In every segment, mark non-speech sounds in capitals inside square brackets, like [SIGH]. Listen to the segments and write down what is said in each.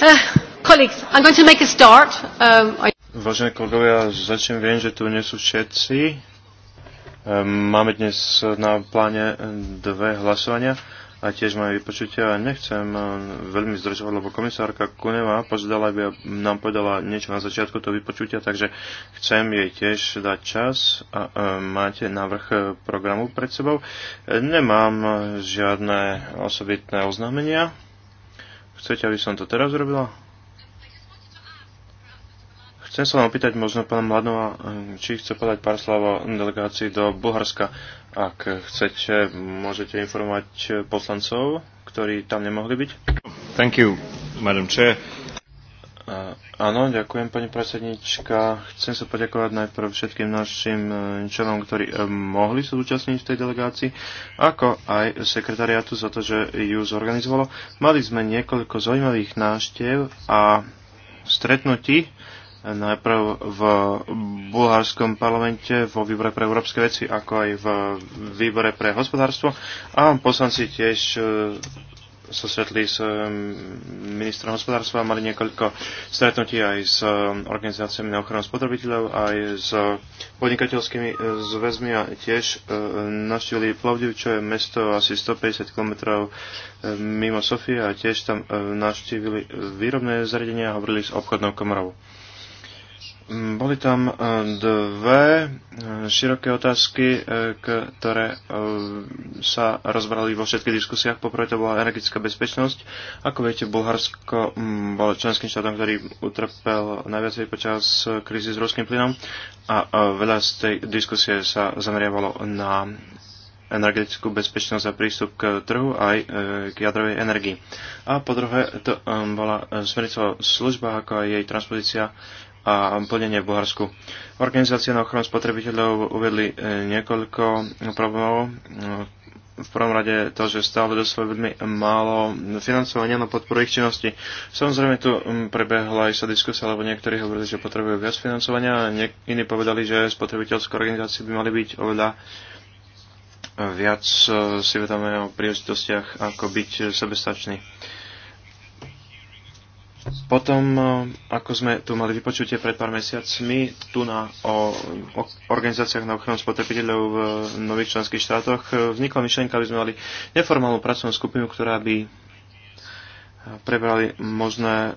Uh, um, Vážené kolegovia, začnem, viem, že tu nie sú všetci. Um, máme dnes na pláne dve hlasovania a tiež máme vypočutia. Nechcem uh, veľmi zdržovať, lebo komisárka Kuneva požiadala, aby nám povedala niečo na začiatku toho vypočutia, takže chcem jej tiež dať čas a uh, máte návrh programu pred sebou. Nemám žiadne osobitné oznámenia. Chcete, aby som to teraz robila? Chcem sa vám opýtať možno pána Mladnova, eh, či chce podať pár slov o delegácii do Bulharska. Ak chcete, môžete informovať poslancov, ktorí tam nemohli byť. Thank you, Madam Chair. A Áno, ďakujem pani predsednička. Chcem sa poďakovať najprv všetkým našim e, členom, ktorí e, mohli sa zúčastniť v tej delegácii, ako aj sekretariatu za to, že ju zorganizovalo. Mali sme niekoľko zaujímavých náštev a stretnutí najprv v bulharskom parlamente, vo výbore pre európske veci, ako aj v výbore pre hospodárstvo. A poslanci tiež e, sa stretli s um, ministrom hospodárstva, mali niekoľko stretnutí aj s um, organizáciami na ochranu spotrebiteľov, aj s podnikateľskými e, zväzmi a tiež e, navštívili Plovdiv, čo je mesto asi 150 km e, mimo Sofie a tiež tam navštívili výrobné zariadenia a hovorili s obchodnou komorou. Mm, boli tam e, dve e, široké otázky, e, ktoré sa rozbrali vo všetkých diskusiách. Poprvé to bola energetická bezpečnosť. Ako viete, Bulharsko bolo členským štátom, ktorý utrpel najviacej počas krízy s ruským plynom a veľa z tej diskusie sa zameriavalo na energetickú bezpečnosť a prístup k trhu aj k jadrovej energii. A po druhé, to bola smernica služba, ako aj jej transpozícia a plnenie v Bulharsku. Organizácie na ochranu spotrebiteľov uvedli e, niekoľko problémov, e, v prvom rade to, že stále dosť veľmi málo financovania na podporu ich činnosti. Samozrejme tu prebehla aj sa diskusia, lebo niektorí hovorili, že potrebujú viac financovania a iní povedali, že spotrebiteľské organizácie by mali byť oveľa viac e, si vedomé o príležitostiach, ako byť sebestačný. Potom, e, ako sme tu mali vypočutie pred pár mesiacmi, tu na o, o organizáciách na ochranu spotrebiteľov v nových členských štátoch, e, vznikla myšlienka, aby sme mali neformálnu pracovnú skupinu, ktorá by e, prebrali možné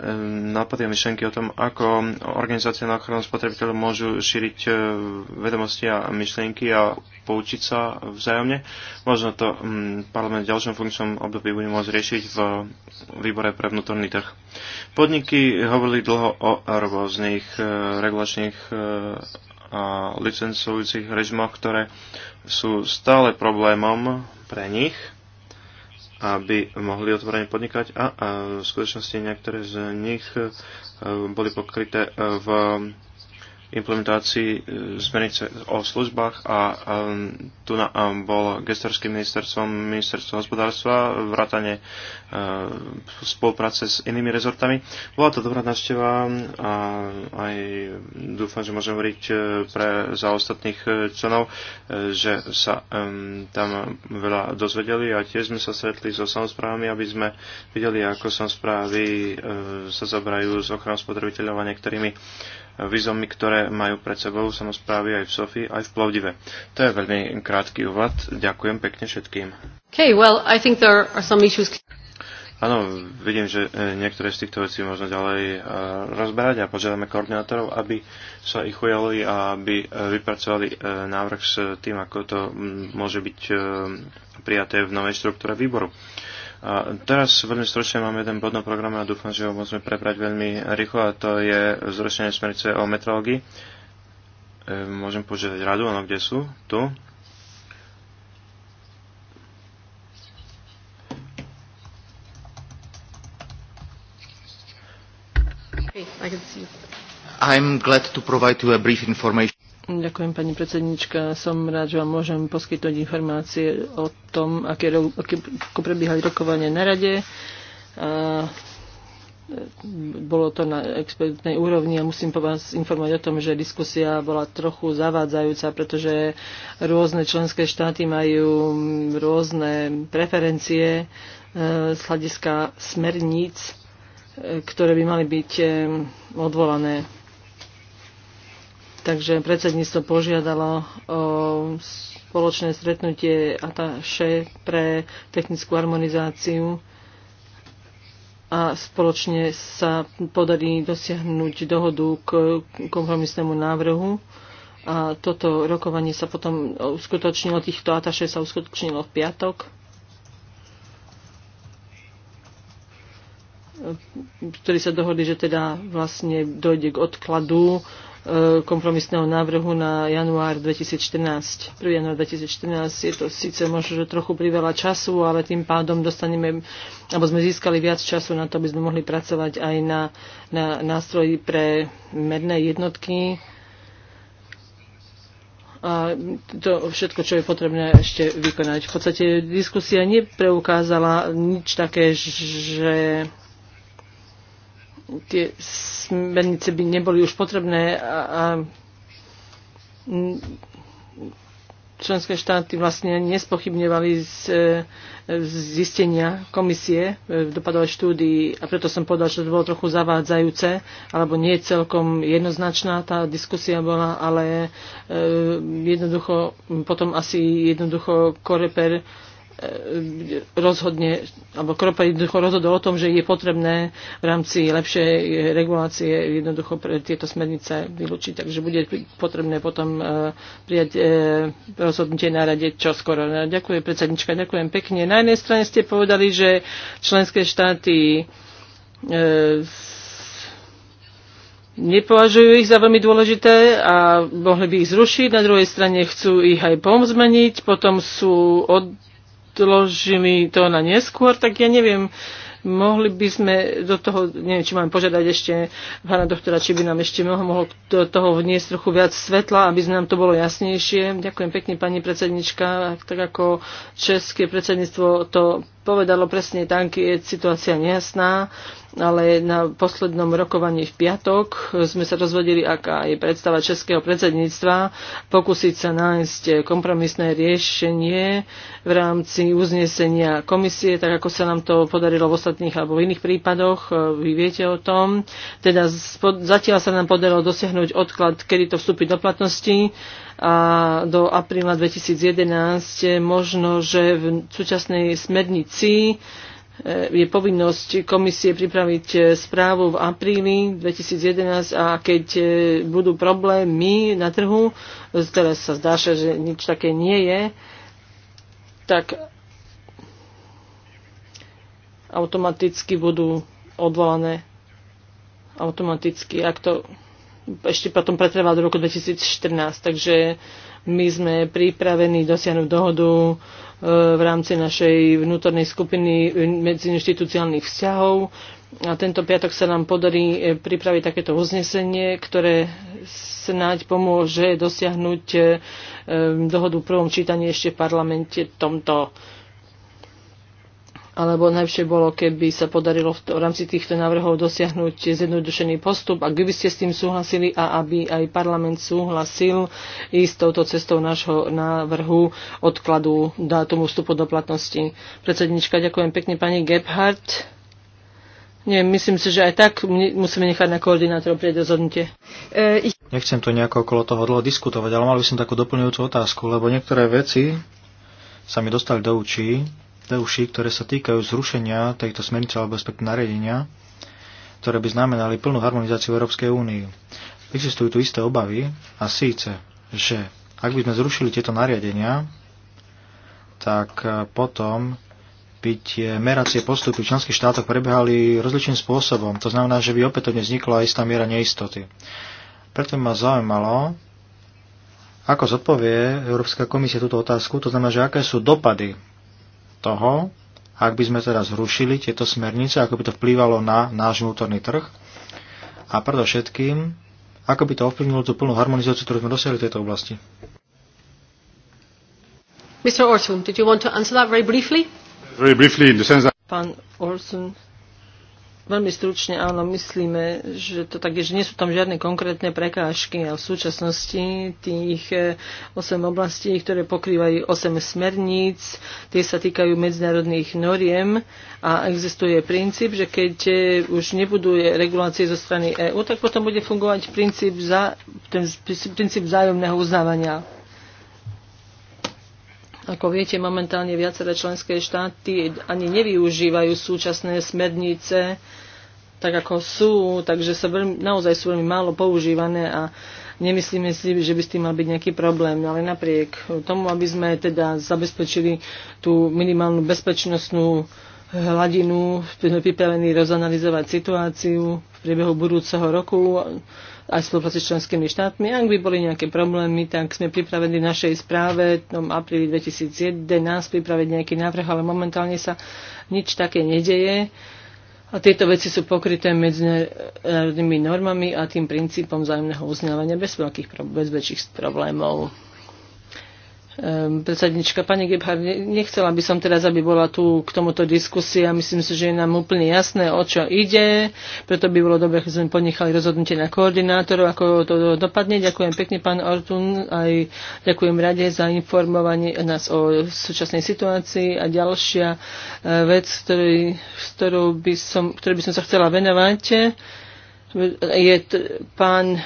nápady a myšlenky o tom, ako organizácie na ochranu spotrebiteľov môžu šíriť vedomosti a myšlienky a poučiť sa vzájomne. Možno to mm, parlament v ďalšom funkčnom období bude môcť riešiť v výbore pre vnútorný trh. Podniky hovorili dlho o rôznych e, regulačných e, a licencujúcich režimoch, ktoré sú stále problémom pre nich aby mohli otvorene podnikať a, a v skutočnosti niektoré z nich e, boli pokryté v implementácii zmenice e, o službách a e, tu na, e, bol gestorským ministerstvom ministerstvo hospodárstva vrátane spolupráce s inými rezortami. Bola to dobrá návšteva a aj dúfam, že môžem hovoriť pre, za ostatných členov, že sa tam veľa dozvedeli a tiež sme sa stretli so samozprávami, aby sme videli, ako samozprávy sa zabrajú s ochranou spotrebiteľov a niektorými výzvami, ktoré majú pred sebou samozprávy aj v Sofii, aj v Plovdive. To je veľmi krátky úvod. Ďakujem pekne všetkým. Okay, well, I think there are some issues... Áno, vidím, že e, niektoré z týchto vecí možno ďalej e, rozberať a požiadame koordinátorov, aby sa ich ujali a aby e, vypracovali návrh s tým, ako to môže byť prijaté v novej štruktúre výboru. A teraz veľmi stručne máme jeden bod na programe a dúfam, že ho môžeme prebrať veľmi rýchlo a to je zrušenie smernice o metrológii. E, môžem požiadať radu, ono kde sú? Tu. I'm glad to provide you a brief information. Ďakujem, pani predsednička. Som rád, že vám môžem poskytnúť informácie o tom, aké, aké prebiehali rokovanie na rade. A e, bolo to na expertnej úrovni a musím po vás informovať o tom, že diskusia bola trochu zavádzajúca, pretože rôzne členské štáty majú rôzne preferencie e, z hľadiska smerníc, e, ktoré by mali byť odvolané Takže predsedníctvo požiadalo o spoločné stretnutie ataše pre technickú harmonizáciu a spoločne sa podarí dosiahnuť dohodu k kompromisnému návrhu. A toto rokovanie sa potom uskutočnilo, týchto ataše sa uskutočnilo v piatok. ktorí sa dohodli, že teda vlastne dojde k odkladu E, kompromisného návrhu na január 2014. 1. január 2014 je to síce možno trochu priveľa času, ale tým pádom dostaneme, alebo sme získali viac času na to, aby sme mohli pracovať aj na, na nástroji pre medné jednotky, a to všetko, čo je potrebné ešte vykonať. V podstate diskusia nepreukázala nič také, že tie smernice by neboli už potrebné a, a členské štáty vlastne nespochybňovali z, e, z zistenia komisie v e, dopadovej štúdii a preto som povedal, že to bolo trochu zavádzajúce, alebo nie celkom jednoznačná tá diskusia bola, ale e, jednoducho potom asi jednoducho Koreper rozhodne, alebo Kropa jednoducho rozhodol o tom, že je potrebné v rámci lepšej regulácie jednoducho pre tieto smernice vylúčiť, takže bude potrebné potom e, prijať e, rozhodnutie na rade skoro. No, ďakujem predsednička, ďakujem pekne. Na jednej strane ste povedali, že členské štáty e, nepovažujú ich za veľmi dôležité a mohli by ich zrušiť. Na druhej strane chcú ich aj pomzmeniť, potom sú od odložili to na neskôr, tak ja neviem, mohli by sme do toho, neviem, či máme požiadať ešte pána doktora, či by nám ešte mohol, mohol do toho vniesť trochu viac svetla, aby nám to bolo jasnejšie. Ďakujem pekne, pani predsednička. Tak ako české predsedníctvo to povedalo presne, tanky je situácia nejasná ale na poslednom rokovaní v piatok sme sa rozvodili, aká je predstava českého predsedníctva, pokúsiť sa nájsť kompromisné riešenie v rámci uznesenia komisie, tak ako sa nám to podarilo v ostatných alebo v iných prípadoch, vy viete o tom. Teda zatiaľ sa nám podarilo dosiahnuť odklad, kedy to vstúpi do platnosti a do apríla 2011 možno, že v súčasnej smernici E, je povinnosť komisie pripraviť e, správu v apríli 2011 a keď e, budú problémy na trhu, teraz sa zdá, že nič také nie je, tak automaticky budú odvolané automaticky, ak to ešte potom pretrvá do roku 2014. Takže my sme pripravení dosiahnuť dohodu e, v rámci našej vnútornej skupiny e, medziinstitucionálnych vzťahov. A tento piatok sa nám podarí e, pripraviť takéto uznesenie, ktoré snáď pomôže dosiahnuť dohodu v prvom čítaní ešte v parlamente tomto alebo najlepšie bolo, keby sa podarilo v, v rámci týchto návrhov dosiahnuť zjednodušený postup, ak by ste s tým súhlasili a aby aj parlament súhlasil ísť touto cestou nášho návrhu odkladu dátumu vstupu do platnosti. Predsednička, ďakujem pekne pani Gebhardt. Nie, myslím si, že aj tak musíme nechať na koordinátorov prieť rozhodnutie. E, Nechcem to nejako okolo toho dlho diskutovať, ale mal by som takú doplňujúcu otázku, lebo niektoré veci sa mi dostali do učí prvší, ktoré sa týkajú zrušenia tejto smernice alebo aspektu nariadenia, ktoré by znamenali plnú harmonizáciu Európskej únii. Existujú tu isté obavy a síce, že ak by sme zrušili tieto nariadenia, tak e, potom by tie meracie postupy v členských štátoch prebiehali rozličným spôsobom. To znamená, že by opätovne vznikla istá miera neistoty. Preto ma zaujímalo, ako zodpovie Európska komisia túto otázku, to znamená, že aké sú dopady toho, ak by sme teda zrušili tieto smernice, ako by to vplývalo na náš vnútorný trh a predovšetkým, ako by to ovplyvnilo tú plnú harmonizáciu, ktorú sme dosiahli v tejto oblasti. Mr. Orson, did you want to answer that very briefly? Very briefly, in the sense that... Pán Orson, Veľmi stručne, áno, myslíme, že to tak je, že nie sú tam žiadne konkrétne prekážky a v súčasnosti tých 8 e, oblastí, ktoré pokrývajú 8 smerníc, tie sa týkajú medzinárodných noriem a existuje princíp, že keď e, už nebudú regulácie zo strany EÚ, tak potom bude fungovať princíp, za, ten princíp vzájomného uznávania ako viete, momentálne viaceré členské štáty ani nevyužívajú súčasné smernice tak, ako sú, takže sa veľmi, naozaj sú veľmi málo používané a nemyslíme si, že by s tým mal byť nejaký problém. Ale napriek tomu, aby sme teda zabezpečili tú minimálnu bezpečnostnú hladinu, sme pripravení rozanalizovať situáciu v priebehu budúceho roku aj spolupráci s členskými štátmi. Ak by boli nejaké problémy, tak sme pripravení v našej správe v tom apríli 2011 pripraviť nejaký návrh, ale momentálne sa nič také nedeje. A tieto veci sú pokryté medzinárodnými normami a tým princípom vzájomného uznávania bez, veľkých, bez väčších problémov predsednička. Pani Gebhard, nechcela by som teraz, aby bola tu k tomuto diskusii a Myslím si, že je nám úplne jasné, o čo ide. Preto by bolo dobre, keď sme ponechali rozhodnutie na koordinátorov, ako to dopadne. Ďakujem pekne, pán Ortun. Aj ďakujem rade za informovanie nás o súčasnej situácii. A ďalšia eh, vec, ktorý, by som, by som sa chcela venovať, je pán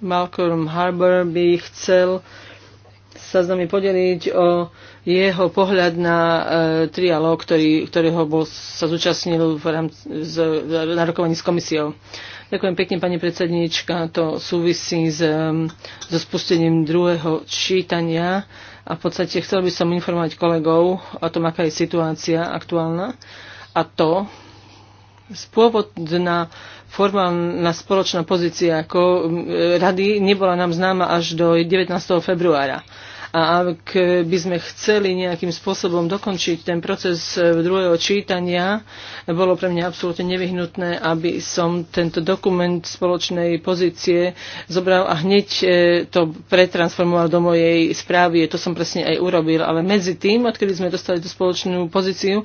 Malcolm Harbour by chcel sa s nami podeliť o jeho pohľad na e, trialóg, ktorý, ktorého bol, sa zúčastnil v rámci, z, na rokovaní s komisiou. Ďakujem pekne, pani predsedníčka. To súvisí s, e, so spustením druhého čítania a v podstate chcel by som informovať kolegov o tom, aká je situácia aktuálna a to spôvodná formálna spoločná pozícia ako e, rady nebola nám známa až do 19. februára. A ak by sme chceli nejakým spôsobom dokončiť ten proces e, druhého čítania, bolo pre mňa absolútne nevyhnutné, aby som tento dokument spoločnej pozície zobral a hneď e, to pretransformoval do mojej správy. To som presne aj urobil. Ale medzi tým, odkedy sme dostali tú spoločnú pozíciu,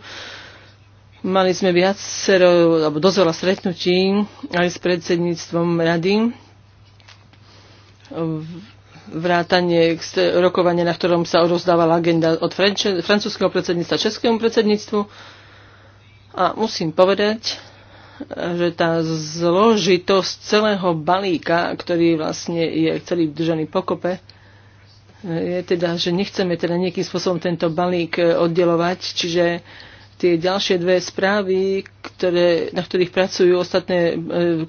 Mali sme viacero, alebo dosť veľa stretnutí aj s predsedníctvom rady vrátanie rokovania, na ktorom sa rozdávala agenda od francúzského predsedníctva českému predsedníctvu. A musím povedať, že tá zložitosť celého balíka, ktorý vlastne je celý držaný pokope, je teda, že nechceme teda nejakým spôsobom tento balík e, oddelovať, čiže tie ďalšie dve správy, ktoré, na ktorých pracujú ostatné e,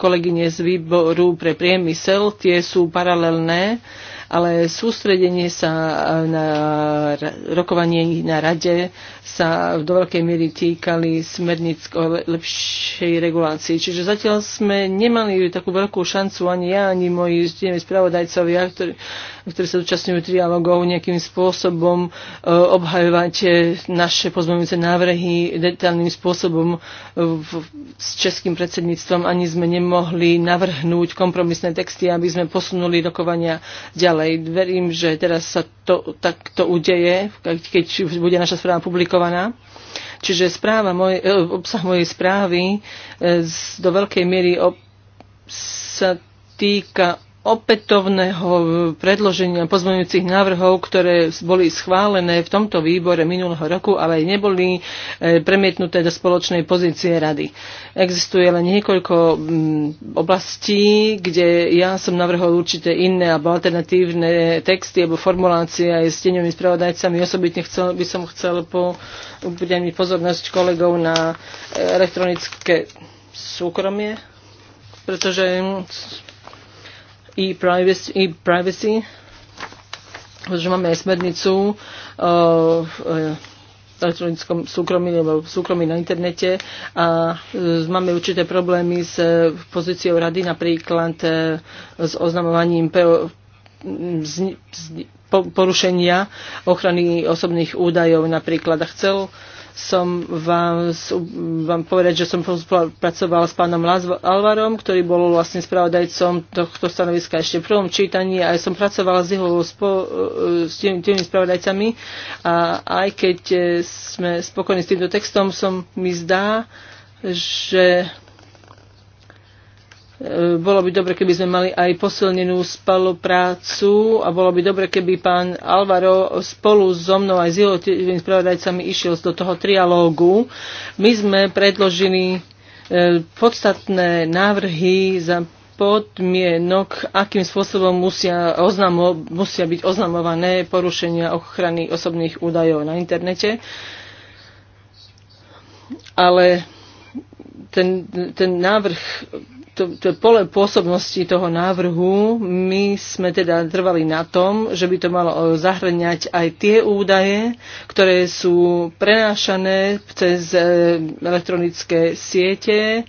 kolegyne z výboru pre priemysel, tie sú paralelné ale sústredenie sa eh, na rokovanie na rade sa do veľkej miery týkali smerníc o lepšej regulácii. Čiže zatiaľ sme nemali takú veľkú šancu ani ja, ani moji spravodajcovia, ktorí, ktorí sa zúčastňujú trialogov nejakým spôsobom eh, obhajovať eh, naše pozmeňujúce návrhy detailným spôsobom v, s českým predsedníctvom. Ani sme nemohli navrhnúť kompromisné texty, aby sme posunuli rokovania ďalej ďalej. Verím, že teraz sa to takto udeje, keď bude naša správa publikovaná. Čiže správa moj, e, obsah mojej správy e, do veľkej miery ob, sa týka opätovného e, predloženia pozmeňujúcich návrhov, ktoré boli schválené v tomto výbore minulého roku, ale neboli e, premietnuté do spoločnej pozície rady. Existuje len niekoľko mm, oblastí, kde ja som navrhol určite iné alebo alternatívne texty alebo formulácie aj s teňovými spravodajcami. Osobitne chcel, by som chcel po upriamiť pozornosť kolegov na e, elektronické súkromie, pretože e-privacy, pretože máme aj smernicu uh, v uh, elektronickom súkromí alebo v súkromí na internete a uh, máme určité problémy s pozíciou rady napríklad s oznamovaním porušenia ochrany osobných údajov napríklad. A chcel som vám, vám povedať, že som pracoval s pánom Alvarom, ktorý bol vlastne spravodajcom tohto stanoviska ešte v prvom čítaní a som pracovala s jeho spo, s tými, tými spravodajcami a aj keď eh, sme spokojní s týmto textom, som mi zdá, že E, bolo by dobre, keby sme mali aj posilnenú spoluprácu a bolo by dobre, keby pán Alvaro spolu so mnou aj s jeho spravodajcami išiel do toho trialógu. My sme predložili e, podstatné návrhy za podmienok, akým spôsobom musia, oznamo, musia byť oznamované porušenia ochrany osobných údajov na internete. Ale ten, ten návrh to, to pole pôsobnosti toho návrhu, my sme teda trvali na tom, že by to malo e, zahrňať aj tie údaje, ktoré sú prenášané cez e, elektronické siete,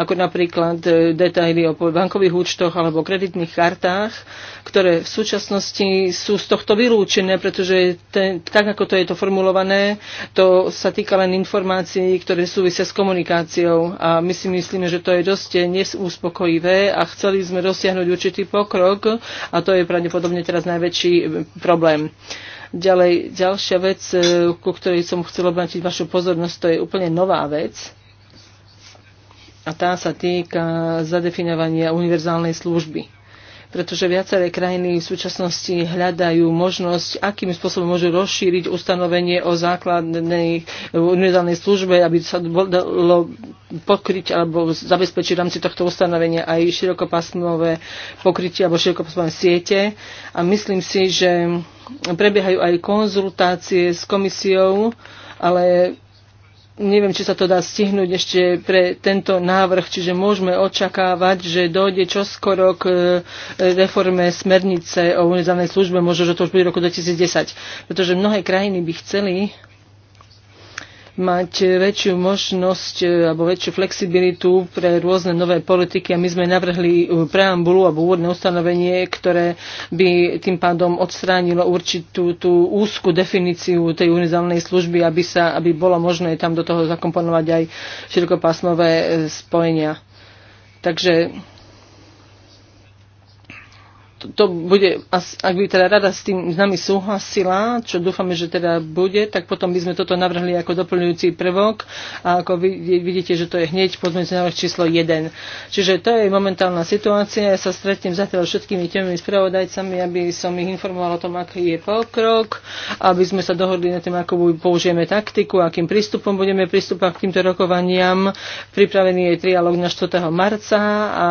ako napríklad e, detaily o bankových účtoch alebo kreditných kartách, ktoré v súčasnosti sú z tohto vylúčené, pretože ten, tak, ako to je to formulované, to sa týka len informácií, ktoré súvisia s komunikáciou a my si myslíme, že to je dosť nesúspokojivé a chceli sme dosiahnuť určitý pokrok a to je pravdepodobne teraz najväčší e, problém. Ďalej, ďalšia vec, e, ku ktorej som chcela obrátiť vašu pozornosť, to je úplne nová vec a tá sa týka zadefinovania univerzálnej služby pretože viaceré krajiny v súčasnosti hľadajú možnosť, akým spôsobom môžu rozšíriť ustanovenie o základnej univerzálnej službe, aby sa dalo pokryť alebo zabezpečiť v rámci tohto ustanovenia aj širokopásmové pokrytie alebo širokopásmové siete. A myslím si, že prebiehajú aj konzultácie s komisiou, ale neviem, či sa to dá stihnúť ešte pre tento návrh, čiže môžeme očakávať, že dojde čoskoro k e, reforme smernice o univerzálnej službe, možno, že to už bude v roku 2010, pretože mnohé krajiny by chceli mať väčšiu možnosť e, alebo väčšiu flexibilitu pre rôzne nové politiky a my sme navrhli e, preambulu alebo úvodné ustanovenie, ktoré by tým pádom odstránilo určitú tú úzku definíciu tej univerzálnej služby, aby, sa, aby bolo možné tam do toho zakomponovať aj širokopásmové e, spojenia. Takže to bude, ak by teda rada s tým s nami súhlasila, čo dúfame, že teda bude, tak potom by sme toto navrhli ako doplňujúci prvok a ako vy, vidíte, že to je hneď pozmeňujúci návrh číslo 1. Čiže to je momentálna situácia. Ja sa stretnem zatiaľ všetkými temnými spravodajcami, aby som ich informoval o tom, aký je pokrok, aby sme sa dohodli na tým, ako použijeme taktiku, akým prístupom budeme pristúpať k týmto rokovaniam. Pripravený je trialog na 4. marca a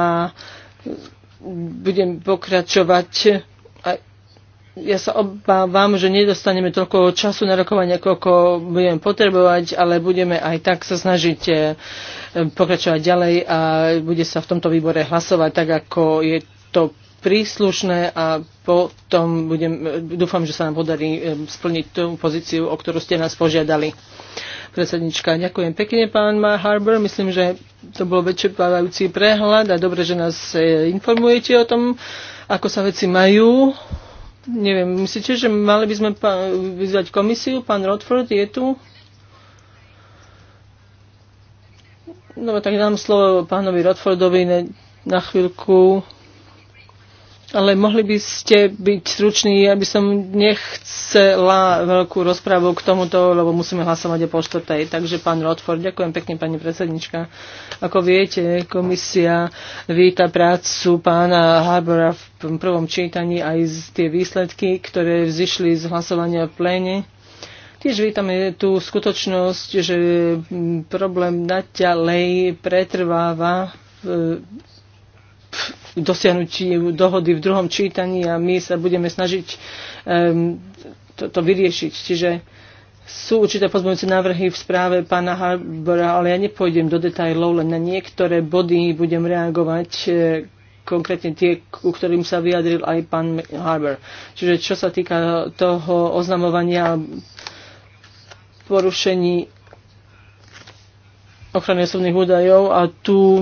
budem pokračovať. Ja sa obávam, že nedostaneme toľko času na rokovanie, koľko budeme potrebovať, ale budeme aj tak sa snažiť eh, pokračovať ďalej a bude sa v tomto výbore hlasovať tak, ako je to príslušné a potom budem, eh, dúfam, že sa nám podarí eh, splniť tú pozíciu, o ktorú ste nás požiadali. Predsednička, ďakujem pekne, pán Harbour. Myslím, že to bol väčšepávajúci prehľad a dobre, že nás e, informujete o tom, ako sa veci majú. Neviem, myslíte, že mali by sme vyzvať komisiu? Pán Rodford je tu? No tak dám slovo pánovi Rodfordovi na chvíľku. Ale mohli by ste byť struční, aby som nechcela veľkú rozprávu k tomuto, lebo musíme hlasovať o po štvrtej. Takže pán Rodford, ďakujem pekne pani predsednička. Ako viete, komisia víta prácu pána Harbora v prvom čítaní aj z tie výsledky, ktoré vzýšli z hlasovania v pléne. Tiež vítame tú skutočnosť, že problém naďalej pretrváva v dosiahnutí dohody v druhom čítaní a my sa budeme snažiť um, to vyriešiť. Čiže sú určité pozmeňujúce návrhy v správe pána Harbora, ale ja nepôjdem do detajlov, len na niektoré body budem reagovať, e, konkrétne tie, ku ktorým sa vyjadril aj pán Harbour. Čiže čo sa týka toho oznamovania porušení ochrany osobných údajov a tu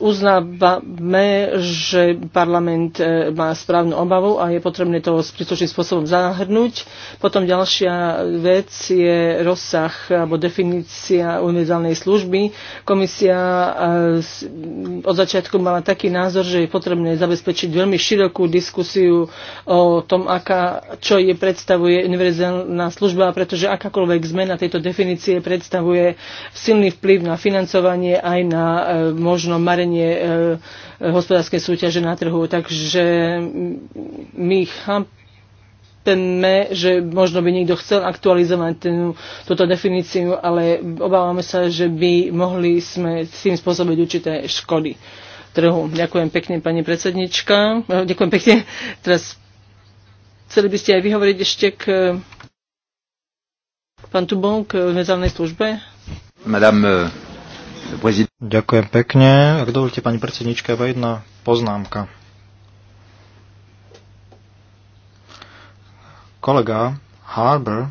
uznávame, že parlament e, má správnu obavu a je potrebné to príslušným spôsobom zahrnúť. Potom ďalšia vec je rozsah alebo definícia univerzálnej služby. Komisia e, od začiatku mala taký názor, že je potrebné zabezpečiť veľmi širokú diskusiu o tom, aká, čo je predstavuje univerzálna služba, pretože akákoľvek zmena tejto definície predstavuje silný vplyv na financovanie aj na e, možno marenie e, e, hospodárskej súťaže na trhu. Takže my chápeme, že možno by niekto chcel aktualizovať ten, túto definíciu, ale obávame sa, že by mohli sme s tým spôsobiť určité škody trhu. Ďakujem pekne, pani predsednička. E, ďakujem pekne. Teraz chceli by ste aj vyhovoriť ešte k e, pán Tubon, k mediálnej službe? Madame Ďakujem pekne. Ak dovolíte, pani predsednička, iba jedna poznámka. Kolega Harbour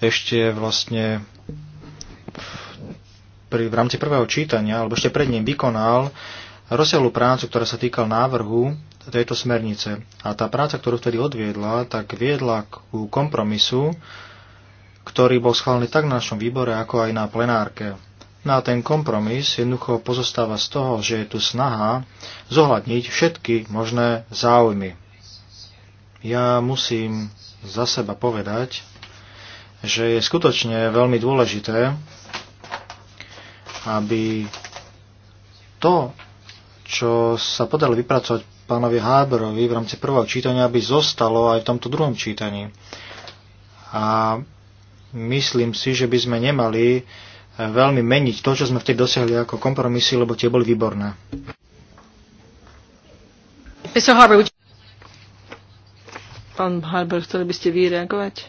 ešte vlastne pri, v rámci prvého čítania, alebo ešte pred ním vykonal rozsiahlu prácu, ktorá sa týkal návrhu tejto smernice. A tá práca, ktorú vtedy odviedla, tak viedla ku kompromisu, ktorý bol schválený tak na našom výbore, ako aj na plenárke. No a ten kompromis jednoducho pozostáva z toho, že je tu snaha zohľadniť všetky možné záujmy. Ja musím za seba povedať, že je skutočne veľmi dôležité, aby to, čo sa podalo vypracovať pánovi Háberovi v rámci prvého čítania, aby zostalo aj v tomto druhom čítaní. A myslím si, že by sme nemali veľmi meniť to, čo sme vtedy dosiahli ako kompromisy, lebo tie boli výborné. Pán Harber, chceli by ste vy reagovať?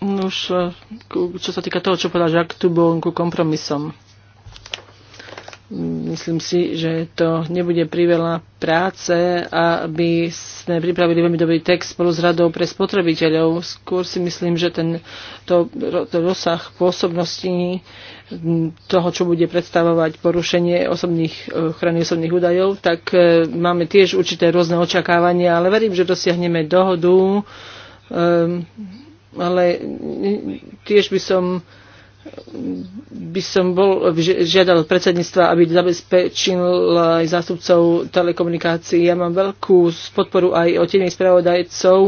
Už, eh, čo sa týka toho, čo povedal že Jacques Tubon ku kompromisom. Myslím si, že to nebude priveľa práce, aby sme pripravili veľmi dobrý text spolu s radou pre spotrebiteľov. Skôr si myslím, že ten to, to rozsah pôsobnosti toho, čo bude predstavovať porušenie osobných, e, ochrany osobných údajov, tak e, máme tiež určité rôzne očakávania, ale verím, že dosiahneme dohodu. Ehm, ale tiež by som by som bol, žiadal od predsedníctva, aby zabezpečil aj zástupcov telekomunikácií. Ja mám veľkú podporu aj od tých spravodajcov,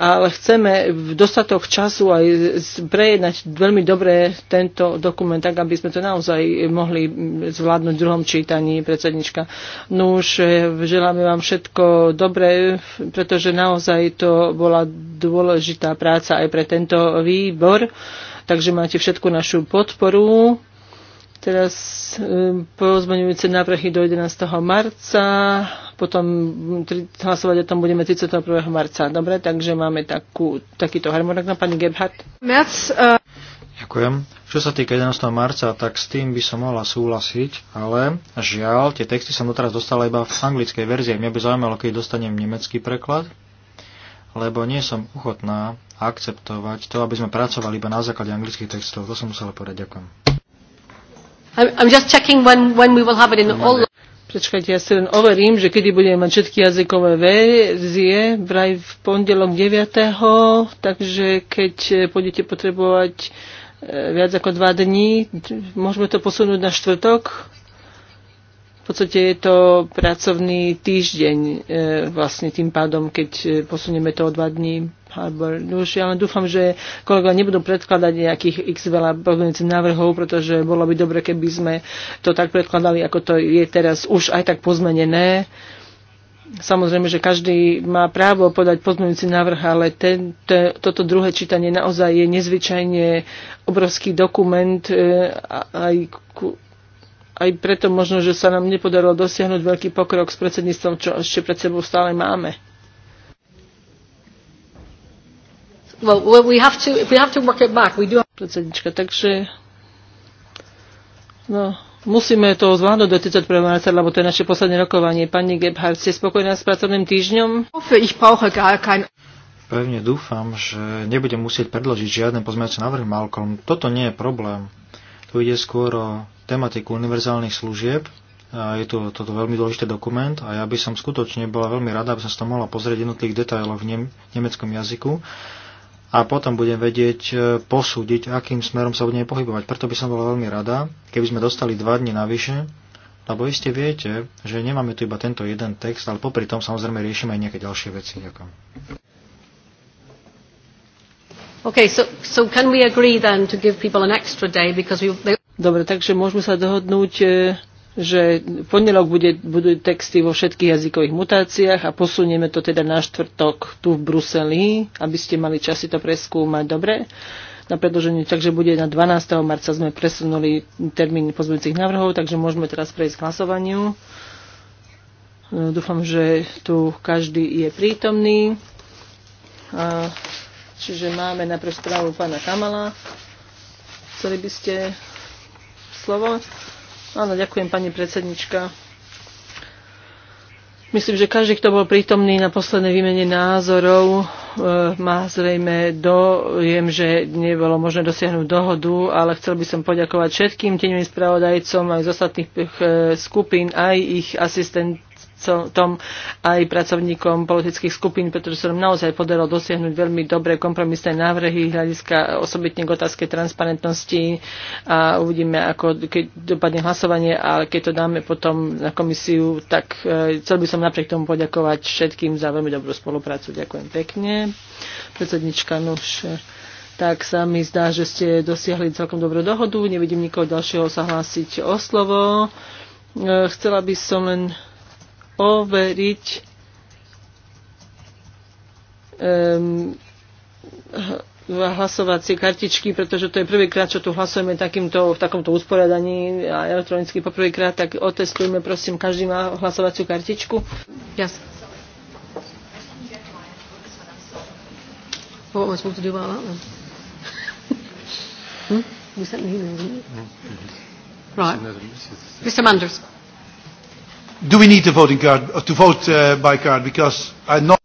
ale chceme v dostatok času aj prejednať veľmi dobre tento dokument, tak aby sme to naozaj mohli zvládnuť v druhom čítaní predsednička. No už eh, želáme vám všetko dobré, pretože naozaj to bola dôležitá práca aj pre tento výbor. Takže máte všetku našu podporu. Teraz ehm, pozmeňujúce návrhy do 11. marca, potom hlasovať o tom budeme 31. marca. Dobre, takže máme takú, takýto na Pani Gebhardt. Mac, uh... Eh, Ďakujem. Čo sa týka 11. marca, tak s tým by som mohla súhlasiť, ale žiaľ, tie texty som doteraz dostala iba v anglickej verzii. Mňa by zaujímalo, keď dostanem nemecký preklad lebo nie som ochotná akceptovať to, aby sme pracovali iba na základe anglických textov. To som musela povedať. Ďakujem. I'm just checking when, when we will have it in all... Prečkajte, ja si len overím, že kedy budeme mať všetky jazykové verzie, vraj v pondelok 9. Takže keď eh, budete potrebovať eh, viac ako dva dní, môžeme to posunúť na štvrtok? V podstate je to pracovný týždeň e, vlastne tým pádom, keď e, posunieme to o dva dní. Harbor. No už ja len dúfam, že kolegovia nebudú predkladať nejakých x veľa pozmeňujúcich návrhov, pretože bolo by dobre, keby sme to tak predkladali, ako to je teraz už aj tak pozmenené. Samozrejme, že každý má právo podať pozmeňujúci návrh, ale ten, te, toto druhé čítanie naozaj je nezvyčajne obrovský dokument e, aj ku, aj preto možno, že sa nám nepodarilo dosiahnuť veľký pokrok s predsedníctvom, čo ešte pred sebou stále máme. Well, we have to, if we have to work it back, we do have... Predsednička, takže no, musíme to zvládnuť do 31. marca, lebo to je naše posledné rokovanie. Pani Gebhardt, ste spokojná s pracovným týždňom? Ich brauche gar kein... Pevne dúfam, že nebudem musieť predložiť žiadne pozmeňovacie návrhy, Malcolm. Toto nie je problém. Tu ide skôr o tematiku univerzálnych služieb. je to toto veľmi dôležitý dokument a ja by som skutočne bola veľmi rada, aby som sa to mohla pozrieť jednotlivých detailov v nemeckom jazyku a potom budem vedieť e, posúdiť, akým smerom sa budeme pohybovať. Preto by som bola veľmi rada, keby sme dostali dva dni navyše, lebo iste viete, že nemáme tu iba tento jeden text, ale popri tom samozrejme riešime aj nejaké ďalšie veci. Ďakujem. Okay, so, so can we agree then to give people an extra day because we... They... Dobre, takže môžeme sa dohodnúť, e, že v pondelok bude, budú texty vo všetkých jazykových mutáciách a posunieme to teda na štvrtok tu v Bruseli, aby ste mali čas si to preskúmať. Dobre? na predloženie, takže bude na 12. marca sme presunuli termín pozmeňujúcich návrhov, takže môžeme teraz prejsť k hlasovaniu. E, dúfam, že tu každý je prítomný. A Čiže máme najprv správu pána Kamala. Chceli by ste slovo? Áno, ďakujem pani predsednička. Myslím, že každý, kto bol prítomný na poslednej výmene názorov, e, má zrejme dojem, že nebolo možné dosiahnuť dohodu, ale chcel by som poďakovať všetkým tieňovým spravodajcom aj z ostatných e, skupín, aj ich asistent, tom aj pracovníkom politických skupín, pretože sa nám naozaj podarilo dosiahnuť veľmi dobré kompromisné návrhy hľadiska osobitne k otázke transparentnosti a uvidíme, ako keď dopadne hlasovanie, ale keď to dáme potom na komisiu, tak e, chcel by som napriek tomu poďakovať všetkým za veľmi dobrú spoluprácu. Ďakujem pekne. Predsednička Nuš tak sa mi zdá, že ste dosiahli celkom dobrú dohodu. Nevidím nikoho ďalšieho sa hlásiť o slovo. E, chcela by som len overiť um, hlasovacie kartičky, pretože to je prvýkrát, čo tu hlasujeme takýmto, v takomto usporiadaní a elektronicky poprvýkrát, tak otestujme, prosím, každý má hlasovaciu kartičku. Yes. What am I supposed to do about that then? [LAUGHS] hmm? We sent the email, didn't we? Mm-hmm. Right. Mr. Manders. Do we need a voting card to vote uh, by card because I not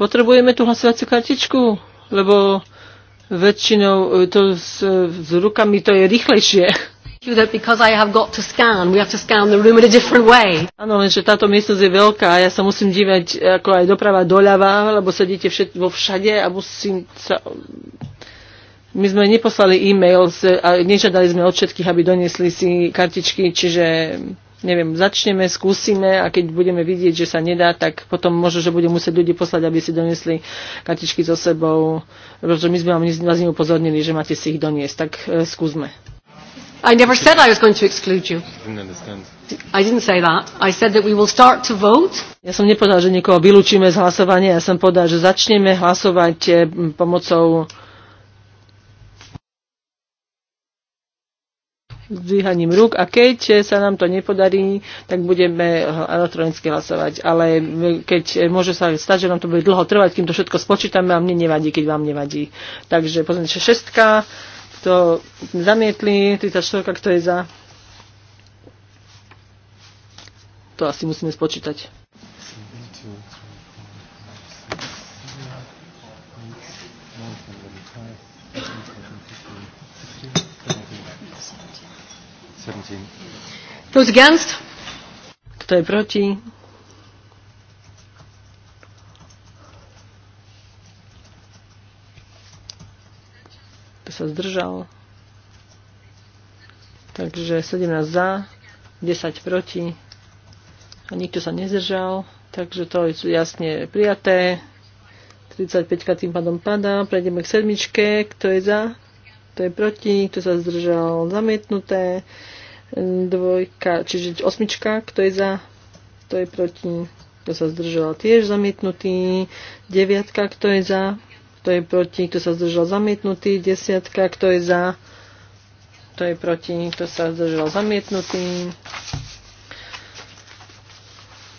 Potrebujeme tú hlasovaciu kartičku, lebo väčšinou e, to s, e, s rukami to je rýchlejšie. because I have got to scan, we have to scan the room in a different way. Áno, lenže táto miestnosť je veľká a ja sa musím dívať ako aj doprava doľava, lebo sedíte všet, vo všade a musím sa... My sme neposlali e-mail a nežiadali sme od všetkých, aby doniesli si kartičky, čiže neviem, začneme, skúsime a keď budeme vidieť, že sa nedá, tak potom možno, že budeme musieť ľudí poslať, aby si donesli kartičky so sebou, pretože my sme vás upozornili, že máte si ich doniesť, tak uh, skúsme. I never said I was going to exclude you. I didn't understand. I didn't say that. I said that we will start to vote. Ja som nepovedal, že niekoho vylúčime z hlasovania. Ja som povedal, že začneme hlasovať e, pomocou zdvíhaním rúk a keď sa nám to nepodarí, tak budeme elektronicky hlasovať. Ale keď môže sa stať, že nám to bude dlho trvať, kým to všetko spočítame a mne nevadí, keď vám nevadí. Takže pozrite, šestka, to zamietli, 34, kto je za? To asi musíme spočítať. against? Kto je proti? Kto sa zdržal? Takže 17 za, 10 proti a nikto sa nezdržal, takže to je jasne prijaté. 35 tým pádom padá. Prejdeme k sedmičke. Kto je za? Kto je proti? Kto sa zdržal? Zamietnuté dvojka, čiže osmička, kto je za, kto je proti, kto sa zdržal tiež zamietnutý, deviatka, kto je za, kto je proti, kto sa zdržal zamietnutý, desiatka, kto je za, kto je proti, kto sa zdržal zamietnutý.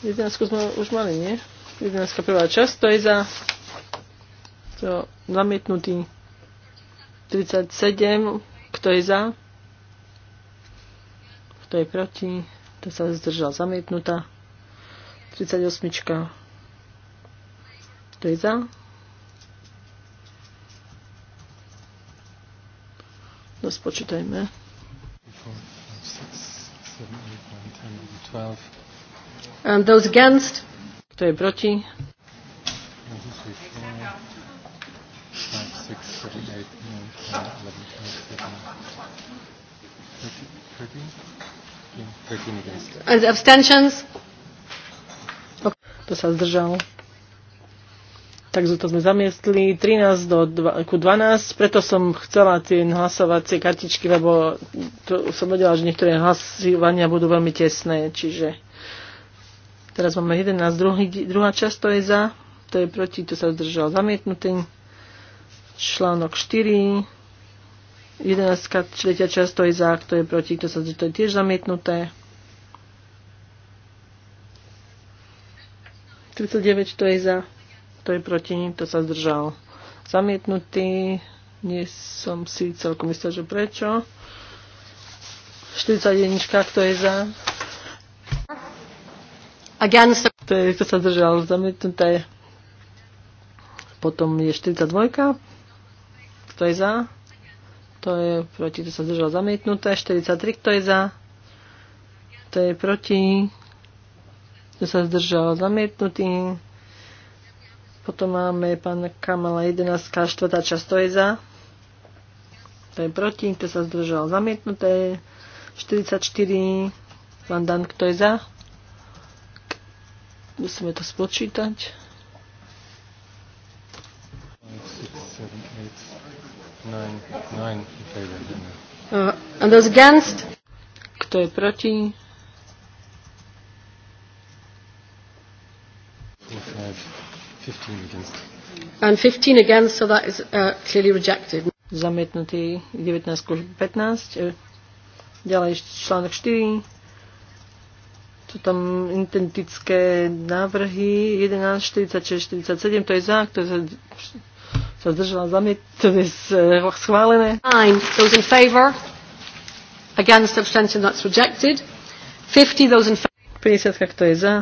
Jedenáctku sme už mali, nie? Jedenáctka prvá časť, kto je za to zamietnutý. 37, kto je za? Kto je proti? Kto sa zdržal? Zamietnutá. 38. Kto je za? No spočítajme. 12. And those against? Kto je proti? 13. And abstentions? To sa zdržal. Takže to sme zamiestli 13 do 2, ku 12, preto som chcela tie hlasovacie kartičky, lebo to som vedela, že niektoré hlasovania budú veľmi tesné, čiže teraz máme 11, druhý, druhá časť to je za, to je proti, to sa zdržal zamietnutý, článok 4, 11, tretia časť, to je za, kto je proti, kto sa to je tiež zamietnuté. 39, to je za, kto je proti, kto sa zdržal. Zamietnutý, nie som si celkom istá, že prečo. 41, kto je za? Against. To je, kto sa zdržal, zamietnuté. Potom je 42, kto je za? to je proti, to sa zdržalo zamietnuté. 43, kto je za, to je proti, to sa zdržalo zamietnutý. Potom máme pán Kamala 11, 4. časť, to je za, to je proti, kto sa zdržalo zamietnuté. 44, pán Dan, kto je za? Musíme to spočítať. uh, and those against? Kto je proti? And 15 against, so that is uh, clearly rejected. Zamietnutý 19 15. E, ďalej článok 4 sú tam identické návrhy 11, 46, 47, to je za, kto je za, sa zdržala zamiet, schválené. Nine, Those in favor. Against abstention, that's rejected. 50 those in favor. 50, kto je za?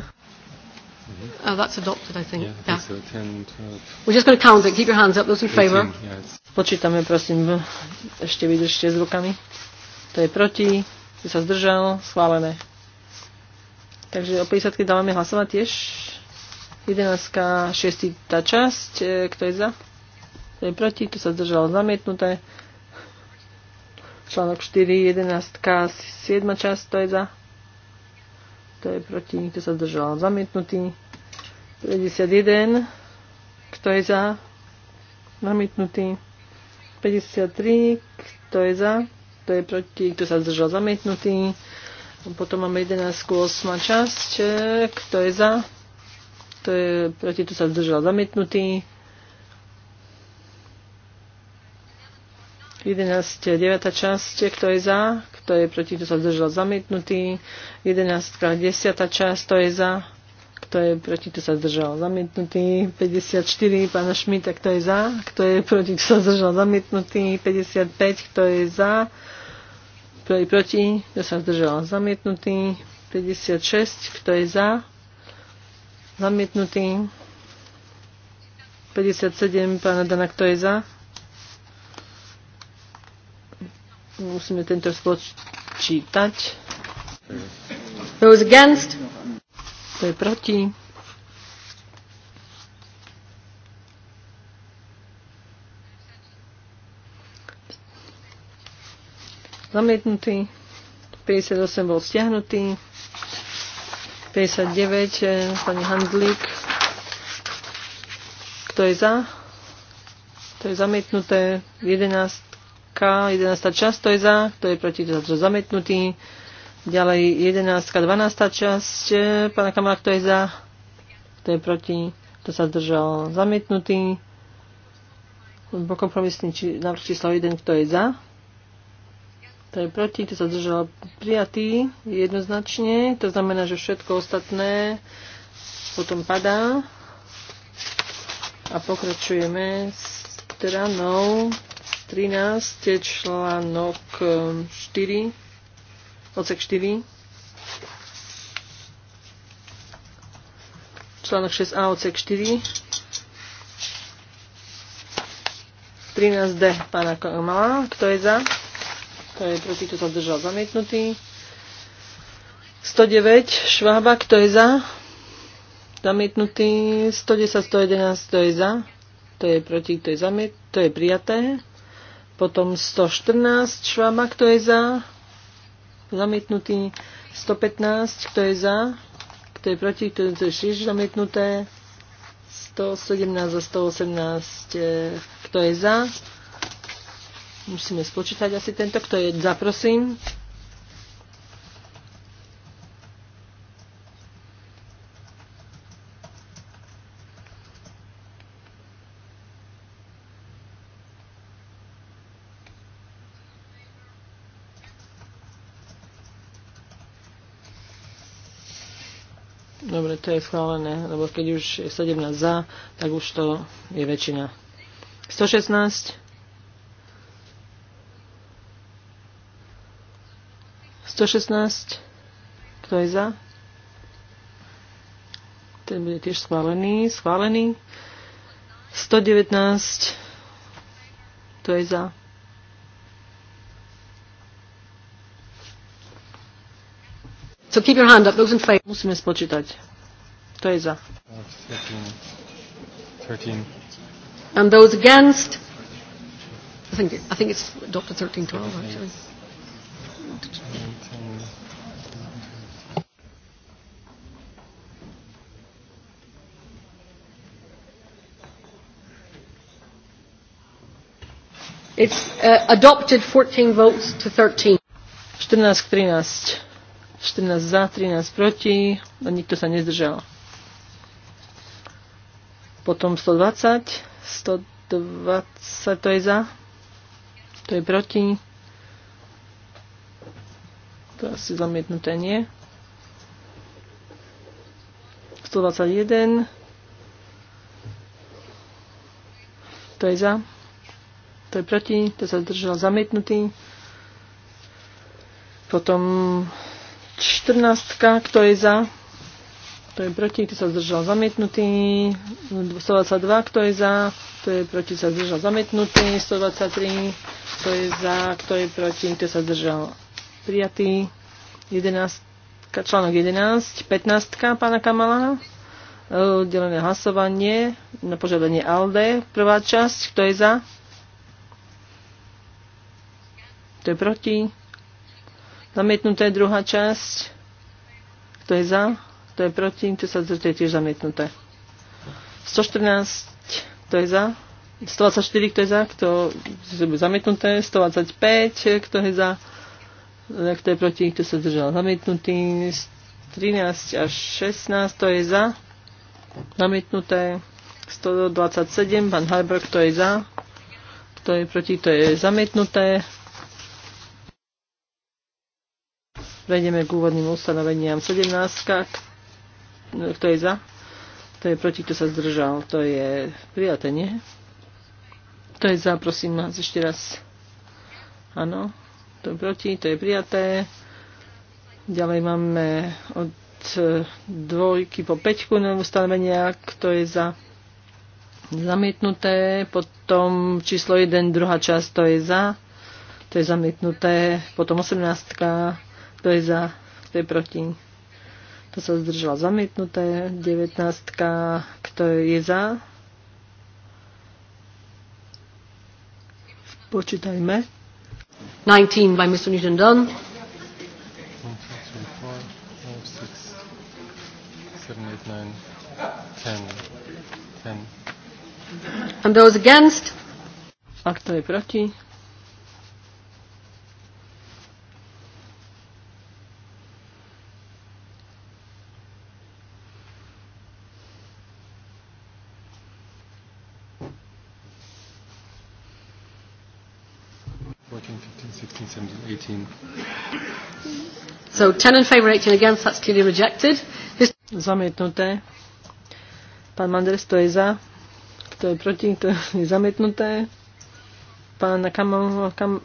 Oh, that's adopted, I think. Yeah, yeah. So 10, We're just going to count it. Keep your hands up. Those in 18, favor. Yeah, Počítame, prosím, ešte vydržte s rukami. To je proti. Kto sa zdržal? Schválené. Takže o 50 dávame hlasovať tiež. 11. 6. tá časť. E, kto je za? to je proti, to sa zdržalo zamietnuté. Článok 4, 11, 7 časť, to je za. To je proti, to sa zdržalo zamietnutý. 51, kto je za? Zamietnutý. 53, kto je za? to je proti, kto sa zdržal zamietnutý. Potom máme 11, 8 časť, kto je za? to je proti, kto sa zdržal zamietnutý. 11, 9. časť, kto je za, kto je proti, kto sa zdržal zamietnutý. 11, 10. časť, kto je za, kto je proti, kto sa zdržal zamietnutý. 54, pána Šmita, kto je za, kto je proti, kto sa zdržal zamietnutý. 55, kto je za, kto je proti, kto sa zdržal zamietnutý. 56, kto je za, zamietnutý. 57, pána Dana, kto je za, Musíme tento spôsob čítať. Those against? To je proti. Zamietnutý. 58 bol stiahnutý. 59, eh, pani Handlík. Kto je za? To je zamietnuté. 11 11. časť, to je za, to je proti, to je zamietnutý. Ďalej 11. 12. časť, e, pána Kamala, kto je za, kto je proti, to sa zdržal zamietnutý. Kompromisný či, návrh číslo 1, kto je za, kto je proti, to sa zdržal prijatý jednoznačne. To znamená, že všetko ostatné potom padá. A pokračujeme stranou 13, článok 4, ehm, odsek 4, článok 6a, odsek 4, 13d pána Kamala, kto je za, kto je proti, kto sa držal zamietnutý, 109, Švába, kto je za, zamietnutý, 110, 111, kto je za, kto je proti, kto je zamiet, to je prijaté. Potom 114 švama, kto je za? Zamietnutý. 115, kto je za? Kto je proti? Kto je tiež zamietnuté? 117 a 118, e, kto je za? Musíme spočítať asi tento, kto je za, prosím. to je schválené, lebo keď už je 17 za, tak už to je väčšina. 116. 116. Kto je za? Ten bude tiež schválený. Schválený. 119. Kto je za? So keep your hand up. Those in favor. Musíme spočítať. Kto je za? And those against? I think, I think it's adopted 13 12, actually. It's uh, adopted 14 votes to 13. 14 k 13. 14 za, 13 proti. A nikto sa nezdržal. Potom 120. 120 to je za. To je proti. To asi zamietnuté nie. 121. To je za. To je proti. To sa zdržal zamietnutý. Potom 14. Kto je za? Kto je proti, kto sa zdržal zamietnutý. 122, kto je za, kto je proti, sa zdržal zamietnutý. 123, kto je za, kto je proti, kto sa zdržal prijatý. 11, článok 11, 15 pána Kamala. E, Delené hlasovanie na požiadanie ALDE. Prvá časť, kto je za? Kto je proti? Zamietnuté druhá časť. Kto je za? to je proti, to sa zdržuje tiež zamietnuté. 114, to je za. 124, kto je za, kto je zamietnuté. 125, kto je za, kto je proti, kto sa zdržal zamietnutý. 13 až 16, to je za, zamietnuté. 127, pán Harber, kto je za, kto je proti, to je zamietnuté. Prejdeme k úvodným ustanoveniam 17, kto je za, kto je proti, kto sa zdržal, to je prijaté, nie? Kto je za, prosím vás ešte raz. Áno, to je proti, to je prijaté. Ďalej máme od dvojky po peťku na ustanovenia, kto je za zamietnuté, potom číslo 1, druhá časť, to je za, to je zamietnuté, potom 18, to je za, to je proti to sa zdržal zamietnuté? 19. Kto je za? Počítajme. 19 by Mr. Newton Dunn. 10. And those against? A kto je proti? 18. So 10 in favor, 18 against, that's clearly rejected. This... Zamietnuté. Pán Manders, to je za. Kto je proti, to je zamietnuté. Pán Kamal, Kam,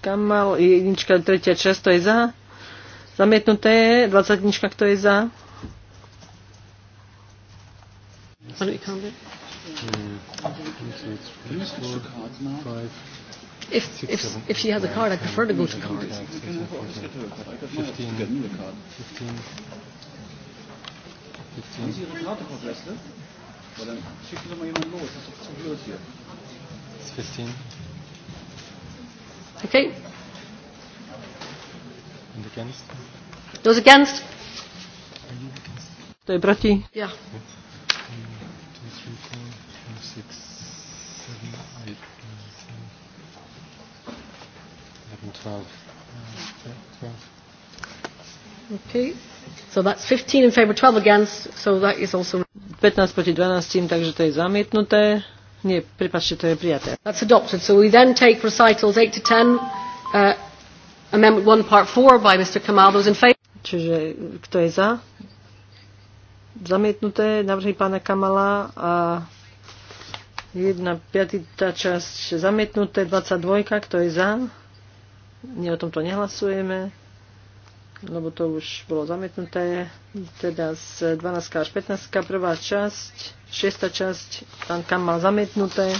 Kamal jednička, tretia časť, to je za. Zamietnuté. 20 dnička, kto je za. What do we count it? Yeah. Mm. Five. If, if, if she has a card, I prefer to go to cards. 15. 15. Okay. And against? Those against? To je proti? Ja. Yeah. 15 mm. proti 12, takže to je zamietnuté. Nie, prepáčte, to je prijaté. That's adopted. So we then take recitals 8 to 10, uh, amendment 1 part 4 by Mr. Kamal. Those in favor? Čiže kto je za? Zamietnuté návrhy pána Kamala a jedna 5, časť zamietnuté, 22, kto je za? Ne, o tomto nehlasujeme, lebo to už bolo zamietnuté. Teda z 12 až 15, prvá časť, šiesta časť, tam kam má zamietnuté.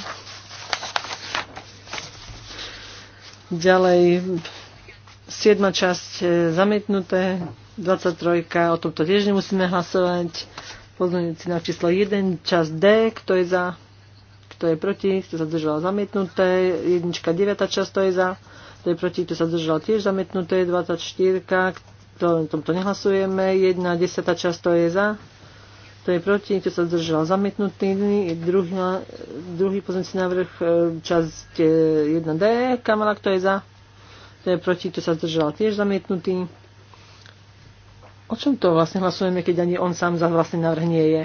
Ďalej 7. časť e, zamietnuté, 23. o tomto tiež nemusíme hlasovať. Pozmeňujúci na číslo 1, časť D, kto je za, kto je proti, kto sa držal zamietnuté. Jednička, 9. časť, to je za, to je proti, to sa zdržal tiež zametnuté. 24, to, tomto nehlasujeme, 1, 10 časť to je za, to je proti, to sa zdržal zametnutý. druhý, druhý pozemný návrh, e, časť 1D, e, kamala, kto je za, to je proti, to sa zdržalo tiež zamietnutý. O čom to vlastne hlasujeme, keď ani on sám za vlastný návrh nie je?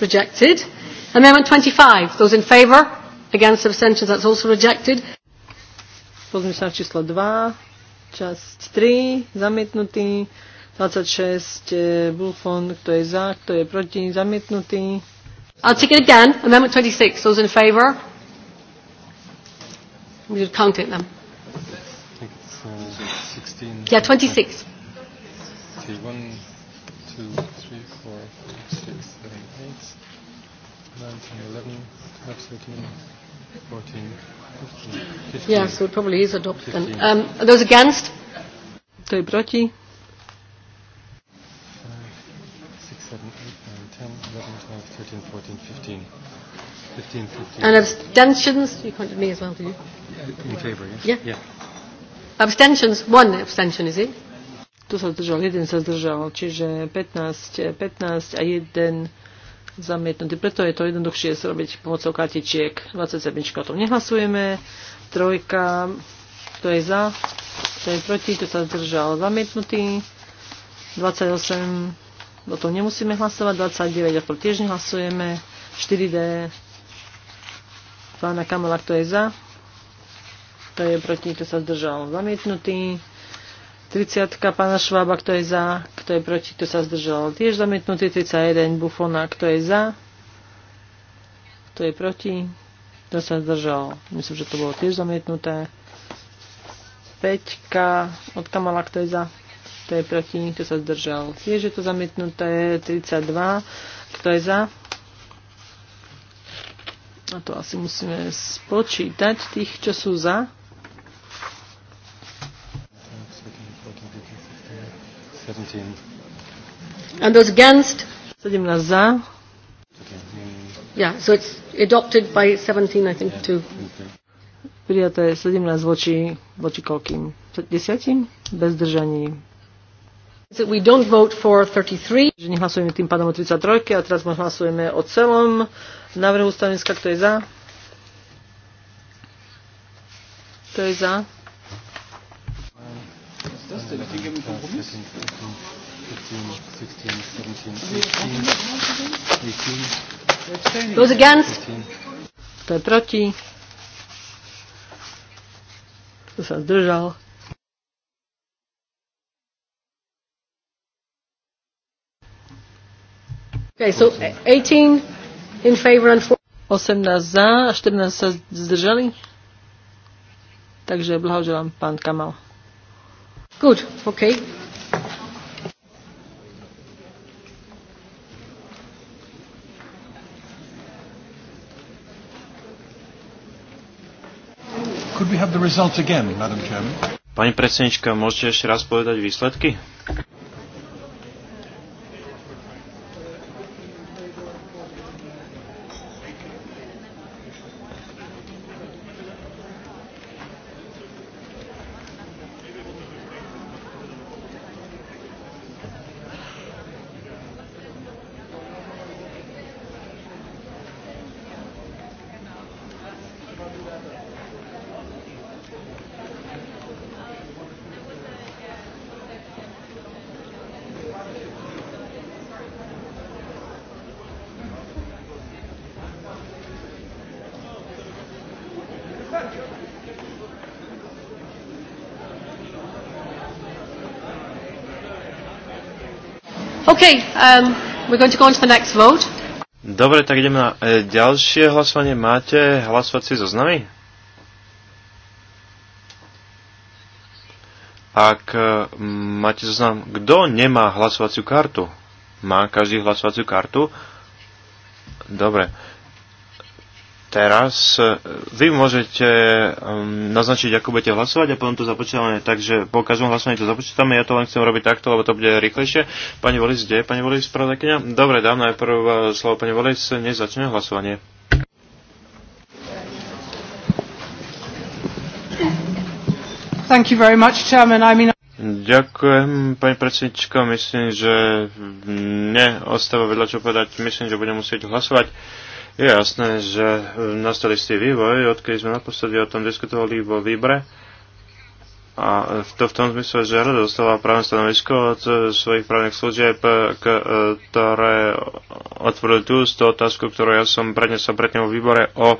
Rejected. Amendment 25. Those in favor? Against abstention, that's also rejected. Pozmeňujúci návrh číslo 2, časť 3, zamietnutý. 26, e, Bullfond, kto je za, kto je proti, zamietnutý. I'll take it again. Amendment 26, those in favour? We should count it then. uh, Yeah, 26. See, 1, 2, 3, 4, 5, 6, 7, 8, 9, 10, 11, 13. 14, 15, 15. probably is adopted. Then. Um, are those against? Kto je proti? 15. 15, 15. And abstentions? You counted me as well, do you? In favor, yes? Yeah. yeah. Abstentions, one abstention, is it? Tu sa zdržal, jeden sa zdržal, čiže 15, 15 a jeden zamietnutý. Preto je to jednoduchšie zrobiť pomocou kartičiek. 27. O tom nehlasujeme. Trojka, kto je za, to je proti, to sa zdržal zamietnutý. 28, o tom nemusíme hlasovať. 29, o tom tiež nehlasujeme. 4D, pána Kamala, kto je za, kto je proti, to sa zdržal zamietnutý. 30 pána Švába, kto je za, kto je proti, kto sa zdržal. Tiež zamietnutý 31 Bufona, kto je za, kto je proti, kto sa zdržal. Myslím, že to bolo tiež zamietnuté. 5 od Kamala, kto je za, kto je proti, kto sa zdržal. Tiež je to zamietnuté 32, kto je za. A to asi musíme spočítať tých, čo sú za. 17. And those against? 17 za. Yeah, so it's adopted by 17, I think, yeah. too. Prijaté 17 voči, voči koľkým? 10? Bez držaní. So we don't vote for 33. Že nehlasujeme tým pádom o 33 a teraz hlasujeme o celom návrhu stanoviska, kto je za. Kto je za? 15, 16, 17, 18, 18. Those against? Kto je proti? Kto sa zdržal? Okay, so 18 in favor and 4. 18 za, 14 sa zdržali. Takže blahoželám pán Kamal. Gut, okay. Could we have the results again, Madam Chairman? Pani predsednička, môžete ešte raz povedať výsledky? Okay, um, we're going to go on to the next vote. Dobre, tak ideme na e, ďalšie hlasovanie. Máte hlasovacie zoznamy? Ak e, máte zoznam, kto nemá hlasovaciu kartu? Má každý hlasovaciu kartu? Dobre. E, teraz vy môžete um, naznačiť, ako budete hlasovať a potom to započítame. Takže po každom hlasovaní to započítame. Ja to len chcem robiť takto, lebo to bude rýchlejšie. Pani Volis, kde je pani Volis, spravodajkynia? Dobre, dám najprv uh, slovo pani Volis, než začne hlasovanie. Thank you very much, Chairman. I mean... Ďakujem, pani predsednička. Myslím, že neostáva vedľa čo povedať. Myslím, že budem musieť hlasovať. Uh, je jasné, že e, nastali ste vývoj, odkedy sme naposledy o tom diskutovali vo výbre. A e, to v tom zmysle, že rada dostala právne stanovisko od e, svojich právnych služieb, ktoré otvorili tú z toho otázku, ktorú ja som prednesol predtým vo výbore o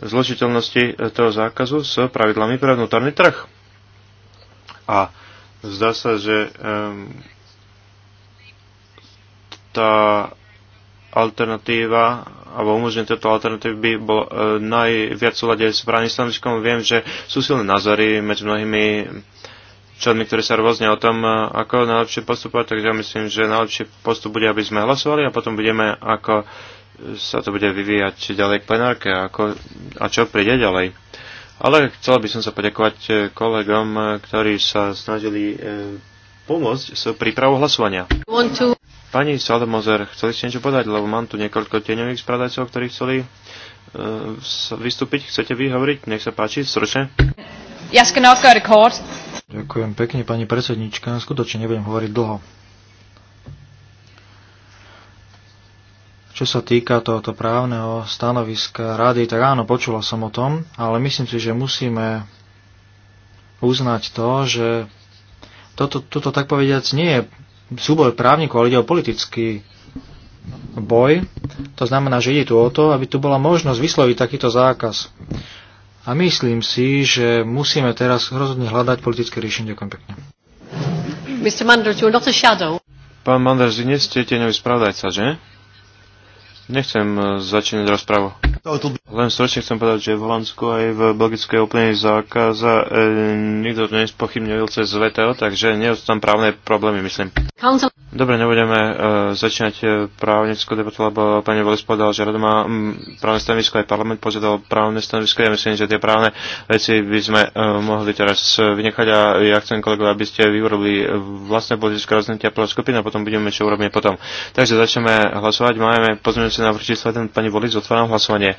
zložiteľnosti toho zákazu s pravidlami pre vnútorný trh. A zdá sa, že um, tá alternatíva alebo umožnenie tejto alternatívy by bol e, najviac v súlade s právnym stanoviskom. Viem, že sú silné názory medzi mnohými členmi, ktorí sa rôzne o tom, e, ako najlepšie postupovať, takže ja myslím, že najlepší postup bude, aby sme hlasovali a potom budeme, ako sa to bude vyvíjať ďalej k plenárke ako, a čo príde ďalej. Ale chcel by som sa poďakovať e, kolegom, e, ktorí sa snažili e, pomôcť s prípravou hlasovania. Pani Saldemozer, chceli ste niečo povedať, lebo mám tu niekoľko tieňových spravodajcov, ktorí chceli uh, vystúpiť. Chcete vy hovoriť? Nech sa páči, sročne. Yes, Ďakujem pekne, pani predsednička. Skutočne nebudem hovoriť dlho. Čo sa týka tohoto právneho stanoviska rady, tak áno, počula som o tom, ale myslím si, že musíme uznať to, že toto, toto tak povediac nie je súboj právnikov, ale ide o politický boj. To znamená, že ide tu o to, aby tu bola možnosť vysloviť takýto zákaz. A myslím si, že musíme teraz rozhodne hľadať politické riešenie. Ďakujem pekne. Mr. Manders, not a shadow. Pán Manders, vy nie ste tieňový spravodajca, že? Nechcem eh, začínať rozpravu. Len stročne chcem povedať, že v Holandsku aj v Belgicku je úplne zákaz a e, nikto to nespochybňujú cez VTO, takže nie sú tam právne problémy, myslím. Dobre, nebudeme e, začínať e, právnickú debatu, lebo pani Volis povedal, že rada má mm, právne stanovisko, aj parlament požiadal právne stanovisko. Ja myslím, že tie právne veci by sme e, mohli teraz vynechať a ja chcem kolegov, aby ste vyrobili vlastné politické rozhodnutia podľa skupiny a potom budeme čo urobíme potom. Takže začneme hlasovať. Máme pozmeňujúce návrh číslo 1. Pani Volis, otváram hlasovanie.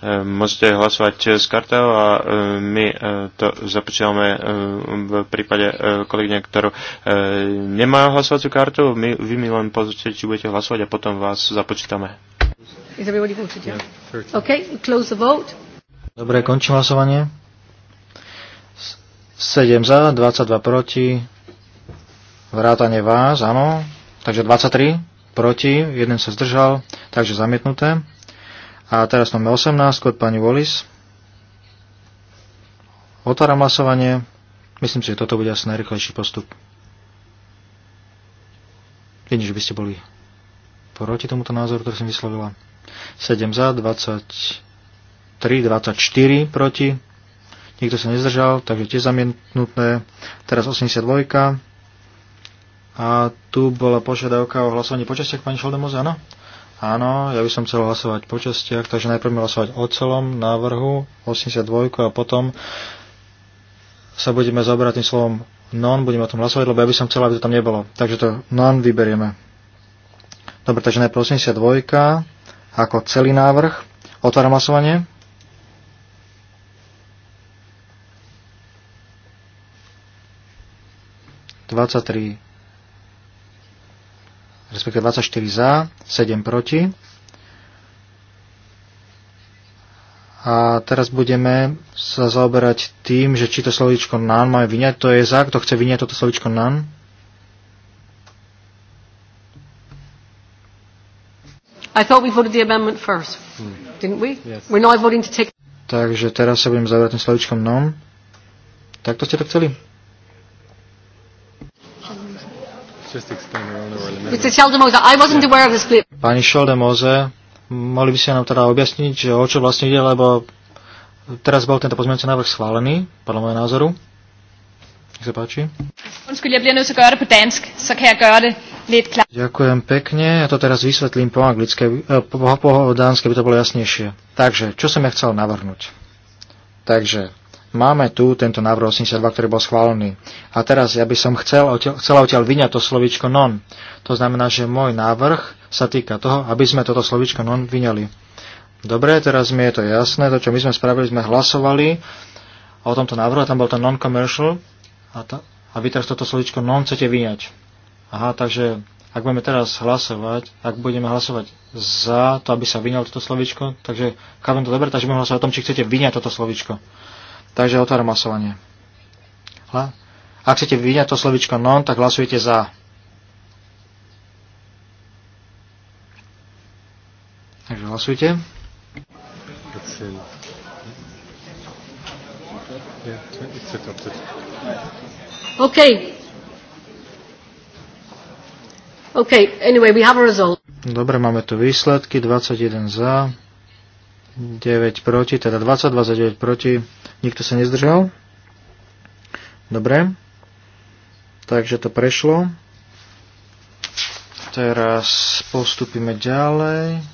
Ehm, môžete hlasovať s eh, kartou a ehm, my eh, to započívame eh, v prípade kolegyne, ktorú nemá hlasovaciu kartu. My, vy mi len pozrite, či budete hlasovať a potom vás započítame. Okay, close the vote. Dobre, končím hlasovanie. 7 za, 22 proti, vrátane vás, áno. Takže 23 proti, jeden sa zdržal, takže zamietnuté. A teraz máme 18 od pani Wallis. Otváram hlasovanie. Myslím si, že toto bude asi najrychlejší postup. Vidím, že by ste boli proti tomuto názoru, ktorý som vyslovila. 7 za, 23, 24 proti. Nikto sa nezdržal, takže tiež zamietnuté. Teraz 82. A tu bola požiadavka o hlasovaní počastiach pani Šoldemoze, áno? Áno, ja by som chcel hlasovať po častiach, takže najprv hlasovať o celom návrhu 82 a potom sa budeme zaoberať tým slovom non, budeme o tom hlasovať, lebo ja by som chcel, aby to tam nebolo. Takže to non vyberieme. Dobre, takže najprv 82 ako celý návrh. Otváram hlasovanie. Dvadsaťtri respektíve 24 za, 7 proti. A teraz budeme sa zaoberať tým, že či to slovíčko nan máme vyňať. To je za, kto chce vyňať toto slovíčko nan. I thought we voted the amendment first, didn't we? Yes. We're voting to take... Takže teraz sa budem zaoberať tým slovíčkom non. Takto ste to chceli? Pani Šoldemose, mohli by ste nám teda objasniť, že o čo vlastne ide, lebo teraz bol tento pozmeňujúci návrh schválený, podľa môjho názoru. Nech sa páči. Ďakujem pekne, ja to teraz vysvetlím po anglické, eh, po, po dánsky by to bolo jasnejšie. Takže, čo som ja chcel navrhnúť? Takže, Máme tu tento návrh 82, ktorý bol schválený. A teraz ja by som chcel, chcela odtiaľ vyňať to slovičko non. To znamená, že môj návrh sa týka toho, aby sme toto slovičko non vyňali. Dobre, teraz mi je to jasné. To, čo my sme spravili, sme hlasovali o tomto návrhu a tam bol to non-commercial a, to, a vy teraz toto slovičko non chcete vyňať. Aha, takže ak budeme teraz hlasovať, ak budeme hlasovať za to, aby sa vyňalo toto slovičko, takže chápem to dobre, takže budeme hlasovať o tom, či chcete vyňať toto slovičko. Takže otváram hlasovanie. Hla? Ak chcete vyňať to slovičko non, tak hlasujete za. Takže hlasujte. OK. OK, anyway, we have a result. Dobre, máme tu výsledky. 21 za, 9 proti, teda 20, 29 proti. Nikto sa nezdržal? Dobre. Takže to prešlo. Teraz postupíme ďalej.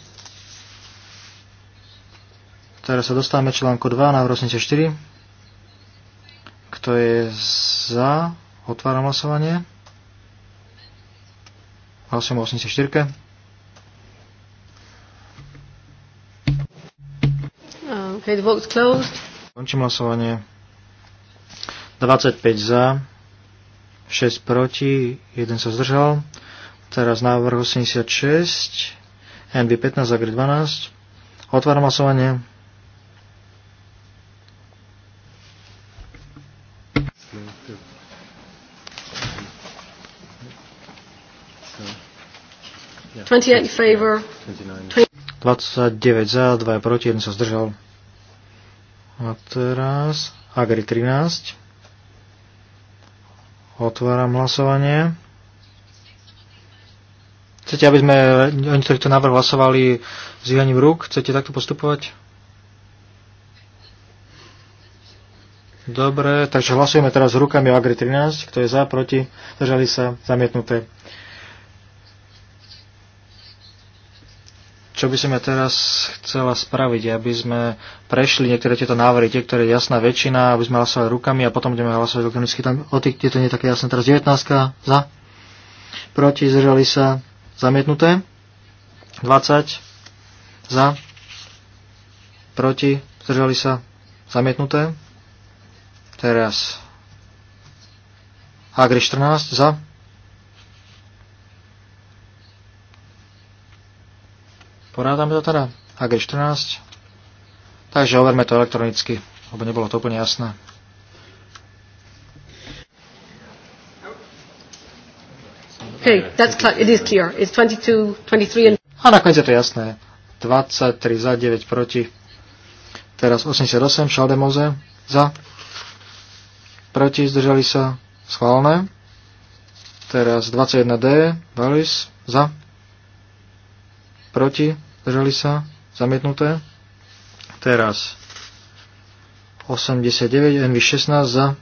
Teraz sa dostávame článku 2 na 84. Kto je za? Otváram hlasovanie. Hlasujem 84. Uh, okay, the vote's closed. Končím hlasovanie. 25 za, 6 proti, 1 sa zdržal. Teraz návrh 86, NB15, Agri 12. Otváram hlasovanie. Yeah. eight favor. 29 za, 2 proti, 1 sa zdržal. A teraz Agri 13. Otváram hlasovanie. Chcete, aby sme o týchto návrh hlasovali s vyhaním rúk? Chcete takto postupovať? Dobre, takže hlasujeme teraz rukami o Agri 13. Kto je za, proti, držali sa, zamietnuté. čo by som ja teraz chcela spraviť, aby sme prešli niektoré tieto návrhy, tie, ktoré je jasná väčšina, aby sme hlasovali rukami a potom budeme hlasovať elektronicky tam o tých, tieto nie je také jasné. Teraz 19 za, proti, zdržali sa, zamietnuté, 20 za, proti, zdržali sa, zamietnuté, teraz Agri 14 za, Porádame to teda? AG14. Takže overme to elektronicky, lebo nebolo to úplne jasné. that's clear. It is clear. It's 22, 23 and... A nakoniec je to jasné. 23 za, 9 proti. Teraz 88, Šaldemoze za. Proti, zdržali sa. Schválne. Teraz 21D, Valis za. Proti, Zdržali sa? Zamietnuté. Teraz 89, NV16 za,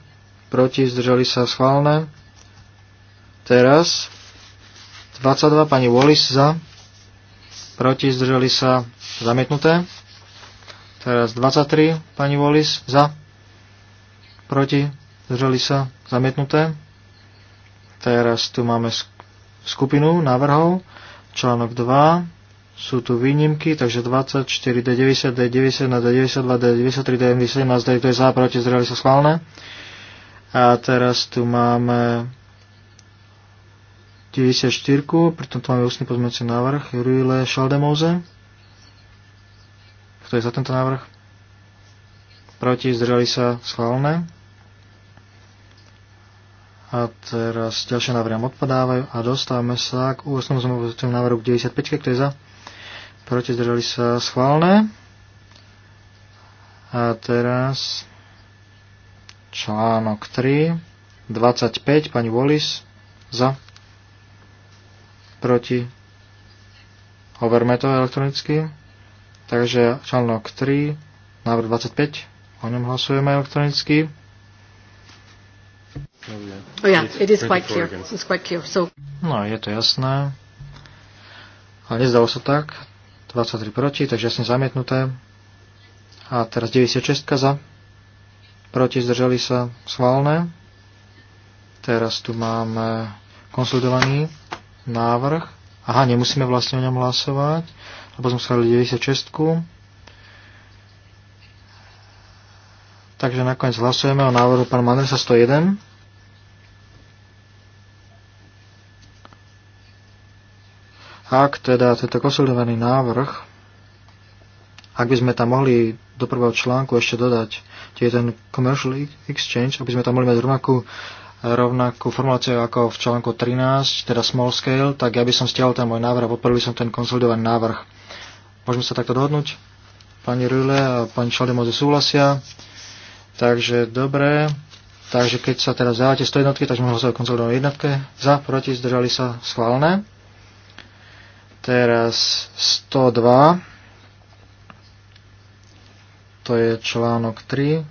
proti, zdržali sa schválne. Teraz 22, pani Wallis za, proti, zdržali sa zamietnuté. Teraz 23, pani Wallis za, proti, zdržali sa zamietnuté. Teraz tu máme skupinu návrhov, článok 2, sú tu výnimky, takže 24, D90, D90, D92, D93, D17, D, to je za, proti, zdržali sa schválne. A teraz tu máme 94, pritom tu máme ústny pozmeňujúci návrh Rüle Šaldemouze. Kto je za tento návrh? Proti, zdržali sa schválne. A teraz ďalšie návrhy nám odpadávajú a dostávame sa k ústnom návrhu 95, kto je za? proti zdržali sa schválne. A teraz článok 3, 25, pani Wallis, za, proti, overme to elektronicky. Takže článok 3, návrh 25, o ňom hlasujeme elektronicky. Oh, no, je to jasné. A nezdalo sa tak. 23 proti, takže jasne zamietnuté. A teraz 96 za, proti zdržali sa schválne. Teraz tu máme konsolidovaný návrh. Aha, nemusíme vlastne o ňom hlasovať, lebo sme schválili 96. Takže nakoniec hlasujeme o návrhu pán Mandersa 101. Ak teda tento konsolidovaný návrh, ak by sme tam mohli do prvého článku ešte dodať, tie je ten commercial exchange, aby sme tam mohli mať rovnakú rovnakú formuláciu ako v článku 13, teda small scale, tak ja by som stiahol ten môj návrh a podporil by som ten konsolidovaný návrh. Môžeme sa takto dohodnúť? Pani Rüle a pani Šaldemoze súhlasia. Takže dobre. Takže keď sa teraz zdávate 100 jednotky, tak sme hlasovať konsolidované jednotke. Za, proti, zdržali sa, schválne. Teraz 102. To je článok 3,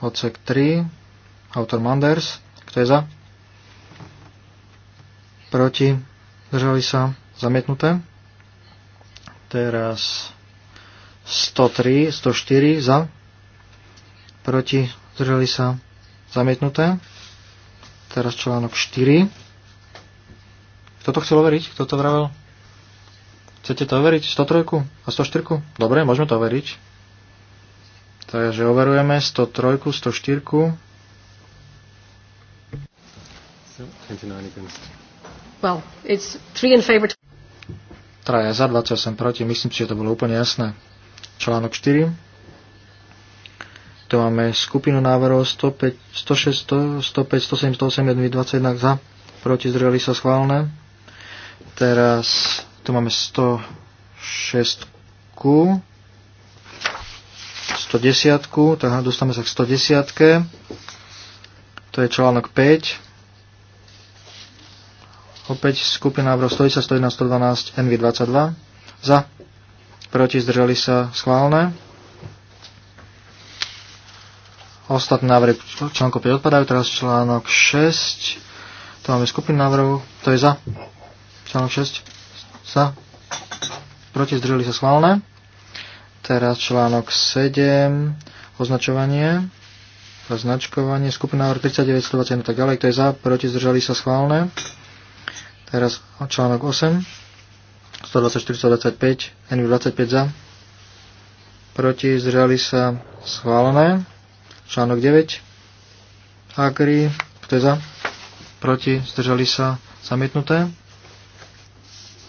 odsek 3, autor Manders. Kto je za? Proti? Držali sa? Zamietnuté? Teraz 103, 104 za? Proti? Držali sa? Zamietnuté? Teraz článok 4. Kto to chcel overiť? Kto to vravel? Chcete to overiť? 103 a 104? Dobre, môžeme to overiť. Takže overujeme 103, 104. Well, it's three in favor. Traja za, 28 proti. Myslím si, že to bolo úplne jasné. Článok 4. Tu máme skupinu návrhov 105, 106, 105, 107, 108, 121 za, proti zdržali sa schválne. Teraz tu máme 106, 110, tak dostaneme sa k 110. To je článok 5. Opäť skupina návrh 110, 111, 112, NV22. Za. Proti zdržali sa schválne. Ostatné návrhy článku 5 odpadajú, teraz článok 6. Tu máme skupinu návrhov, to je za. Článok 6. Za. Proti zdrželi sa schválne. Teraz článok 7. Označovanie. Značkovanie. Skupina r 39, 120 a tak ďalej. Kto je za? Proti zdržali sa schválne. Teraz článok 8. 124, 125. NV25 za. Proti zdržali sa schválené. Článok 9. Agri. Kto je za? Proti zdržali sa zamietnuté.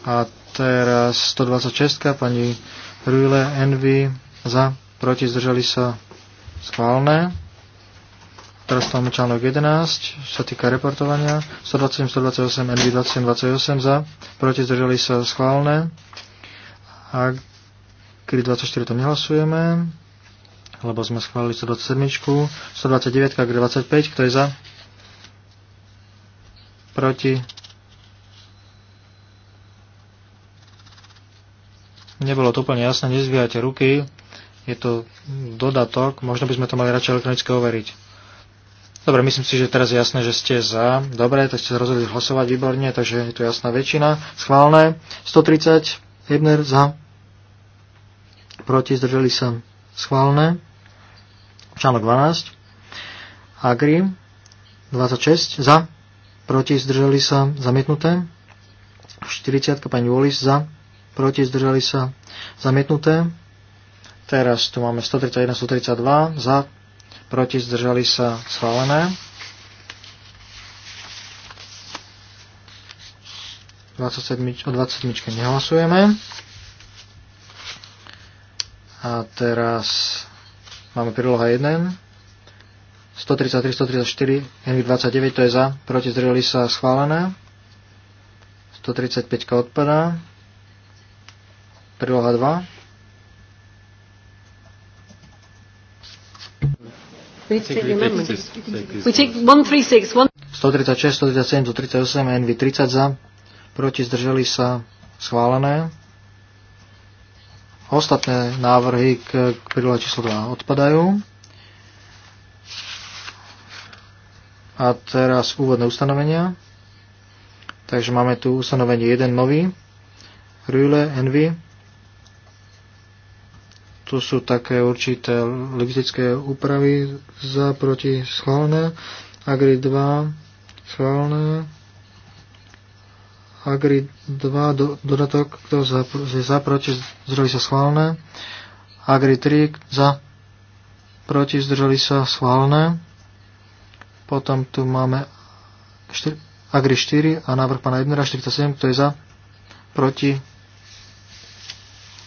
A teraz 126. Pani Rujle Envy za, proti, zdržali sa schválne. Teraz tam máme článok 11, sa týka reportovania. 127, 128, NV 27, 28 za, proti zdržali sa schválne. A kedy 24 to nehlasujeme, lebo sme schválili 127, 129, kde 25, kto je za? Proti nebolo to úplne jasné, nezvíjate ruky, je to dodatok, možno by sme to mali radšej elektronicky overiť. Dobre, myslím si, že teraz je jasné, že ste za. Dobre, tak ste rozhodli hlasovať výborne, takže je tu jasná väčšina. Schválne. 130, Hebner za. Proti, zdržali sa. Schválne. Článok 12. Agri. 26 za. Proti, zdržali sa. Zamietnuté. 40, pani Wallis za proti, zdržali sa zamietnuté. Teraz tu máme 131, 132 za, proti, zdržali sa schválené. 27, o 27 nehlasujeme. A teraz máme príloha 1. 133, 134, NV29 to je za, proti zdržali sa schválené. 135 odpadá. Príloha 2. We take 136, 137, 138, NV 30 za, proti zdržali sa schválené. Ostatné návrhy k, k prílohe číslo 2 odpadajú. A teraz úvodné ustanovenia. Takže máme tu ustanovenie 1 nový, Rühle, Envy, tu sú také určité logistické úpravy za proti schválne, Agri 2 schválne, Agri 2 do, dodatok, kto za, je za proti, zdržali sa schválne, Agri 3 za proti, zdržali sa schválne, potom tu máme 4, Agri 4 a návrh pána Ebnera 47, kto je za proti.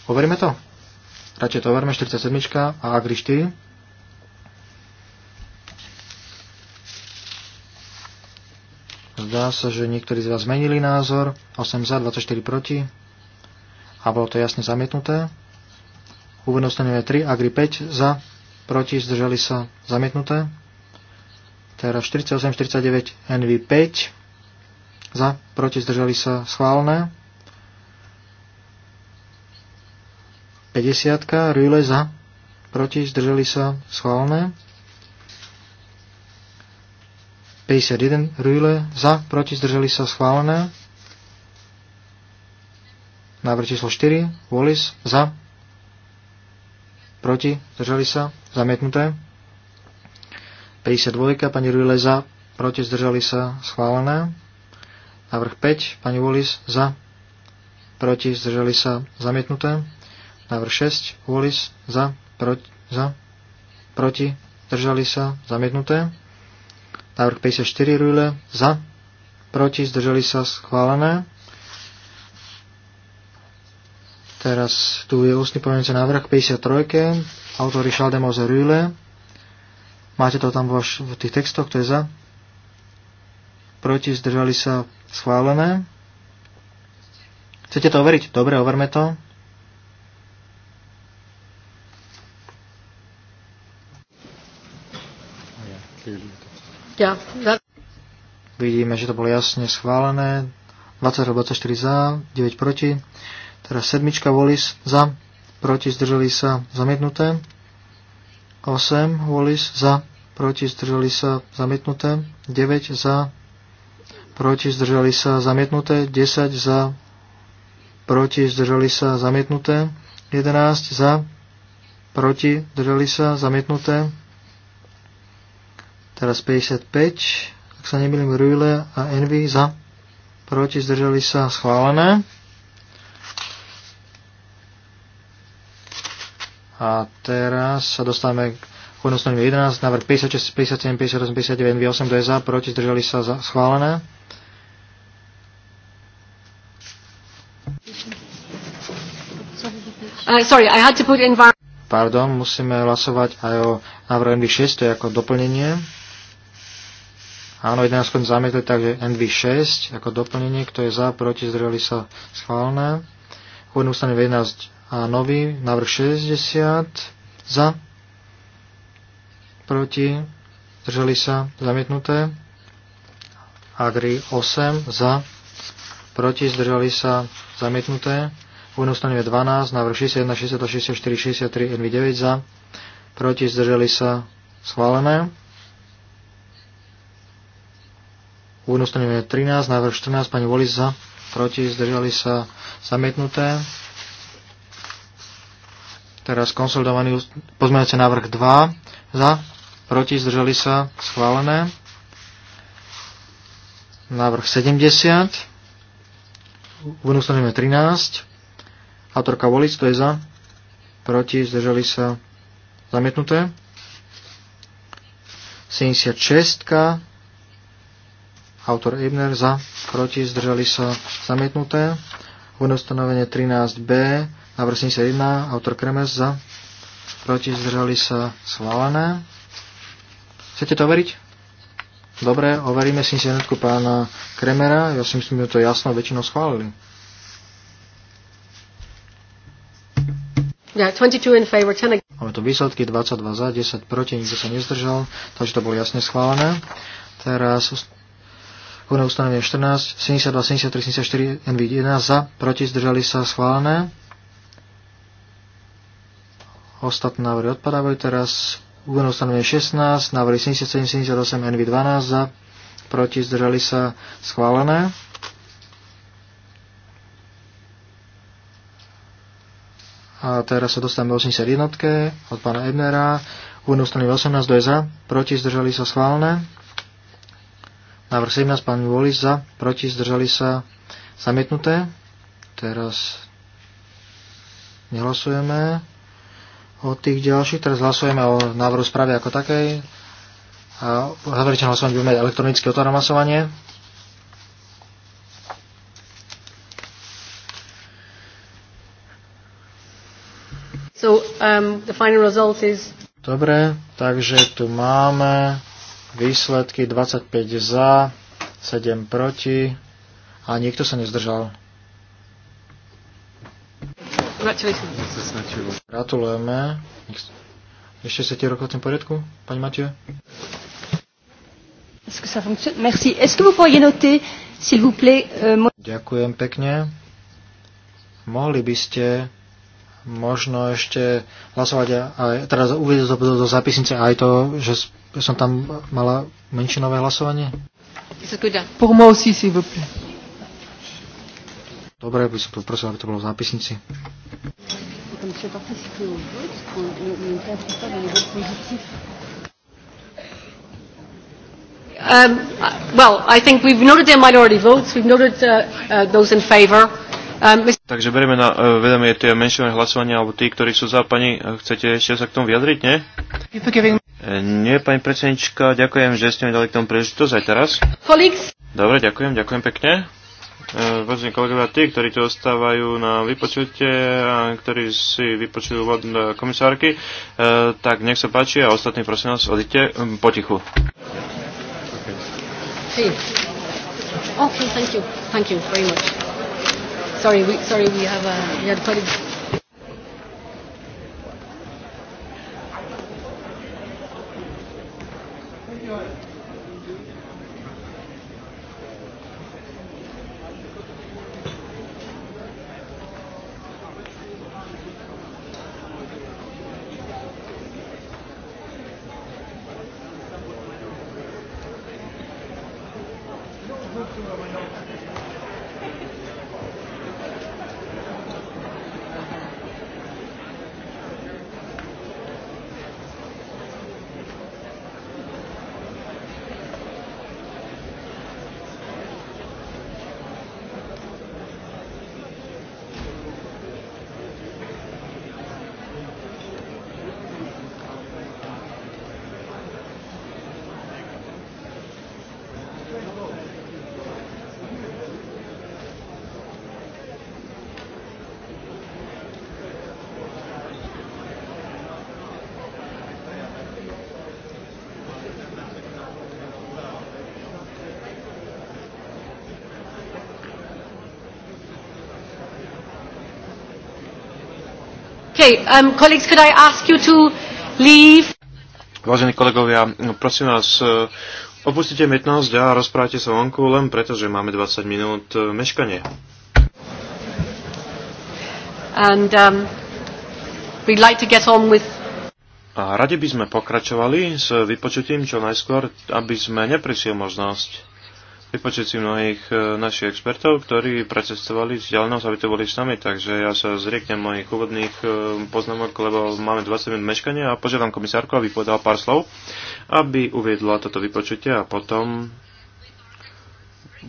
Overíme to? Radšej to overme, 47 a Agri 4. Zdá sa, že niektorí z vás zmenili názor. 8 za, 24 proti. A bolo to jasne zamietnuté. Úvodné ustanovenie 3, Agri 5 za, proti, zdržali sa zamietnuté. Teraz 48, 49, NV 5 za, proti, zdržali sa schválne. 50. Rüle za. Proti. zdrželi sa. schválne. 51. Rüle za. Proti. zdrželi sa. Schválené. Návrh číslo 4. Wallis za. Proti. zdrželi sa. Zamietnuté. 52. Pani Rüle za. Proti. zdrželi sa. Schválené. Návrh 5. Pani Wallis za. Proti. zdrželi sa. Zamietnuté. Návrh 6. Wallis. Za. Proti. Za. Proti. Zdržali sa. Zamietnuté. Návrh 54. Rule. Za. Proti. Zdržali sa. Schválené. Teraz tu je ústny pomenujúci návrh 53. Autor Richard Moser rule, Máte to tam vaš, v tých textoch, to je za. Proti zdržali sa schválené. Chcete to overiť? Dobre, overme to. Ja. Vidíme, že to bolo jasne schválené. 20 24 za, 9 proti. Teraz sedmička Wallis za, proti zdržali sa zamietnuté. 8 Wallis za, proti zdržali sa zamietnuté. 9 za, proti zdržali sa zamietnuté. 10 za, proti zdržali sa zamietnuté. 11 za, proti zdržali sa zamietnuté. Teraz 55, ak sa nemýlim, Rühle a Envy za, proti, zdržali sa, schválené. A teraz sa dostávame k hodnostným 11, návrh 56, 57, 58, 59, Envy 8 kto je za, proti, zdržali sa, za, schválené. Uh, sorry, I had to put in... Pardon, musíme hlasovať aj o návrhu NV6, to je ako doplnenie. Áno, 11 sme zamietli, takže NV6 ako doplnenie, kto je za, proti, zdržali sa schválne. Úvodné ustanovenie 11 a nový, návrh 60, za, proti, zdrželi sa, zamietnuté. Agri 8, za, proti, zdržali sa, zamietnuté. Úvodné ustanovenie 12, návrh 61, 62, 64, 63, NV9, za, proti, zdržali sa, schválené. Úvodné 13, návrh 14, pani Volisa, za, proti, zdržali sa zamietnuté. Teraz konsolidovaný pozmeňujúci návrh 2 za, proti, zdržali sa schválené. Návrh 70, úvodné 13, autorka Volis, to je za, proti, zdržali sa zamietnuté. 76 Autor Ebner za, proti, zdržali sa zamietnuté. Úvodné ustanovenie 13b, návrh 71, autor Kremes za, proti, zdržali sa schválené. Chcete to overiť? Dobre, overíme si jednotku pána Kremera. Ja si myslím, že to jasno väčšinou schválili. Yeah, 22 in favor, 10 Máme tu výsledky 22 za, 10 proti, nikto sa nezdržal, takže to bolo jasne schválené. Teraz úvodné ustanovenie 14, 72, 73, 74, NV 11 za, proti, zdržali sa schválené. Ostatné návrhy odpadávajú teraz. Úvodné ustanovenie 16, návrhy 77, 78, NV 12 za, proti, zdržali sa schválené. A teraz sa dostávame 81 od pána Ebnera. Úvodné ustanovenie 18, do je za, proti, zdržali sa schválené. Návrh 17, pán Volis za, proti, zdržali sa, zamietnuté. Teraz nehlasujeme o tých ďalších. Teraz hlasujeme o návrhu správy ako takej. A záverečné hlasovanie budeme elektronické otváram hlasovanie. So, um, the final result is... Dobre, takže tu máme Výsledky 25 za, 7 proti a nikto sa nezdržal. Gratulujeme. Ešte sa chcete rokovať v poriadku, pani Mathieu? Merci. Est-ce que vous pourriez noter, s'il vous plaît, euh, Ďakujem pekne. Mohli by ste možno ešte hlasovať aj, teraz uvedú do, do, do zapisnice aj to, že som tam mala menšinové hlasovanie? Pour moi aussi, s'il vous plaît. Dobre, by som poprosil, aby to bolo v zápisnici. Um, uh, well, I think we've noted their minority votes, we've noted uh, uh, those in favor. Um, Mr. Takže berieme na e, vedomie tie menšie hlasovania, alebo tí, ktorí sú za pani. E, chcete ešte sa k tomu vyjadriť, nie? E, nie, pani predsednička, ďakujem, že ste mi dali k tomu príležitosť aj teraz. Felix. Dobre, ďakujem, ďakujem pekne. Vážení kolegovia, tí, ktorí tu ostávajú na vypočutie a ktorí si vypočujú od komisárky, tak nech sa páči a ostatní prosím vás, um, potichu. Okay. Okay, oh, thank you. Thank you very much. Sorry, we, sorry, we have a, uh, we had quite Okay, um, colleagues, could I ask you to leave? Vážení kolegovia, no, prosím vás, eh, opustite mietnosť a rozprávajte sa vonku, len preto, že máme 20 minút eh, meškanie. And um, we'd like to get on with a radi by sme pokračovali s vypočutím čo najskôr, aby sme neprišli možnosť vypočuť si mnohých e, našich expertov, ktorí precestovali vzdialenosť, aby to boli s nami, takže ja sa zrieknem mojich úvodných e, poznámok, lebo máme 20 minút meškania a požiadam komisárku, aby povedala pár slov, aby uviedla toto vypočutie a potom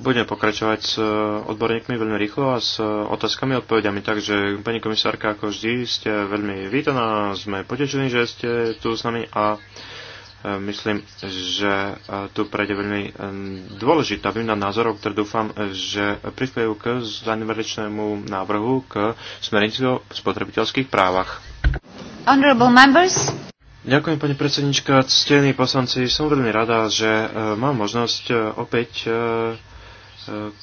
budeme pokračovať s e, odborníkmi veľmi rýchlo a s otázkami a odpovediami. Takže, pani komisárka, ako vždy, ste veľmi vítaná, sme potešení, že ste tu s nami a myslím, že e, tu prejde veľmi e, dôležitá výmna názorov, ktoré dúfam, že prispiejú k záverečnému návrhu k smernici o spotrebiteľských právach. Honorable members. Ďakujem, pani predsednička, ctení poslanci. Som veľmi rada, že e, mám možnosť opäť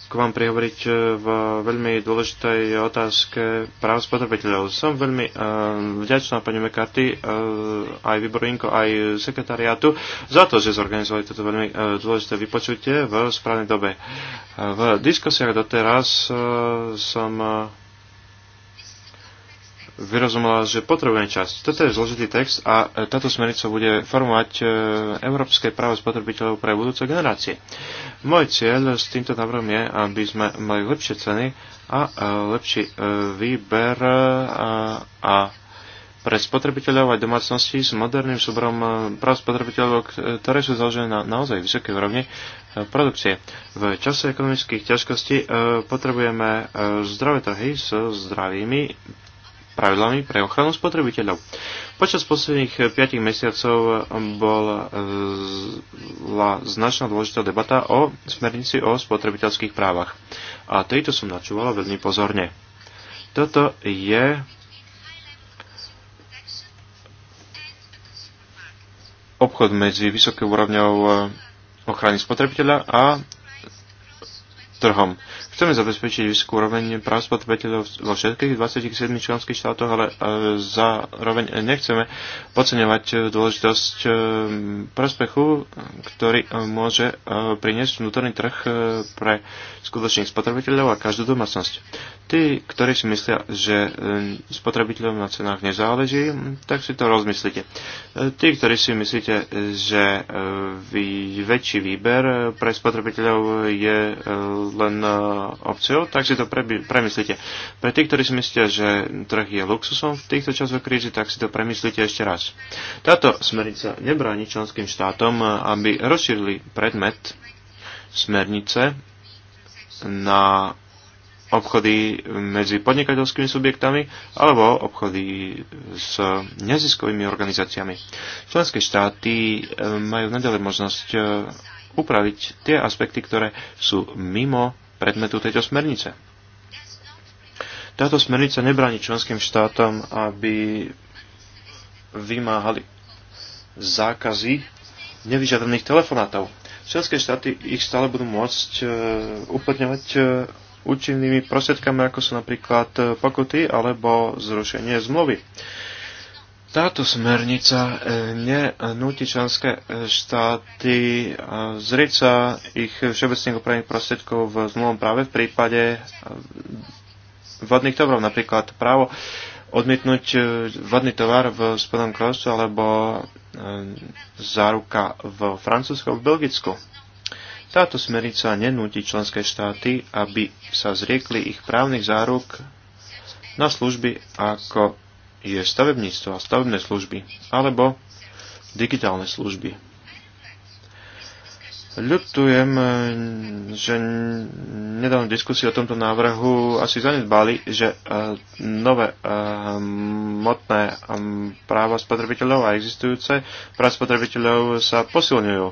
k vám prihovoriť e, v veľmi dôležitej otázke práv spotrebiteľov. Som veľmi e, vďačná pani McCarthy, e, aj Vyborinko, aj sekretariátu za to, že zorganizovali toto veľmi dôležité vypočutie v správnej dobe. V diskusiách doteraz som vyrozumela, že potrebujeme časť. Toto je zložitý text a e, táto smernica bude formovať e, európske právo spotrebiteľov pre budúce generácie. Môj cieľ s týmto návrhom je, aby sme mali lepšie ceny a e, lepší výber a pre spotrebiteľov aj domácnosti s moderným súborom práv spotrebiteľov, ktoré sú založené na naozaj vysokej úrovni produkcie. V čase ekonomických ťažkostí potrebujeme zdravé trhy s zdravými pravidlami pre ochranu spotrebiteľov. Počas posledných 5 eh, mesiacov eh, bola eh, značná dôležitá debata o smernici o spotrebiteľských právach. A tejto som načúvala veľmi pozorne. Toto je obchod medzi vysokou úrovňou ochrany spotrebiteľa a trhom. Chceme zabezpečiť vysokú úroveň práv spotrebiteľov vo všetkých 27 členských štátoch, ale e, zároveň nechceme podceňovať dôležitosť e, prospechu, ktorý e, môže priniesť vnútorný trh pre skutočných spotrebiteľov a každú domácnosť. Tí, ktorí si myslia, že spotrebiteľom na cenách nezáleží, tak si to rozmyslite. Tí, ktorí si myslíte, že väčší výber pre spotrebiteľov je len opciou, tak si to pre, premyslite. Pre tých, ktorí si myslia, že trh je luxusom v týchto časoch krízy, tak si to premyslite ešte raz. Táto smernica nebráni členským štátom, aby rozšírili predmet smernice na obchody medzi podnikateľskými subjektami alebo obchody s neziskovými organizáciami. Členské štáty eh, majú nadalej možnosť eh, upraviť tie aspekty, ktoré sú mimo predmetu tejto smernice. Táto smernica nebráni členským štátom, aby vymáhali zákazy nevyžadaných telefonátov. Členské štáty ich stále budú môcť e, uplatňovať e, účinnými prostriedkami, ako sú napríklad e, pokuty alebo zrušenie zmluvy. Táto smernica e, nenúti členské e, štáty e, zrieť sa ich všeobecných opravných prostriedkov v zmluvom práve v prípade vodných tovarov, napríklad právo odmietnúť vodný tovar v Spodnom kráľovstve alebo záruka v Francúzsku a v Belgicku. Táto smernica nenúti členské štáty, aby sa zriekli ich právnych záruk na služby ako je stavebníctvo a stavebné služby alebo digitálne služby. Ľutujem, že nedávno diskusie o tomto návrhu asi zanedbali, že e, nové e, motné e, práva spotrebiteľov a existujúce práva spotrebiteľov sa posilňujú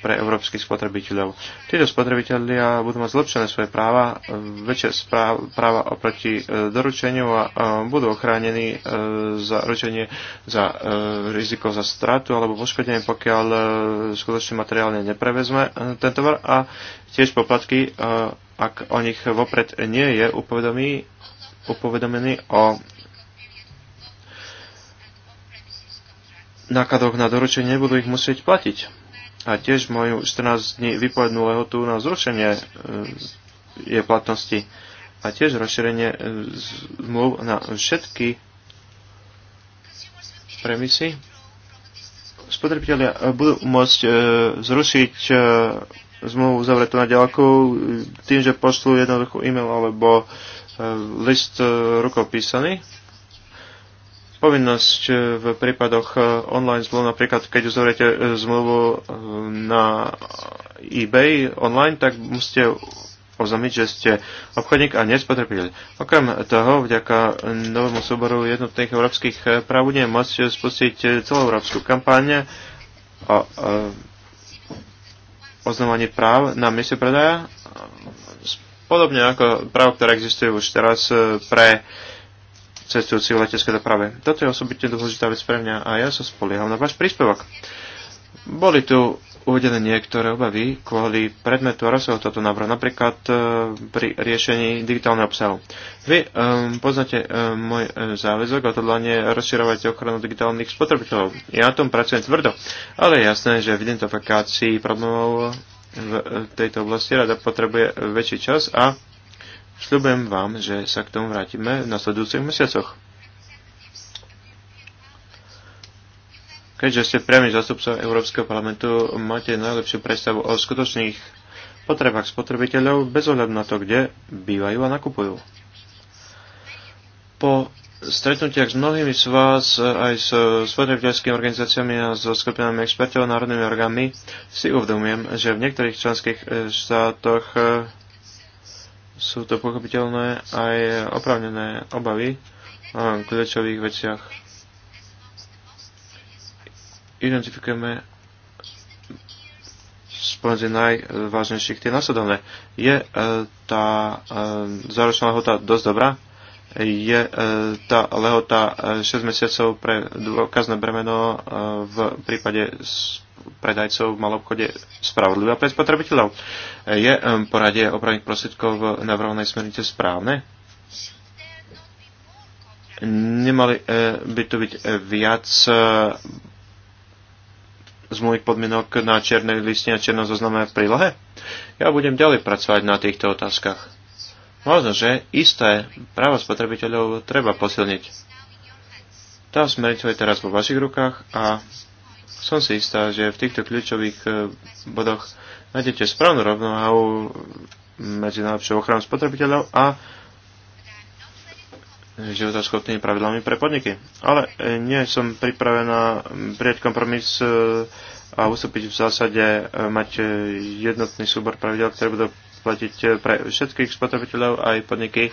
pre európskych spotrebiteľov. Títo spotrebitelia budú mať zlepšené svoje práva, väčšie práva oproti e, doručeniu a e, budú ochránení e, za ručenie za riziko za stratu alebo poškodenie, pokiaľ skutočne materiálne neprevezme ten tovar a tiež poplatky, ak o nich vopred nie je upovedomí, upovedomený o nákladoch na doručenie nebudú ich musieť platiť a tiež moju 14 dní vypovednú lehotu na zrušenie e, je platnosti a tiež rozšírenie e, zmluv na všetky premisy. Spotrebitelia e, budú môcť zrušiť zmluvu zavretú na ďalku tým, že pošlú jednoduchú e-mail alebo list rukopísaný povinnosť e, v prípadoch e, online zmluv, napríklad keď uzavriete e, zmluvu na eBay online, tak musíte oznámiť, že ste obchodník a nespotrebiteľ. Okrem toho, vďaka novému súboru jednotných európskych práv budeme môcť spustiť celú európsku kampáň o oznamovaní práv na mieste predaja, podobne ako práv, ktoré existujú už teraz pre uh, cestujúci v leteckej doprave. Toto je osobitne dôležitá vec pre mňa a ja sa spolieham na váš príspevok. Boli tu uvedené niektoré obavy kvôli predmetu a rozsahu tohto návrhu, napríklad e, pri riešení digitálneho obsahu. Vy um, e, poznáte um, e, môj e, záväzok a odhodlanie rozširovať ochranu digitálnych spotrebiteľov. Ja na tom pracujem tvrdo, ale je jasné, že v identifikácii problémov v e, tejto oblasti rada potrebuje väčší čas a Sľubujem vám, že sa k tomu vrátime v nasledujúcich mesiacoch. Keďže ste priami zastupcov Európskeho parlamentu, máte najlepšiu predstavu o skutočných potrebách spotrebiteľov bez ohľadu na to, kde bývajú a nakupujú. Po stretnutiach s mnohými z vás, aj s spotrebiteľskými organizáciami a so skupinami expertov a národnými orgánmi, si uvedomujem, že v niektorých členských štátoch sú to pochopiteľné aj opravnené obavy o kľúčových veciach. Identifikujeme spomedzi najvážnejších tie následovné. Je e, tá e, záročná hota dosť dobrá? je e, tá lehota 6 e, mesiacov pre dôkazné bremeno e, v prípade predajcov v malobchode spravodlivá pre spotrebiteľov. Je poradie opravných prostriedkov v navrhovanej smernice správne? Nemali by tu byť viac zmluvných podmienok na čiernej listine a čiernom zozname v prílohe? Ja budem ďalej pracovať na týchto otázkach Možno, že isté právo spotrebiteľov treba posilniť. Tá smerť je teraz vo vašich rukách a som si istá, že v týchto kľúčových e, bodoch nájdete správnu rovnováhu medzi najlepšou ochranou spotrebiteľov a životoschopnými pravidlami pre podniky. Ale e, nie som pripravená prijať kompromis e, a ustúpiť v zásade, mať jednotný súbor pravidel, ktoré budú platiť pre všetkých spotrebiteľov aj podniky, e,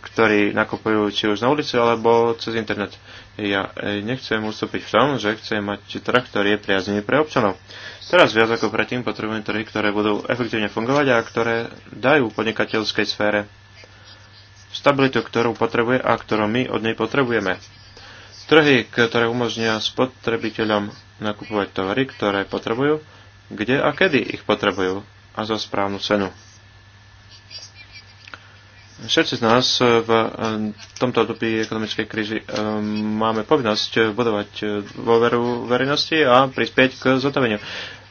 ktorí nakupujú či už na ulici alebo cez internet. Ja e, nechcem ustúpiť v tom, že chcem mať trh, ktorý je priazný pre občanov. Teraz viac ako predtým potrebujeme trhy, ktoré budú efektívne fungovať a ktoré dajú podnikateľskej sfére stabilitu, ktorú potrebuje a ktorú my od nej potrebujeme. Trhy, ktoré umožnia spotrebiteľom nakupovať tovary, ktoré potrebujú, kde a kedy ich potrebujú a za správnu cenu. Všetci z nás v eh, tomto období ekonomickej krízy eh, máme povinnosť budovať eh, dôveru verejnosti a prispieť k zotaveniu.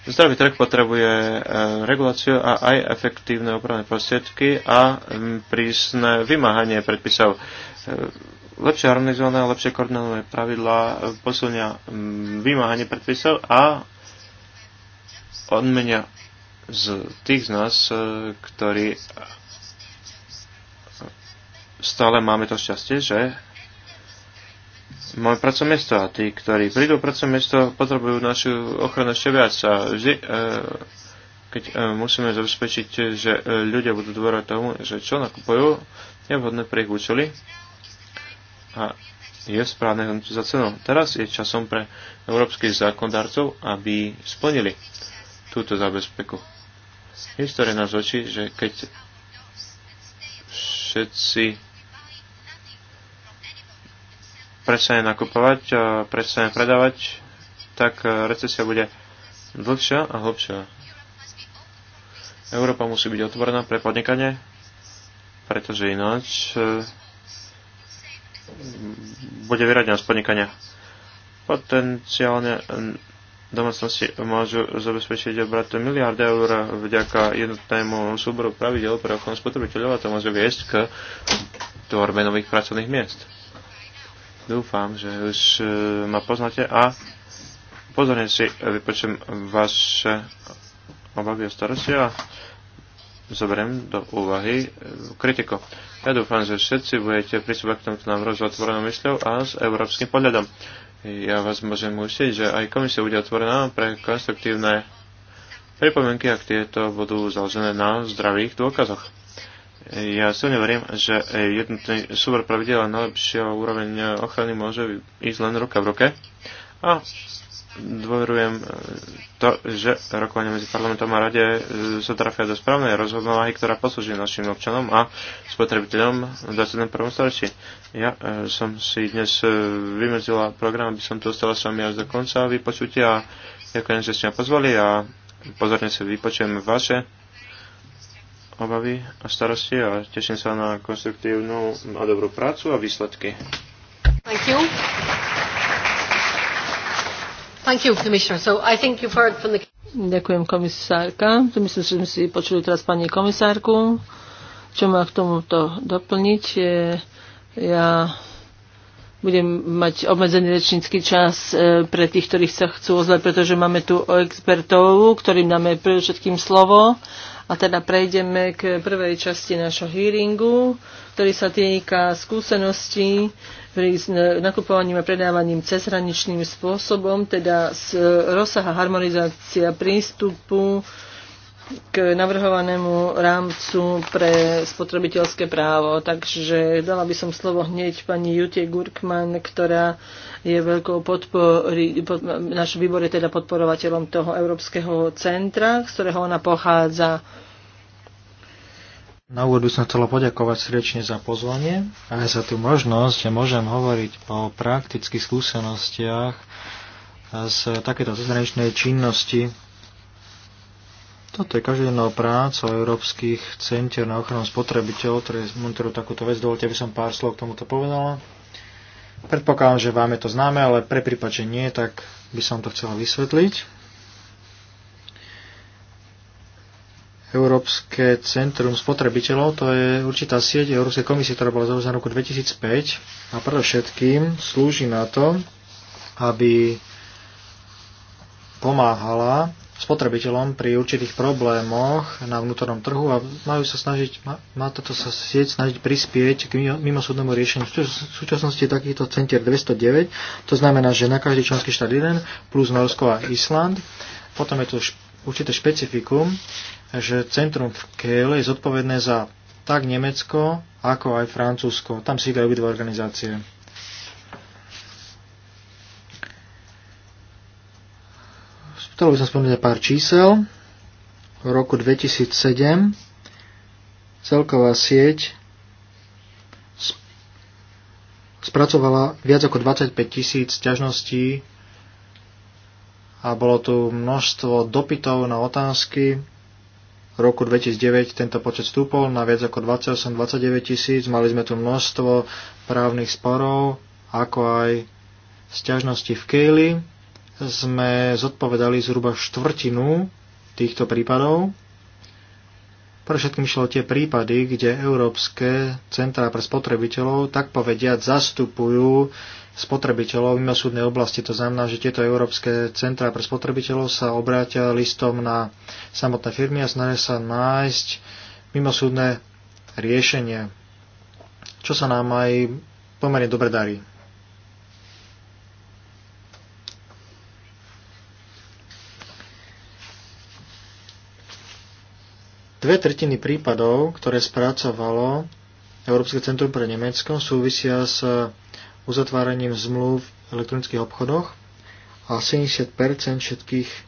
Zdravý trh potrebuje reguláciu a aj efektívne opravné prostriedky a mm, prísne vymáhanie predpisov lepšie harmonizované a lepšie koordinované pravidlá posilnia mm, vymáhanie predpisov a odmenia z tých z nás, e, ktorí stále máme to šťastie, že máme pracovné miesto a tí, ktorí prídu pracovné miesto, potrebujú našu ochranu ešte viac a vždy e, keď e, musíme zabezpečiť, že ľudia budú dôverovať tomu, že čo nakupujú, je vhodné pre ich účely a je správne hodnotiť za cenu. Teraz je časom pre európskych zákondárcov, aby splnili túto zabezpeku. História nás očí, že keď všetci prestane nakupovať a prestane predávať, tak recesia bude dlhšia a hlbšia. Európa musí byť otvorená pre podnikanie, pretože ináč e, bude vyradená z podnikania. Potenciálne domácnosti môžu zabezpečiť obrat miliard eur vďaka jednotnému súboru pravidel pre ochranu spotrebiteľov a to môže viesť k tvorbe nových pracovných miest. Dúfam, že už e, ma poznáte a pozorne si vypočujem vaše obavy a starosti a zoberiem do úvahy e, kritiku. Ja dúfam, že všetci budete pristúpať k tomuto návrhu s otvorenou mysľou a s európskym pohľadom ja vás môžem ušiť, že aj komisia bude otvorená pre konstruktívne pripomienky, ak tieto budú založené na zdravých dôkazoch. Ja silne verím, že jednotný súbor pravidel a najlepšia úroveň ochrany môže ísť len ruka v ruke. A dôverujem e, to, že rokovanie medzi parlamentom a rade e, sa trafia do správnej rozhodnováhy, ktorá poslúži našim občanom a spotrebiteľom v 21. storočí. Ja e, som si dnes vymedzila program, aby som tu ostala s vami až do konca vypočutia a ďakujem, že ste ma pozvali a pozorne si vypočujem vaše obavy a starosti a teším sa na konstruktívnu a dobrú prácu a výsledky. Thank you. Thank you, Commissioner. So I think you've heard from the... Ďakujem, komisárka. Myslím, že sme si počuli teraz pani komisárku. Čo má k tomuto doplniť? Ja budem mať obmedzený rečnícky čas e, pre tých, ktorých sa chcú ozvať, pretože máme tu expertov, ktorým dáme predovšetkým slovo a teda prejdeme k prvej časti našho hearingu, ktorý sa týka skúseností pri nakupovaním a predávaním cezhraničným spôsobom, teda z rozsaha harmonizácia prístupu k navrhovanému rámcu pre spotrebiteľské právo. Takže dala by som slovo hneď pani Jutie Gurkman, ktorá je veľkou podpori, pod, náš výbor je teda podporovateľom toho Európskeho centra, z ktorého ona pochádza. Na úvod by som chcela poďakovať srdečne za pozvanie a aj za tú možnosť, že môžem hovoriť o praktických skúsenostiach z takéto zahraničnej činnosti toto no, je každodenná práca Európskych centier na ochranu spotrebiteľov, ktoré monitorujú takúto vec. Dovolte, aby som pár slov k tomuto povedala. Predpokladám, že vám je to známe, ale pre prípad, že nie, tak by som to chcela vysvetliť. Európske centrum spotrebiteľov, to je určitá sieť Európskej komisie, ktorá bola založená v roku 2005 a predovšetkým slúži na to, aby pomáhala spotrebiteľom pri určitých problémoch na vnútornom trhu a majú sa snažiť, má, má toto sa sieť snažiť prispieť k mimosúdnemu riešeniu. V súčasnosti je takýchto centier 209, to znamená, že na každý členský štát jeden, plus Norsko a Island. Potom je tu určité špecifikum, že centrum v Kiel je zodpovedné za tak Nemecko, ako aj Francúzsko. Tam sídajú obidve organizácie. Chcelo by som spomenúť pár čísel. V roku 2007 celková sieť spracovala viac ako 25 tisíc ťažností a bolo tu množstvo dopytov na otázky. V roku 2009 tento počet stúpol na viac ako 28-29 tisíc. Mali sme tu množstvo právnych sporov, ako aj sťažnosti v Kejli sme zodpovedali zhruba štvrtinu týchto prípadov. Pre všetkým šlo tie prípady, kde Európske centrá pre spotrebiteľov, tak povediať, zastupujú spotrebiteľov v mimosúdnej oblasti. To znamená, že tieto Európske centrá pre spotrebiteľov sa obrátia listom na samotné firmy a snažia sa nájsť mimosúdne riešenie, čo sa nám aj pomerne dobre darí. Dve tretiny prípadov, ktoré spracovalo Európske centrum pre Nemecko, súvisia s uzatváraním zmluv v elektronických obchodoch a 70 všetkých e,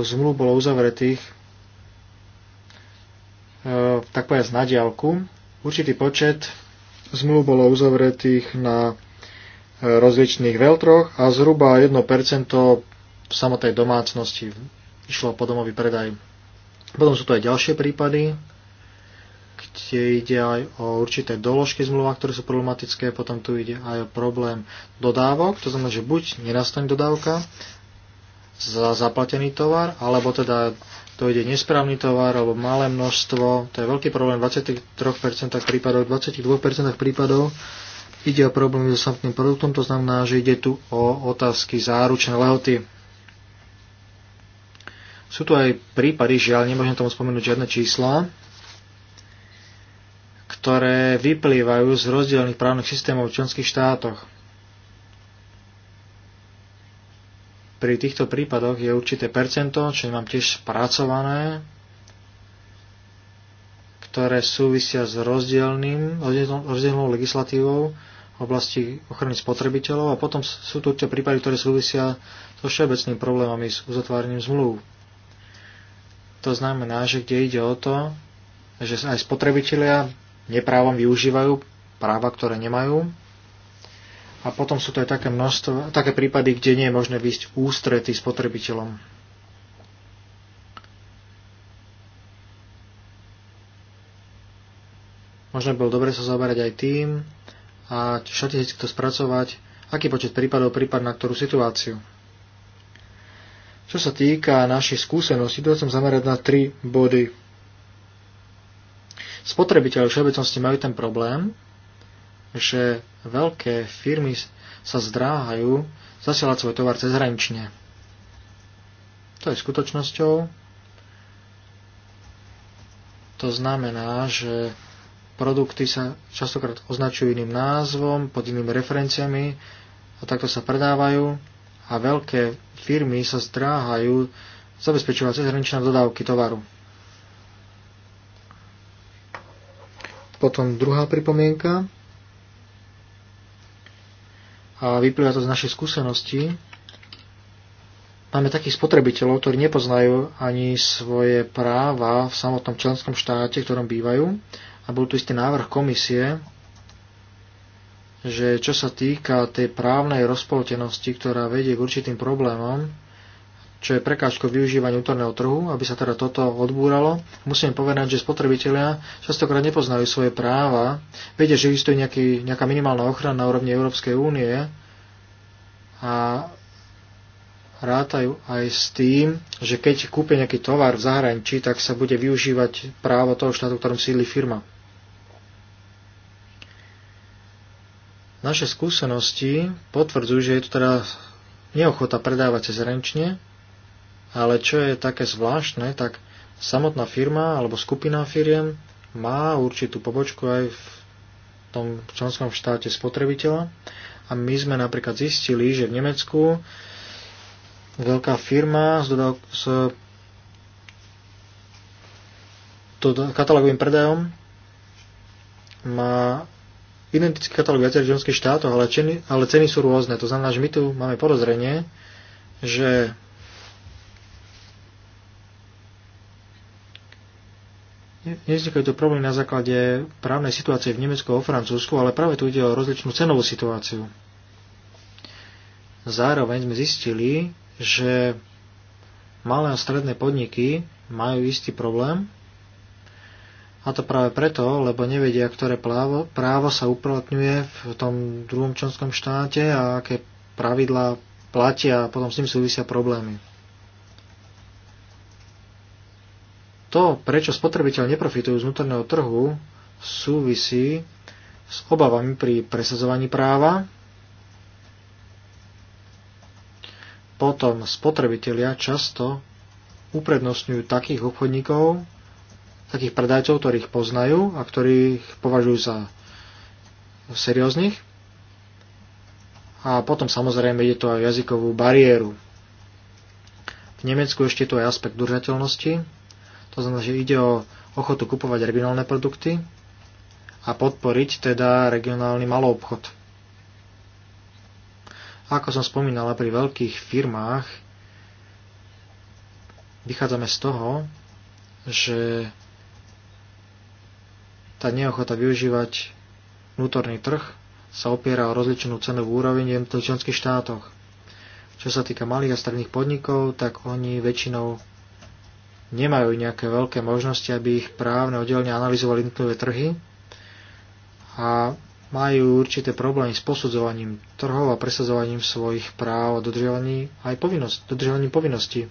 zmluv bolo uzavretých e, tak povedať na diálku. Určitý počet zmluv bolo uzavretých na e, rozličných veľtroch a zhruba 1% v samotnej domácnosti išlo domový predaj. Potom sú tu aj ďalšie prípady, kde ide aj o určité doložky zmluva, ktoré sú problematické, potom tu ide aj o problém dodávok, to znamená, že buď nenastane dodávka za zaplatený tovar, alebo teda to ide nesprávny tovar, alebo malé množstvo, to je veľký problém, v 23% prípadov, v 22% prípadov ide o problémy so samotným produktom, to znamená, že ide tu o otázky záručné lehoty. Sú tu aj prípady, žiaľ, nemôžem tomu spomenúť žiadne čísla, ktoré vyplývajú z rozdielných právnych systémov v členských štátoch. Pri týchto prípadoch je určité percento, čo mám tiež spracované, ktoré súvisia s rozdielným, rozdielnou legislatívou v oblasti ochrany spotrebiteľov a potom sú tu tie prípady, ktoré súvisia so všeobecnými problémami s uzatváraním zmluv. To znamená, že kde ide o to, že aj spotrebitelia neprávom využívajú práva, ktoré nemajú. A potom sú to aj také, množstvo, také prípady, kde nie je možné výjsť ústrety spotrebiteľom. Možno by bolo dobre sa zaoberať aj tým a štatisticky to spracovať, aký počet prípadov prípad na ktorú situáciu. Čo sa týka našich skúseností, to chcem zamerať na tri body. Spotrebiteľe všeobecnosti majú ten problém, že veľké firmy sa zdráhajú zasielať svoj tovar cezhranične. To je skutočnosťou. To znamená, že produkty sa častokrát označujú iným názvom, pod inými referenciami a takto sa predávajú a veľké firmy sa zdráhajú zabezpečovať cezhraničné dodávky tovaru. Potom druhá pripomienka. A vyplýva to z našej skúsenosti. Máme takých spotrebiteľov, ktorí nepoznajú ani svoje práva v samotnom členskom štáte, v ktorom bývajú. A bol tu istý návrh komisie, že čo sa týka tej právnej rozpoltenosti, ktorá vedie k určitým problémom, čo je prekážko využívania útorného trhu, aby sa teda toto odbúralo. Musím povedať, že spotrebitelia častokrát nepoznajú svoje práva, vedia, že existuje nejaký, nejaká minimálna ochrana na úrovni Európskej únie a rátajú aj s tým, že keď kúpia nejaký tovar v zahraničí, tak sa bude využívať právo toho štátu, v ktorom sídli firma. Naše skúsenosti potvrdzujú, že je tu teda neochota predávať cez renčne, ale čo je také zvláštne, tak samotná firma alebo skupina firiem má určitú pobočku aj v tom členskom štáte spotrebiteľa. A my sme napríklad zistili, že v Nemecku veľká firma s, dodav- s to katalogovým predajom má identický katalóg viacerých členských štátov, ale, čeny, ale ceny sú rôzne. To znamená, že my tu máme podozrenie, že nevznikajú to problémy na základe právnej situácie v Nemecku a Francúzsku, ale práve tu ide o rozličnú cenovú situáciu. Zároveň sme zistili, že malé a stredné podniky majú istý problém, a to práve preto, lebo nevedia, ktoré právo, právo sa uplatňuje v tom druhom členskom štáte a aké pravidlá platia a potom s tým súvisia problémy. To, prečo spotrebiteľ neprofitujú z vnútorného trhu, súvisí s obavami pri presadzovaní práva, potom spotrebitelia často uprednostňujú takých obchodníkov, takých predajcov, ktorých poznajú a ktorých považujú za serióznych. A potom samozrejme ide to aj jazykovú bariéru. V Nemecku ešte tu aj aspekt držateľnosti. To znamená, že ide o ochotu kupovať regionálne produkty a podporiť teda regionálny maloobchod. Ako som spomínala, pri veľkých firmách vychádzame z toho, že tá neochota využívať vnútorný trh sa opiera o rozličnú cenovú úroveň v členských štátoch. Čo sa týka malých a stredných podnikov, tak oni väčšinou nemajú nejaké veľké možnosti, aby ich právne oddelne analyzovali jednotlivé trhy a majú určité problémy s posudzovaním trhov a presadzovaním svojich práv a dodržiavaním aj povinnosť, dodržovaním povinností.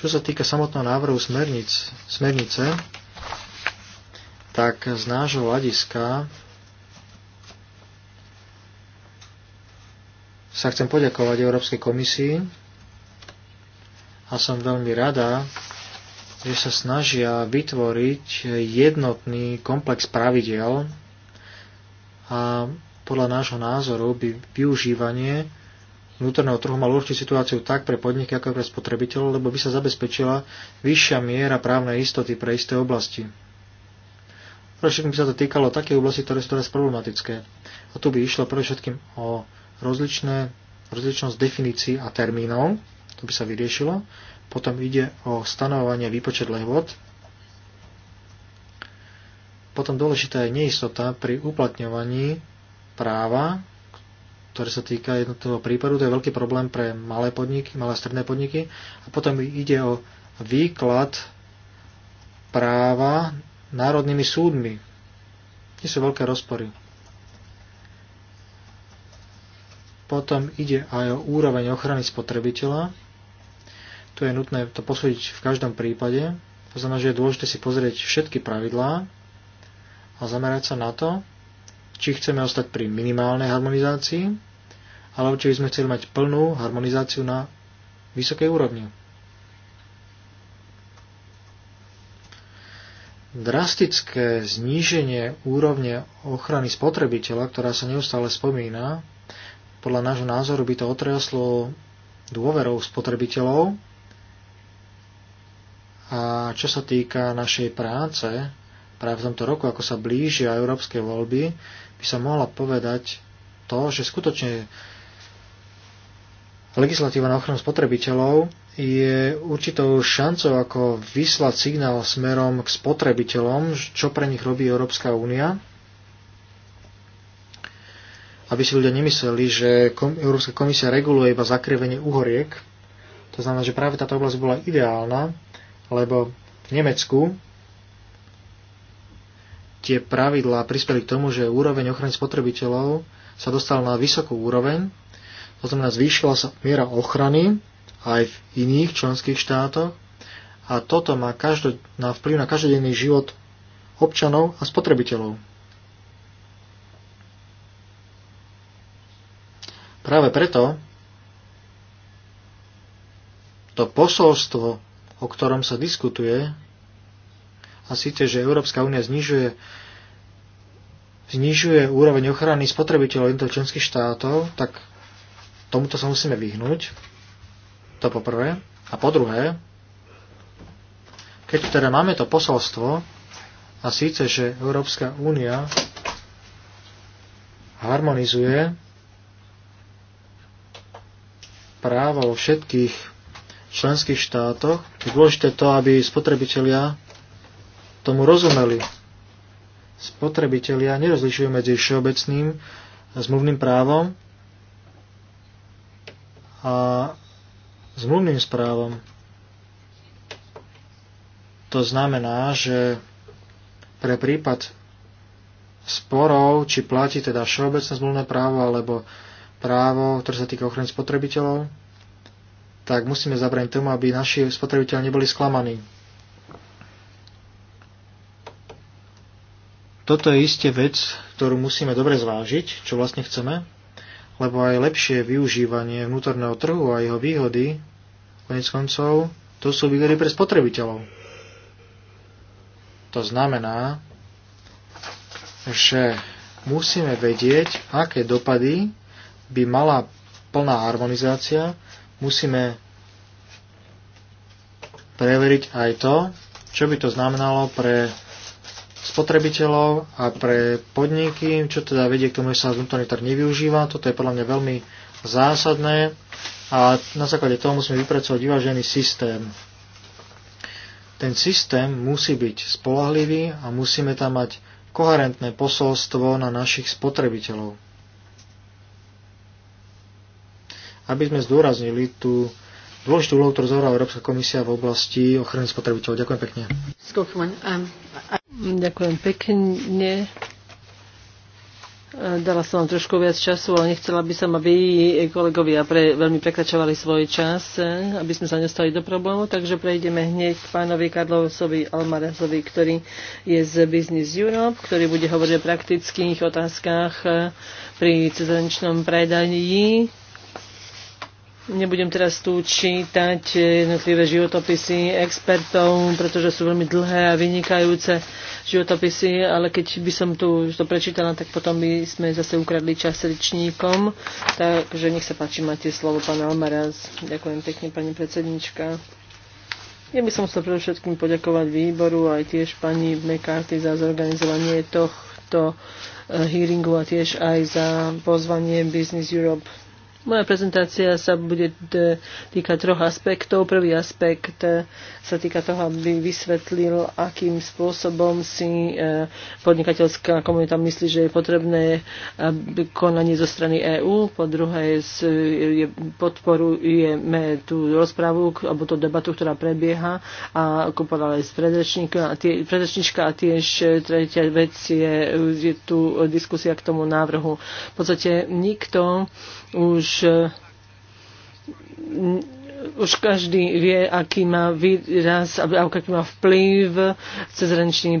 Čo sa týka samotného návrhu smernic, smernice, tak z nášho hľadiska sa chcem poďakovať Európskej komisii a som veľmi rada, že sa snažia vytvoriť jednotný komplex pravidel a podľa nášho názoru by využívanie vnútorného trhu malo určiť situáciu tak pre podniky ako aj pre spotrebiteľov, lebo by sa zabezpečila vyššia miera právnej istoty pre isté oblasti. Pre všetkým by sa to týkalo také oblasti, ktoré sú teraz problematické. A tu by išlo pre všetkým o rozličné, rozličnosť definícií a termínov, to by sa vyriešilo. Potom ide o stanovovanie výpočet lehôd. Potom dôležitá je neistota pri uplatňovaní práva, ktoré sa týka jednotného prípadu. To je veľký problém pre malé podniky, malé stredné podniky. A potom ide o výklad práva národnými súdmi. Tie sú veľké rozpory. Potom ide aj o úroveň ochrany spotrebiteľa. Tu je nutné to posúdiť v každom prípade. To znamená, že je dôležité si pozrieť všetky pravidlá a zamerať sa na to, či chceme ostať pri minimálnej harmonizácii, alebo či by sme chceli mať plnú harmonizáciu na vysokej úrovni. drastické zníženie úrovne ochrany spotrebiteľa, ktorá sa neustále spomína, podľa nášho názoru by to otreslo dôverou spotrebiteľov. A čo sa týka našej práce, práve v tomto roku, ako sa blížia európske voľby, by sa mohla povedať to, že skutočne legislatíva na ochranu spotrebiteľov je určitou šancou, ako vyslať signál smerom k spotrebiteľom, čo pre nich robí Európska únia, aby si ľudia nemysleli, že Európska komisia reguluje iba zakrivenie uhoriek. To znamená, že práve táto oblasť bola ideálna, lebo v Nemecku tie pravidlá prispeli k tomu, že úroveň ochrany spotrebiteľov sa dostal na vysokú úroveň, to znamená, zvýšila sa miera ochrany aj v iných členských štátoch a toto má každo, na vplyv na každodenný život občanov a spotrebiteľov. Práve preto to posolstvo, o ktorom sa diskutuje, a síce, že Európska únia znižuje, znižuje úroveň ochrany spotrebiteľov jednotlivých členských štátov, tak Tomuto sa musíme vyhnúť. To po prvé. A po druhé, keď teda máme to posolstvo, a síce, že Európska únia harmonizuje právo vo všetkých členských štátoch, je dôležité to, aby spotrebitelia tomu rozumeli. Spotrebitelia nerozlišujú medzi všeobecným zmluvným právom a zmluvným správom. To znamená, že pre prípad sporov, či platí teda všeobecné zmluvné právo alebo právo, ktoré sa týka ochrany spotrebiteľov, tak musíme zabrať tomu, aby naši spotrebiteľi neboli sklamaní. Toto je isté vec, ktorú musíme dobre zvážiť, čo vlastne chceme, lebo aj lepšie využívanie vnútorného trhu a jeho výhody, konec koncov, to sú výhody pre spotrebiteľov. To znamená, že musíme vedieť, aké dopady by mala plná harmonizácia. Musíme preveriť aj to, čo by to znamenalo pre spotrebiteľov a pre podniky, čo teda vedie k tomu, že sa vnútorný trh nevyužíva. Toto je podľa mňa veľmi zásadné a na základe toho musíme vypracovať vyvážený systém. Ten systém musí byť spolahlivý a musíme tam mať koherentné posolstvo na našich spotrebiteľov. Aby sme zdôraznili tú dôležitú úlohu, ktorú zohrala Európska komisia v oblasti ochrany spotrebiteľov. Ďakujem pekne. Um, Ďakujem pekne. Dala som vám trošku viac času, ale nechcela by som, aby kolegovia pre, veľmi prekračovali svoj čas, eh, aby sme sa nestali do problému, takže prejdeme hneď k pánovi Karlovsovi Almarazovi, ktorý je z Business Europe, ktorý bude hovoriť o praktických otázkach eh, pri cezhraničnom predaní Nebudem teraz tu čítať eh, jednotlivé životopisy expertov, pretože sú veľmi dlhé a vynikajúce životopisy, ale keď by som tu to prečítala, tak potom by sme zase ukradli čas rečníkom. Takže nech sa páči, máte slovo, pán Almaraz. Ďakujem pekne, pani predsednička. Ja by som chcel predovšetkým poďakovať výboru aj tiež pani McCarthy za zorganizovanie tohto eh, hearingu a tiež aj za pozvanie Business Europe moja prezentácia sa bude týkať troch aspektov. Prvý aspekt e, sa týka toho, aby vysvetlil, akým spôsobom si e, podnikateľská komunita myslí, že je potrebné konanie zo strany EÚ. Po druhé, podporujeme tú rozprávu alebo tú debatu, ktorá prebieha a ako povedala aj z predrečníčka a tiež tretia vec je, je tu diskusia k tomu návrhu. V podstate nikto už už e, už každý vie, aký má výraz, aký má vplyv cez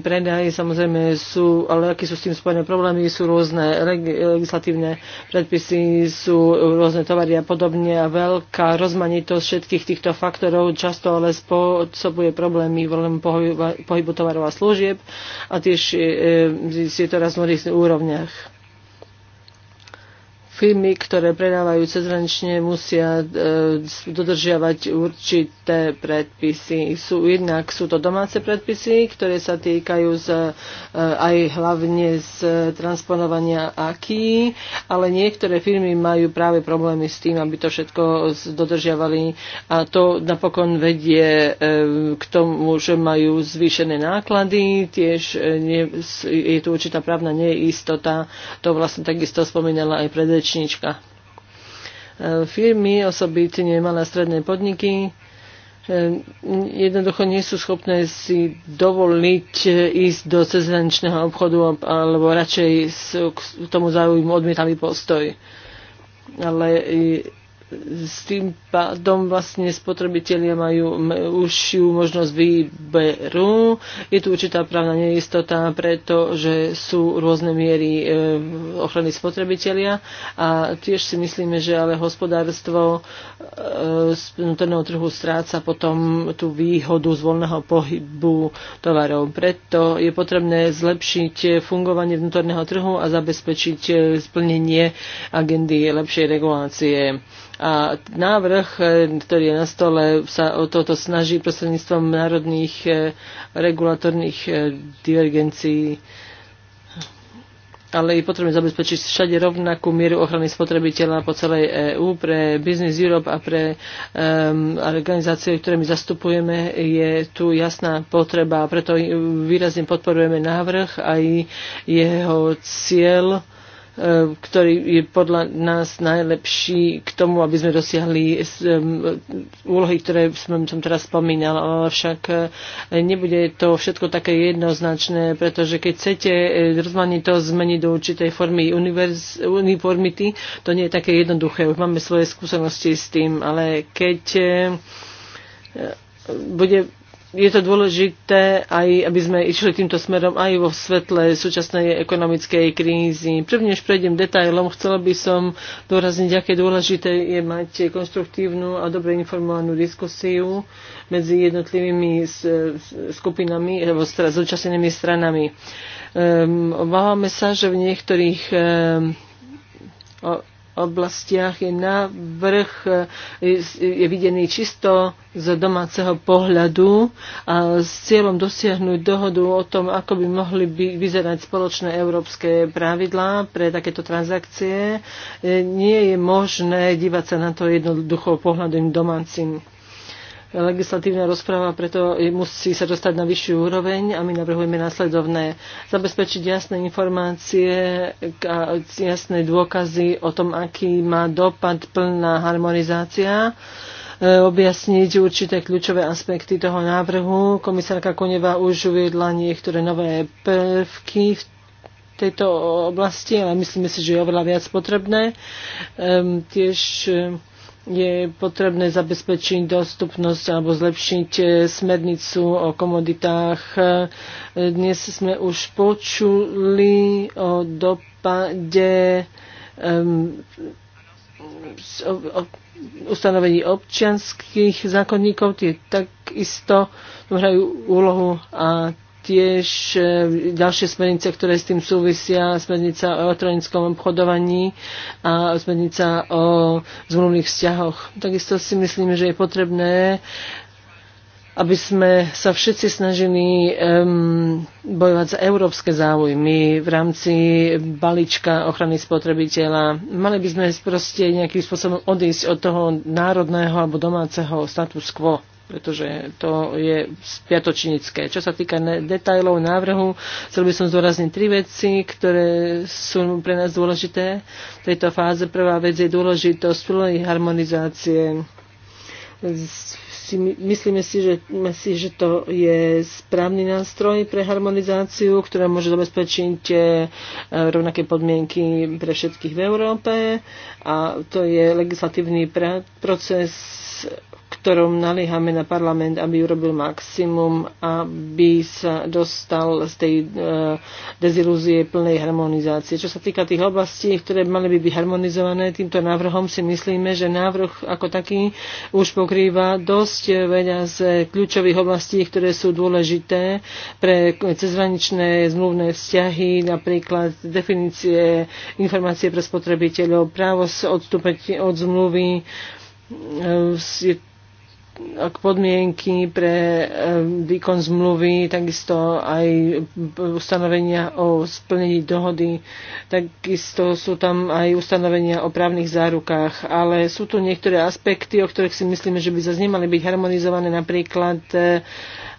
predaj. Samozrejme sú, ale aké sú s tým spojené problémy, sú rôzne legislatívne predpisy, sú rôzne tovary a podobne a veľká rozmanitosť všetkých týchto faktorov často ale spôsobuje problémy v pohybu, pohybu tovarov a služieb a tiež je, e, je to raz v úrovniach firmy, ktoré predávajú cezhranične, musia e, dodržiavať určité predpisy. Sú, jednak sú to domáce predpisy, ktoré sa týkajú z, e, aj hlavne z transponovania aký, ale niektoré firmy majú práve problémy s tým, aby to všetko dodržiavali a to napokon vedie e, k tomu, že majú zvýšené náklady, tiež e, nie, je tu určitá právna neistota, to vlastne takisto spomínala aj predrečník rečníčka. E, firmy, osobitne malé a stredné podniky, e, jednoducho nie sú schopné si dovoliť ísť do cezhraničného obchodu alebo radšej k tomu záujmu odmietavý postoj. Ale s tým pádom vlastne spotrebitelia majú užšiu možnosť výberu. Je tu určitá právna neistota, pretože sú rôzne miery e, ochrany spotrebitelia a tiež si myslíme, že ale hospodárstvo e, z vnútorného trhu stráca potom tú výhodu z voľného pohybu tovarov. Preto je potrebné zlepšiť fungovanie vnútorného trhu a zabezpečiť e, splnenie agendy lepšej regulácie. A návrh, e, ktorý je na stole, sa o toto snaží prostredníctvom národných e, regulatorných e, divergencií ale je potrebné zabezpečiť všade rovnakú mieru ochrany spotrebiteľa po celej EÚ. Pre Business Europe a pre um, organizácie, ktoré my zastupujeme, je tu jasná potreba a preto výrazne podporujeme návrh aj jeho cieľ E, ktorý je podľa nás najlepší k tomu, aby sme dosiahli e, úlohy, ktoré som teraz spomínal. Avšak e, nebude to všetko také jednoznačné, pretože keď chcete rozmanito zmeniť do určitej formy uniformity, to nie je také jednoduché. Už máme svoje skúsenosti s tým, ale keď bude je to dôležité, aj aby sme išli týmto smerom aj vo svetle súčasnej ekonomickej krízy. Prvne, než prejdem detailom, chcela by som dôrazniť, aké dôležité je mať konstruktívnu a dobre informovanú diskusiu medzi jednotlivými skupinami alebo teda zúčastnenými stranami. Um, obávame sa, že v niektorých um, oblastiach je návrh je videný čisto z domáceho pohľadu a s cieľom dosiahnuť dohodu o tom, ako by mohli by vyzerať spoločné európske pravidlá pre takéto transakcie. E, nie je možné dívať sa na to jednoducho pohľadom domácim legislatívna rozpráva, preto musí sa dostať na vyššiu úroveň a my navrhujeme následovné. Zabezpečiť jasné informácie a jasné dôkazy o tom, aký má dopad plná harmonizácia e, objasniť určité kľúčové aspekty toho návrhu. Komisárka Koneva už uviedla niektoré nové prvky v tejto oblasti, ale myslíme si, že je oveľa viac potrebné. Ehm, tiež je potrebné zabezpečiť dostupnosť alebo zlepšiť e, smernicu o komoditách. E, dnes sme už počuli o dopade um, o, o, ustanovení občianských zákonníkov, tie takisto hrajú úlohu a tiež e, ďalšie smernice, ktoré s tým súvisia, smernica o elektronickom obchodovaní a smernica o zmluvných vzťahoch. Takisto si myslím, že je potrebné aby sme sa všetci snažili um, bojovať za európske záujmy v rámci balíčka ochrany spotrebiteľa. Mali by sme proste nejakým spôsobom odísť od toho národného alebo domáceho status quo pretože to je spiatočnícke. Čo sa týka detajlov návrhu, chcel by som zdôrazniť tri veci, ktoré sú pre nás dôležité. V tejto fáze prvá vec je dôležitosť plnej harmonizácie. Myslíme si že, si, že to je správny nástroj pre harmonizáciu, ktorá môže zabezpečiť e, rovnaké podmienky pre všetkých v Európe. A to je legislatívny proces ktorom naliehame na parlament, aby urobil maximum, aby sa dostal z tej e, dezilúzie plnej harmonizácie. Čo sa týka tých oblastí, ktoré mali by byť harmonizované, týmto návrhom si myslíme, že návrh ako taký už pokrýva dosť veľa z kľúčových oblastí, ktoré sú dôležité pre cezhraničné zmluvné vzťahy, napríklad definície informácie pre spotrebiteľov, právo odstúpať od zmluvy, e, podmienky pre eh, výkon zmluvy, takisto aj ustanovenia o splnení dohody, takisto sú tam aj ustanovenia o právnych zárukách, ale sú tu niektoré aspekty, o ktorých si myslíme, že by zase nemali byť harmonizované, napríklad eh, eh,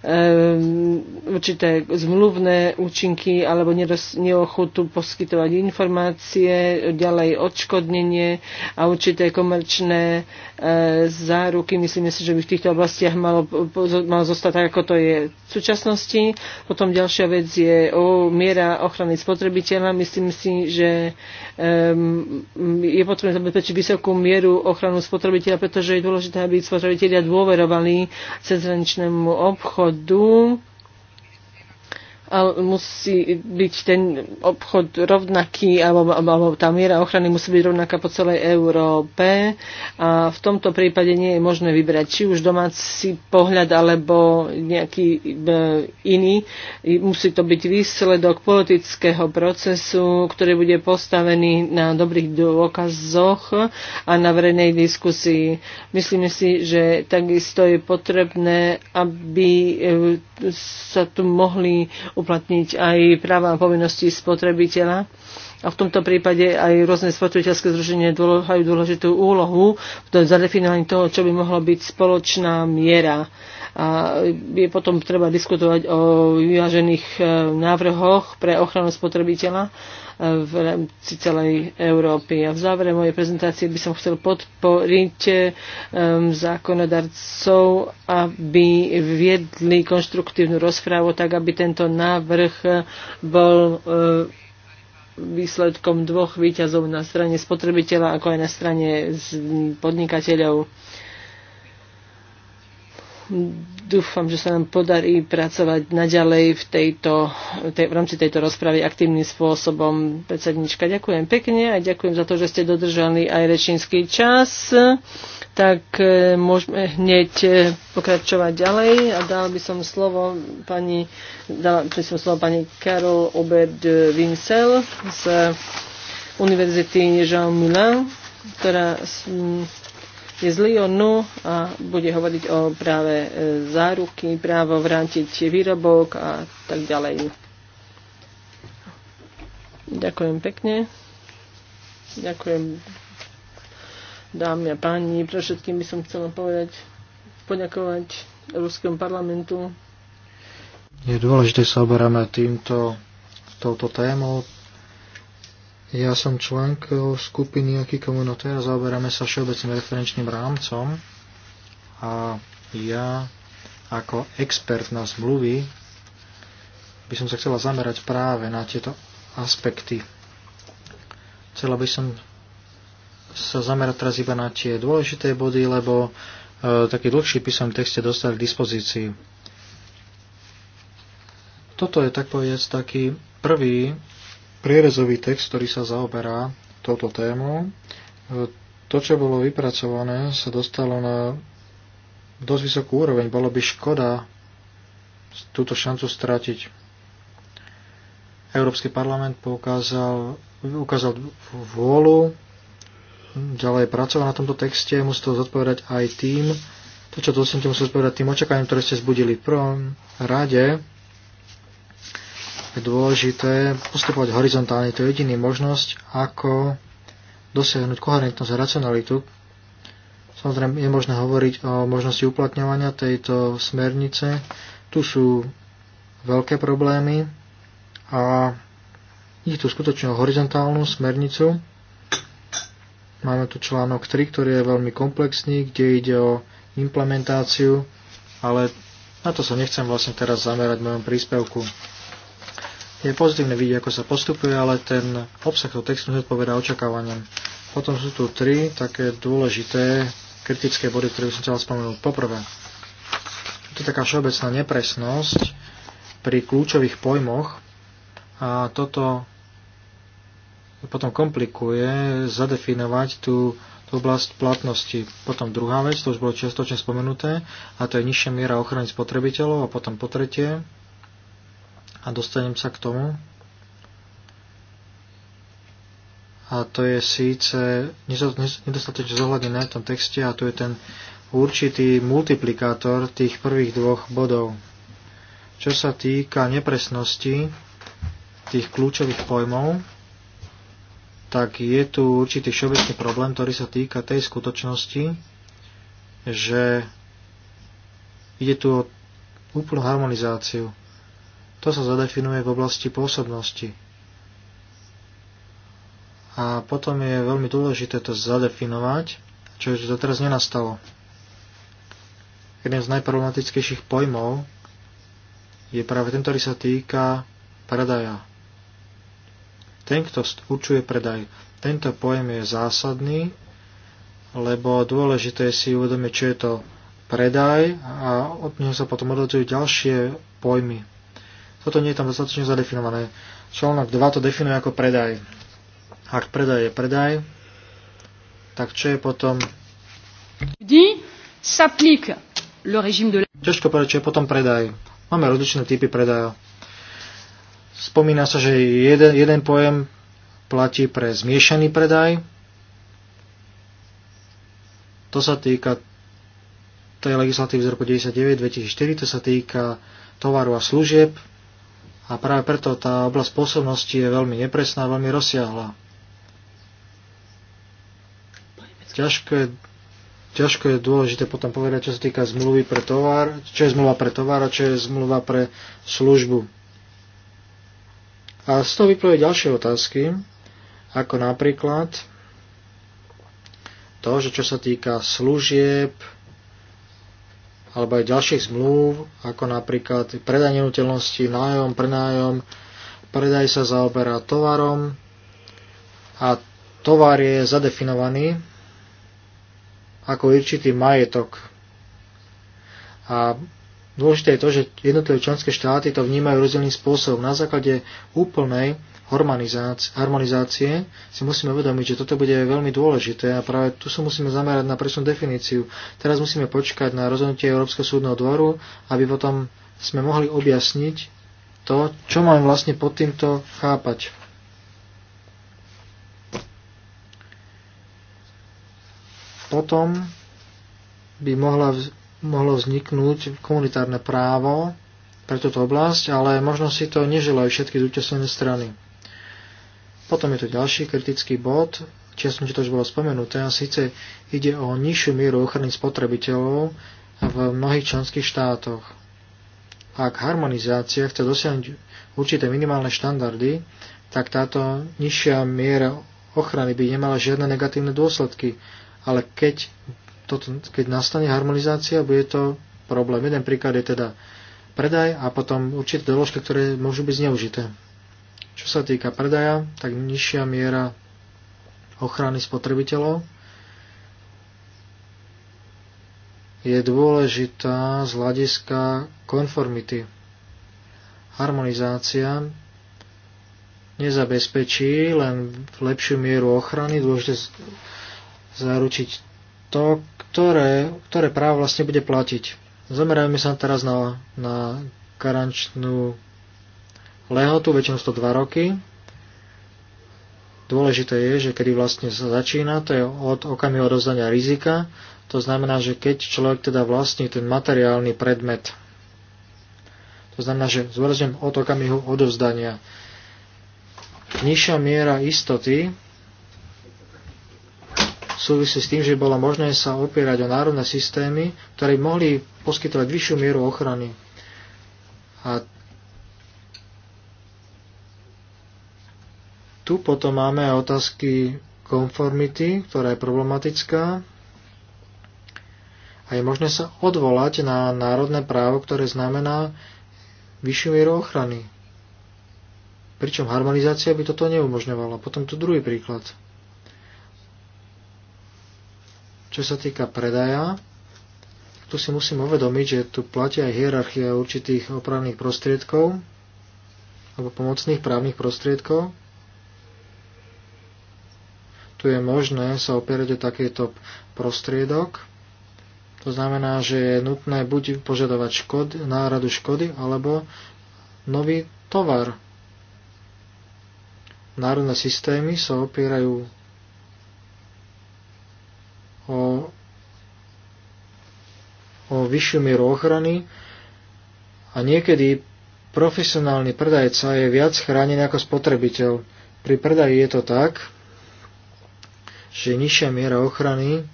určité zmluvné účinky alebo neochotu poskytovať informácie, ďalej odškodnenie a určité komerčné E, záruky. Myslíme si, že by v týchto oblastiach malo, malo zostať tak, ako to je v súčasnosti. Potom ďalšia vec je o miera ochrany spotrebiteľa. Myslím si, že je potrebné zabezpečiť vysokú mieru ochranu spotrebiteľa, pretože je dôležité, aby spotrebitelia dôverovali cezhraničnému obchodu musí byť ten obchod rovnaký, alebo, alebo tá miera ochrany musí byť rovnaká po celej Európe. A v tomto prípade nie je možné vybrať či už domáci pohľad, alebo nejaký e, iný. Musí to byť výsledok politického procesu, ktorý bude postavený na dobrých dôkazoch a na verejnej diskusii. Myslím si, že takisto je potrebné, aby e, sa tu mohli uplatniť aj práva a povinnosti spotrebiteľa. A v tomto prípade aj rôzne spotrebiteľské združenia majú dôležitú úlohu v zadefinovaní toho, čo by mohla byť spoločná miera. A je potom treba diskutovať o vyvážených eh, návrhoch pre ochranu spotrebiteľa v rámci celej Európy. A v závere mojej prezentácie by som chcel podporiť um, zákonodarcov, aby viedli konštruktívnu rozprávu, tak aby tento návrh bol um, výsledkom dvoch výťazov na strane spotrebiteľa, ako aj na strane podnikateľov dúfam, že sa nám podarí pracovať naďalej v, tejto, tej, v rámci tejto rozpravy aktívnym spôsobom. Predsednička, ďakujem pekne a ďakujem za to, že ste dodržali aj rečnínsky čas. Tak e, môžeme hneď e, pokračovať ďalej a dal by som slovo pani, dala by som slovo pani Karol Obert Winsel z Univerzity Jean Milan, ktorá je z Lyonu a bude hovoriť o práve e, záruky, právo vrátiť výrobok a tak ďalej. Ďakujem pekne. Ďakujem dámy a páni. Pre všetkým by som chcela povedať, poďakovať Európskemu parlamentu. Je dôležité sa oberáme týmto touto témou, ja som členkou e, skupiny Aki Komunotér, zaoberáme sa všeobecným referenčným rámcom a ja ako expert na zmluvy by som sa chcela zamerať práve na tieto aspekty. Chcela by som sa zamerať teraz iba na tie dôležité body, lebo e, taký dlhší písom text ste dostali k dispozícii. Toto je tak povedať taký prvý prierezový text, ktorý sa zaoberá touto témou. E, to, čo bolo vypracované, sa dostalo na dosť vysokú úroveň. Bolo by škoda túto šancu stratiť. Európsky parlament poukázal, ukázal vôľu ďalej pracovať na tomto texte. Musí to zodpovedať aj tým, to, čo dostanete, musí zodpovedať tým očakávaním, ktoré ste zbudili. V prvom rade je dôležité postupovať horizontálne. To je jediný možnosť, ako dosiahnuť koherentnosť a racionalitu. Samozrejme, je možné hovoriť o možnosti uplatňovania tejto smernice. Tu sú veľké problémy a ich tu skutočne horizontálnu smernicu. Máme tu článok 3, ktorý je veľmi komplexný, kde ide o implementáciu, ale na to sa nechcem vlastne teraz zamerať v mojom príspevku. Je pozitívne vidieť, ako sa postupuje, ale ten obsah toho textu zodpovedá očakávaniam. Potom sú tu tri také dôležité kritické body, ktoré som chcel spomenúť. Poprvé, je to taká všeobecná nepresnosť pri kľúčových pojmoch a toto potom komplikuje zadefinovať tú, tú oblasť platnosti. Potom druhá vec, to už bolo čiastočne spomenuté, a to je nižšia miera ochrany spotrebiteľov a potom po tretie, a dostanem sa k tomu. A to je síce nedostatečne zohľadené v tom texte a to je ten určitý multiplikátor tých prvých dvoch bodov. Čo sa týka nepresnosti tých kľúčových pojmov, tak je tu určitý všeobecný problém, ktorý sa týka tej skutočnosti, že ide tu o úplnú harmonizáciu to sa zadefinuje v oblasti pôsobnosti. A potom je veľmi dôležité to zadefinovať, čo doteraz nenastalo. Jedným z najproblematickejších pojmov je práve ten, ktorý sa týka predaja. Ten, kto určuje predaj. Tento pojem je zásadný, lebo dôležité je si uvedomiť, čo je to predaj a od neho sa potom odhodujú ďalšie pojmy. Toto nie je tam dostatočne zadefinované. Článok 2 to definuje ako predaj. Ak predaj je predaj, tak čo je potom... Ťažko povedať, čo je potom predaj. Máme rozličné typy predaja. Spomína sa, že jeden, jeden pojem platí pre zmiešaný predaj. To sa týka tej legislatívy z roku 1999 2004 to sa týka tovaru a služieb, a práve preto tá oblasť pôsobnosti je veľmi nepresná, veľmi rozsiahla. Ťažko je, ťažko je dôležité potom povedať, čo sa týka zmluvy pre tovar, čo je zmluva pre tovar a čo je zmluva pre službu. A z toho vyplývajú ďalšie otázky, ako napríklad to, že čo sa týka služieb, alebo aj ďalších zmluv, ako napríklad predaj nehnuteľnosti, nájom, prenájom, predaj sa zaoberá tovarom a tovar je zadefinovaný ako určitý majetok. A dôležité je to, že jednotlivé členské štáty to vnímajú rozdielným spôsobom. Na základe úplnej harmonizácie, si musíme uvedomiť, že toto bude veľmi dôležité a práve tu sa musíme zamerať na presnú definíciu. Teraz musíme počkať na rozhodnutie Európskeho súdneho dvoru, aby potom sme mohli objasniť to, čo máme vlastne pod týmto chápať. Potom by mohla, mohlo vzniknúť komunitárne právo pre túto oblasť, ale možno si to neželajú všetky zúčastnené strany. Potom je tu ďalší kritický bod, čiastočne to už bolo spomenuté, a síce ide o nižšiu mieru ochrany spotrebiteľov v mnohých členských štátoch. Ak harmonizácia chce dosiahnuť určité minimálne štandardy, tak táto nižšia miera ochrany by nemala žiadne negatívne dôsledky. Ale keď, toto, keď nastane harmonizácia, bude to problém. Jeden príklad je teda predaj a potom určité doložky, ktoré môžu byť zneužité. Čo sa týka predaja, tak nižšia miera ochrany spotrebiteľov je dôležitá z hľadiska konformity. Harmonizácia nezabezpečí len lepšiu mieru ochrany, dôležité zaručiť to, ktoré, ktoré právo vlastne bude platiť. Zamerajme sa teraz na, na garančnú lehotu, väčšinou 102 roky. Dôležité je, že kedy vlastne sa začína, to je od okamihu odozdania rizika. To znamená, že keď človek teda vlastní ten materiálny predmet, to znamená, že zvrazňujem od okamihu odovzdania. Nižšia miera istoty súvisí s tým, že bola možné sa opierať o národné systémy, ktoré mohli poskytovať vyššiu mieru ochrany. A Tu potom máme aj otázky konformity, ktorá je problematická a je možné sa odvolať na národné právo, ktoré znamená vyššiu mieru ochrany. Pričom harmonizácia by toto neumožňovala. Potom tu druhý príklad. Čo sa týka predaja, tu si musím uvedomiť, že tu platia aj hierarchia určitých opravných prostriedkov alebo pomocných právnych prostriedkov, tu je možné sa opierať o takýto prostriedok. To znamená, že je nutné buď požadovať škod, náradu škody alebo nový tovar. Národné systémy sa opierajú o, o vyššiu mieru ochrany a niekedy profesionálny predajca je viac chránený ako spotrebiteľ. Pri predaji je to tak, že nižšia miera ochrany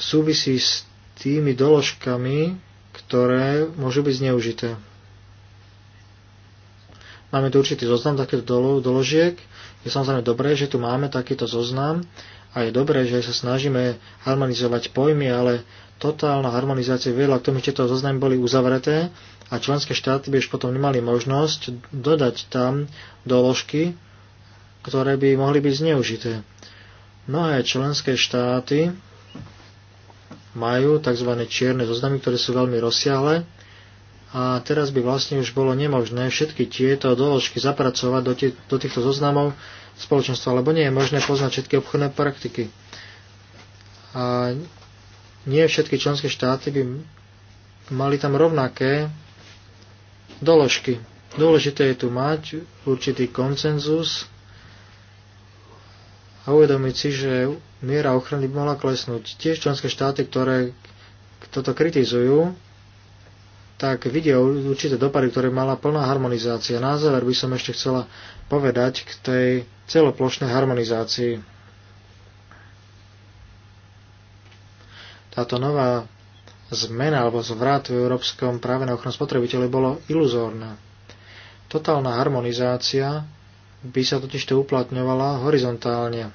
súvisí s tými doložkami, ktoré môžu byť zneužité. Máme tu určitý zoznam takýchto doložiek. Je samozrejme dobré, že tu máme takýto zoznam a je dobré, že sa snažíme harmonizovať pojmy, ale totálna harmonizácia viedla k tomu, že tieto zoznamy boli uzavreté a členské štáty by už potom nemali možnosť dodať tam doložky, ktoré by mohli byť zneužité. Mnohé členské štáty majú tzv. čierne zoznamy, ktoré sú veľmi rozsiahle a teraz by vlastne už bolo nemožné všetky tieto doložky zapracovať do, tých, do týchto zoznamov spoločenstva, lebo nie je možné poznať všetky obchodné praktiky. A nie všetky členské štáty by mali tam rovnaké doložky. Dôležité je tu mať určitý koncenzus a uvedomiť si, že miera ochrany by mala klesnúť. Tie členské štáty, ktoré toto kritizujú, tak vidia určité dopady, ktoré mala plná harmonizácia. Na záver by som ešte chcela povedať k tej celoplošnej harmonizácii. Táto nová zmena alebo zvrat v európskom práve na ochranu spotrebiteľov bolo iluzórna. Totálna harmonizácia by sa to uplatňovala horizontálne.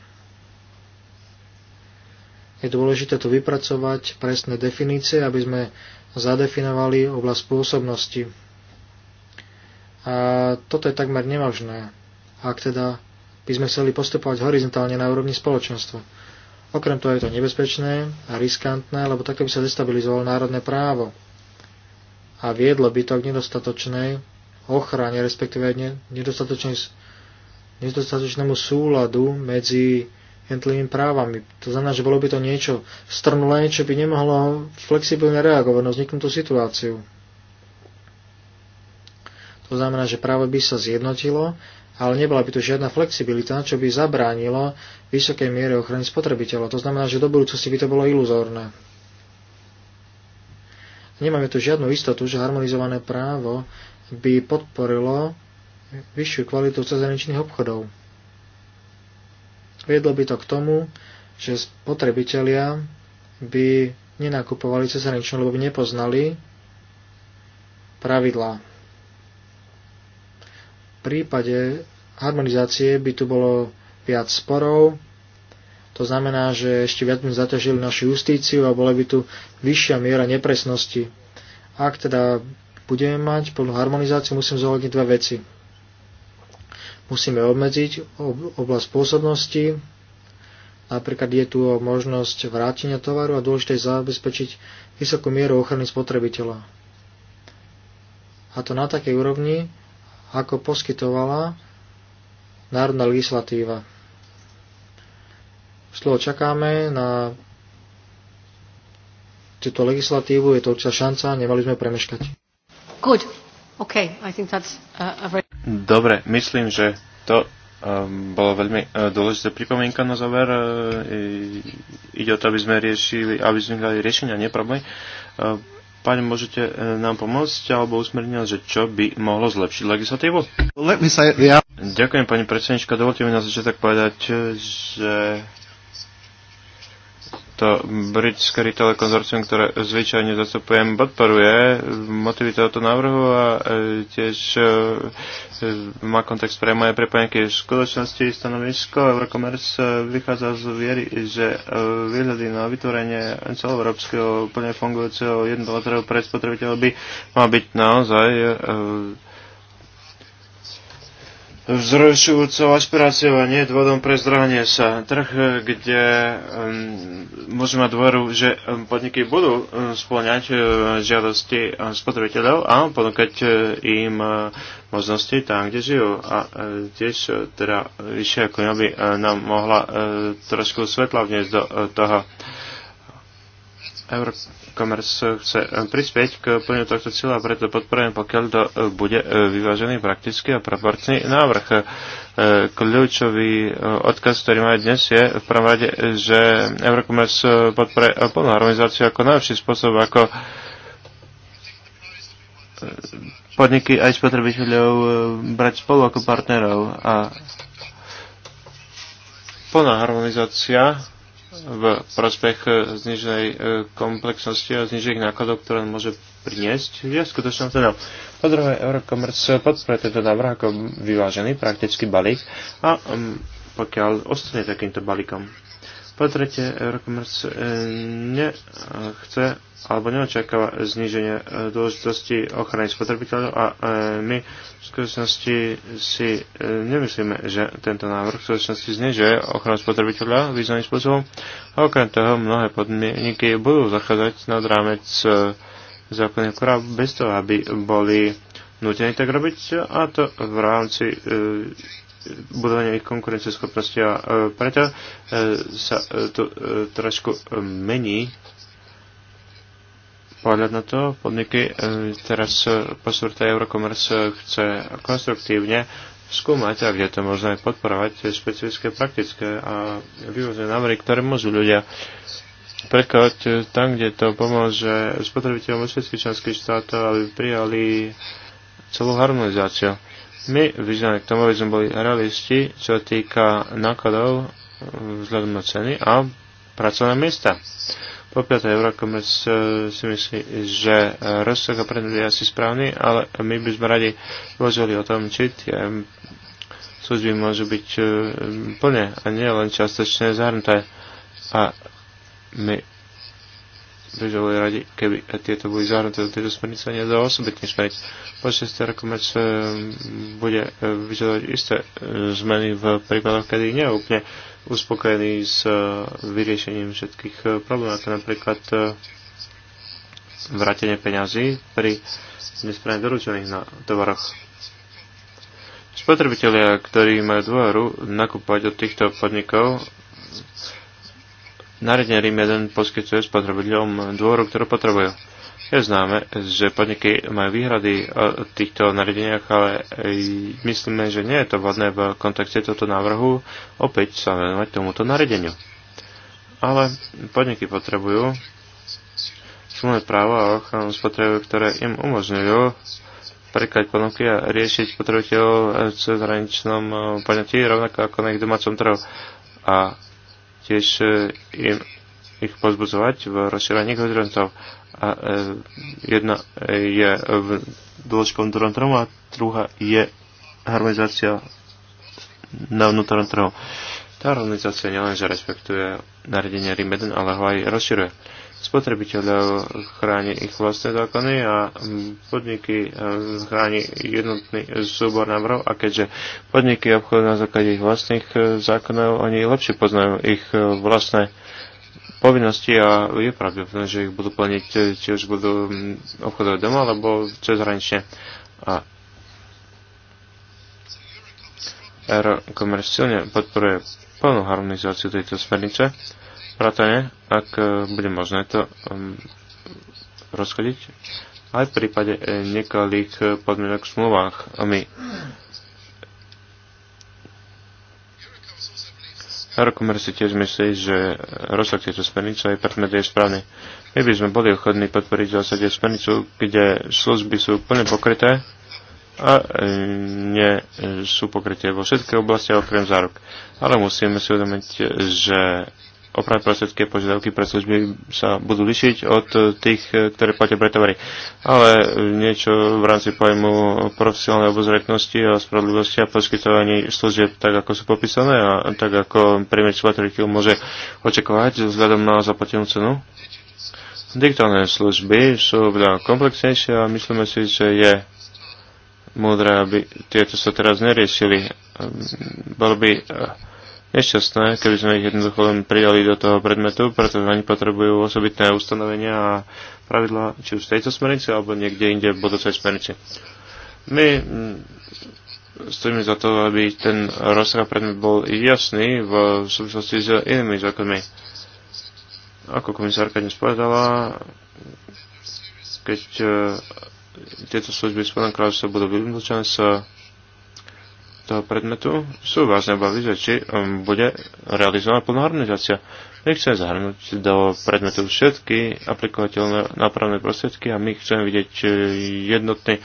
Je dôležité tu vypracovať presné definície, aby sme zadefinovali oblasť pôsobnosti. A toto je takmer nemožné, ak teda by sme chceli postupovať horizontálne na úrovni spoločenstva. Okrem toho je to nebezpečné a riskantné, lebo takto by sa destabilizovalo národné právo a viedlo by to k nedostatočnej ochrane, respektíve nedostatočnej nedostatočnému súladu medzi jednotlivými právami. To znamená, že bolo by to niečo strnulé, čo by nemohlo flexibilne reagovať na vzniknutú situáciu. To znamená, že právo by sa zjednotilo, ale nebola by tu žiadna flexibilita, čo by zabránilo vysokej miere ochrany spotrebiteľa. To znamená, že do budúcnosti by to bolo iluzórne. Nemáme tu žiadnu istotu, že harmonizované právo by podporilo vyššiu kvalitu cezhraničných obchodov. Viedlo by to k tomu, že spotrebitelia by nenakupovali cezhraničnú, lebo by nepoznali pravidlá. V prípade harmonizácie by tu bolo viac sporov, to znamená, že ešte viac by zaťažili našu justíciu a bola by tu vyššia miera nepresnosti. Ak teda budeme mať plnú harmonizáciu, musím zohľadniť dve veci. Musíme obmedziť oblasť pôsobnosti. Napríklad je tu možnosť vrátenia tovaru a dôležité je zabezpečiť vysokú mieru ochrany spotrebiteľa. A to na takej úrovni, ako poskytovala národná legislatíva. Slovo čakáme na túto legislatívu, je to určitá šanca, nemali sme premeškať. Good. Okay. I think that's a, a very... Dobre, myslím, že to um, bolo veľmi e, dôležitá pripomienka na záver. E, ide o to, aby sme riešili, aby sme dali riešenia, nie problém. E, Pane, môžete nám pomôcť alebo usmerniť, že čo by mohlo zlepšiť legislatívu? Ďakujem, pani predsednička. Dovolte mi na začiatok povedať, že to britské retail konzorcium, ktoré zvyčajne zastupujem, podporuje motivy tohoto návrhu a e, tiež e, e, má kontext pre moje prepojenky V skutočnosti stanovisko Eurocommerce vychádza z viery, že výhľady na vytvorenie celoeurópskeho plne fungujúceho jednoho trhu pre spotrebiteľov by mal byť naozaj vzrušujúcou aspiráciou a nie dôvodom pre zdrhanie sa. Trh, kde môžeme mať dôveru, že podniky budú uh, žiadosti e, spotrebiteľov a ponúkať e, im možnosti tam, kde žijú. A tiež teda vyššia ako by nám mohla trošku svetla vniesť do toho. Európa e-commerce chce e, prispieť k plňu tohto cieľa, preto podporujem, pokiaľ to e, bude e, vyvážený praktický a proporčný návrh. Kľúčový odkaz, ktorý máme dnes, je v prvom rade, že Eurocommerce podporuje plnú harmonizáciu ako najlepší spôsob, ako podniky aj spotrebiteľov brať spolu ako partnerov. A plná harmonizácia v prospech e, zniženej e, komplexnosti a znižených nákladov, ktoré môže priniesť, je skutočne teda. Po druhé, Eurocommerce podporuje tento návrh ako vyvážený praktický balík a um, pokiaľ ostane takýmto balíkom. Po tretie, Eurocommerce eh, nechce alebo neočakáva zníženie eh, dôležitosti ochrany spotrebiteľov a eh, my v skutočnosti si nemyslíme, že tento návrh v skutočnosti znižuje ochranu spotrebiteľa významným spôsobom a okrem toho mnohé podmienky budú zachádzať nad rámec zákonných práv bez toho, aby boli nutení tak robiť a to v rámci budovanie ich konkurencieschopnosti. A e, preto e, sa e, tu trošku mení pohľad na to. Podniky teraz posúrte Eurocommerce chce konstruktívne skúmať a kde to možno aj podporovať špecifické, praktické a vývozné návrhy, ktoré môžu ľudia prekoť tam, kde to pomôže spotrebiteľom všetkých členských štátov, aby prijali celú harmonizáciu. My vyzývame k tomu, aby sme boli realisti, čo týka nákladov vzhľadom na ceny a pracovné miesta. Po 5. Eurocommerce eh, si myslí, že rozsah a predmet je asi správny, ale my by sme radi uvažovali o tom, či tie služby môžu byť eh, plne a nie len častočne zahrnuté. A my Takže radi, keby tieto boli zahrnuté do tejto smernice a nie do osobitných smerníc. Po 6. rokomec e, bude e, vyžadovať isté e, zmeny v prípadoch, kedy nie je úplne uspokojený s vyriešením všetkých problémov, ako napríklad vrátenie peňazí pri nesprávne doručených na tovaroch. Spotrebitelia, ktorí majú dôveru nakúpať od týchto podnikov, Nariadenie Rím 1 poskytuje spotrebiteľom dôveru, ktorú potrebujú. Je známe, že podniky majú výhrady o týchto nariadeniach, ale myslíme, že nie je to vhodné v kontexte tohto návrhu opäť sa venovať tomuto nariadeniu. Ale podniky potrebujú smluvné právo a ochranu spotreby, ktoré im umožňujú prekať ponuky a riešiť potrebiteľov v cezhraničnom poňatí, rovnako ako na ich domácom trhu. A tiež im, e, ich pozbudzovať v rozširovaní horizontov. A e, jedna e, je v dôležitom vnútornom trhu a druhá je harmonizácia na vnútornom trhu. Tá harmonizácia nielenže respektuje nariadenie RIM 1, ale ho aj rozširuje spotrebiteľov chráni ich vlastné zákony a podniky eh, chráni jednotný súbor návrhov a keďže podniky obchodujú na základe ich vlastných eh, zákonov, oni lepšie poznajú ich eh, vlastné povinnosti a je pravdepodobné, že ich budú plniť, či už budú hm, obchodovať doma alebo cezhranične. A Aerocommerce silne podporuje plnú harmonizáciu tejto smernice vrátane, ak e, bude možné to e, rozchodiť, aj v prípade e, niekoľkých podmienok v smluvách. A my Eurokomer si tiež myslí, že rozsah tejto smernice aj predmet je správny. My by sme boli ochotní podporiť v zásade smernicu, kde služby sú plne pokryté a nie sú pokryté vo všetkých oblasti okrem záruk. Ale musíme si uvedomiť, že opravnoprostredské požiadavky pre služby sa budú lišiť od eh, tých, eh, ktoré platia pre tovary. Ale eh, niečo v rámci pojmu profesionálnej obozretnosti a spravodlivosti a poskytovaní služieb tak, ako sú popísané a tak, ako priemer spotrebiteľ môže očakovať vzhľadom na zaplatenú cenu? Digitálne služby sú veľa komplexnejšie a myslíme si, že je múdre, aby tieto sa teraz neriešili. Ehm, bolo by nešťastné, keby sme ich jednoducho len prijali do toho predmetu, pretože oni potrebujú osobitné ustanovenia a pravidla, či už v tejto smernici, alebo niekde inde v budúcej smernici. My mm, stojíme za to, aby ten rozsah predmet bol jasný v súvislosti s inými zákonmi. Ako komisárka dnes povedala, keď e, tieto služby Spojeného kráľovstva budú vylúčené z toho predmetu sú vážne obavy, že či um, bude realizovaná plná harmonizácia. My chceme zahrnúť do predmetu všetky aplikovateľné nápravné prostriedky a my chceme vidieť jednotný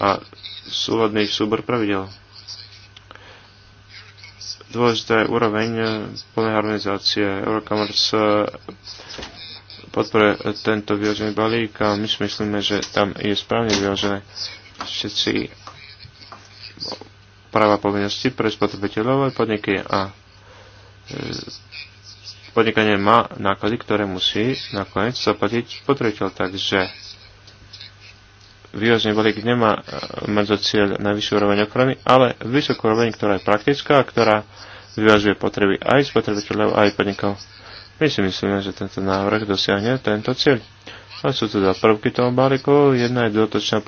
a súhodný súbor pravidel. Dôležitá je úroveň plnej harmonizácie. Eurocommerce eh, podporuje tento vyložený balík a my si myslíme, že tam je správne vyložené všetci práva povinnosti pre spotrebiteľov a podniky a e, podnikanie má náklady, ktoré musí nakoniec zaplatiť spotrebiteľ. Takže výrozný balík nemá e, mať za cieľ najvyššiu úroveň ochrany, ale vysokú úroveň, ktorá je praktická a ktorá vyvažuje potreby aj spotrebiteľov, aj podnikov. My si myslíme, že tento návrh dosiahne tento cieľ. A sú teda prvky toho balíku. Jedna je dotočná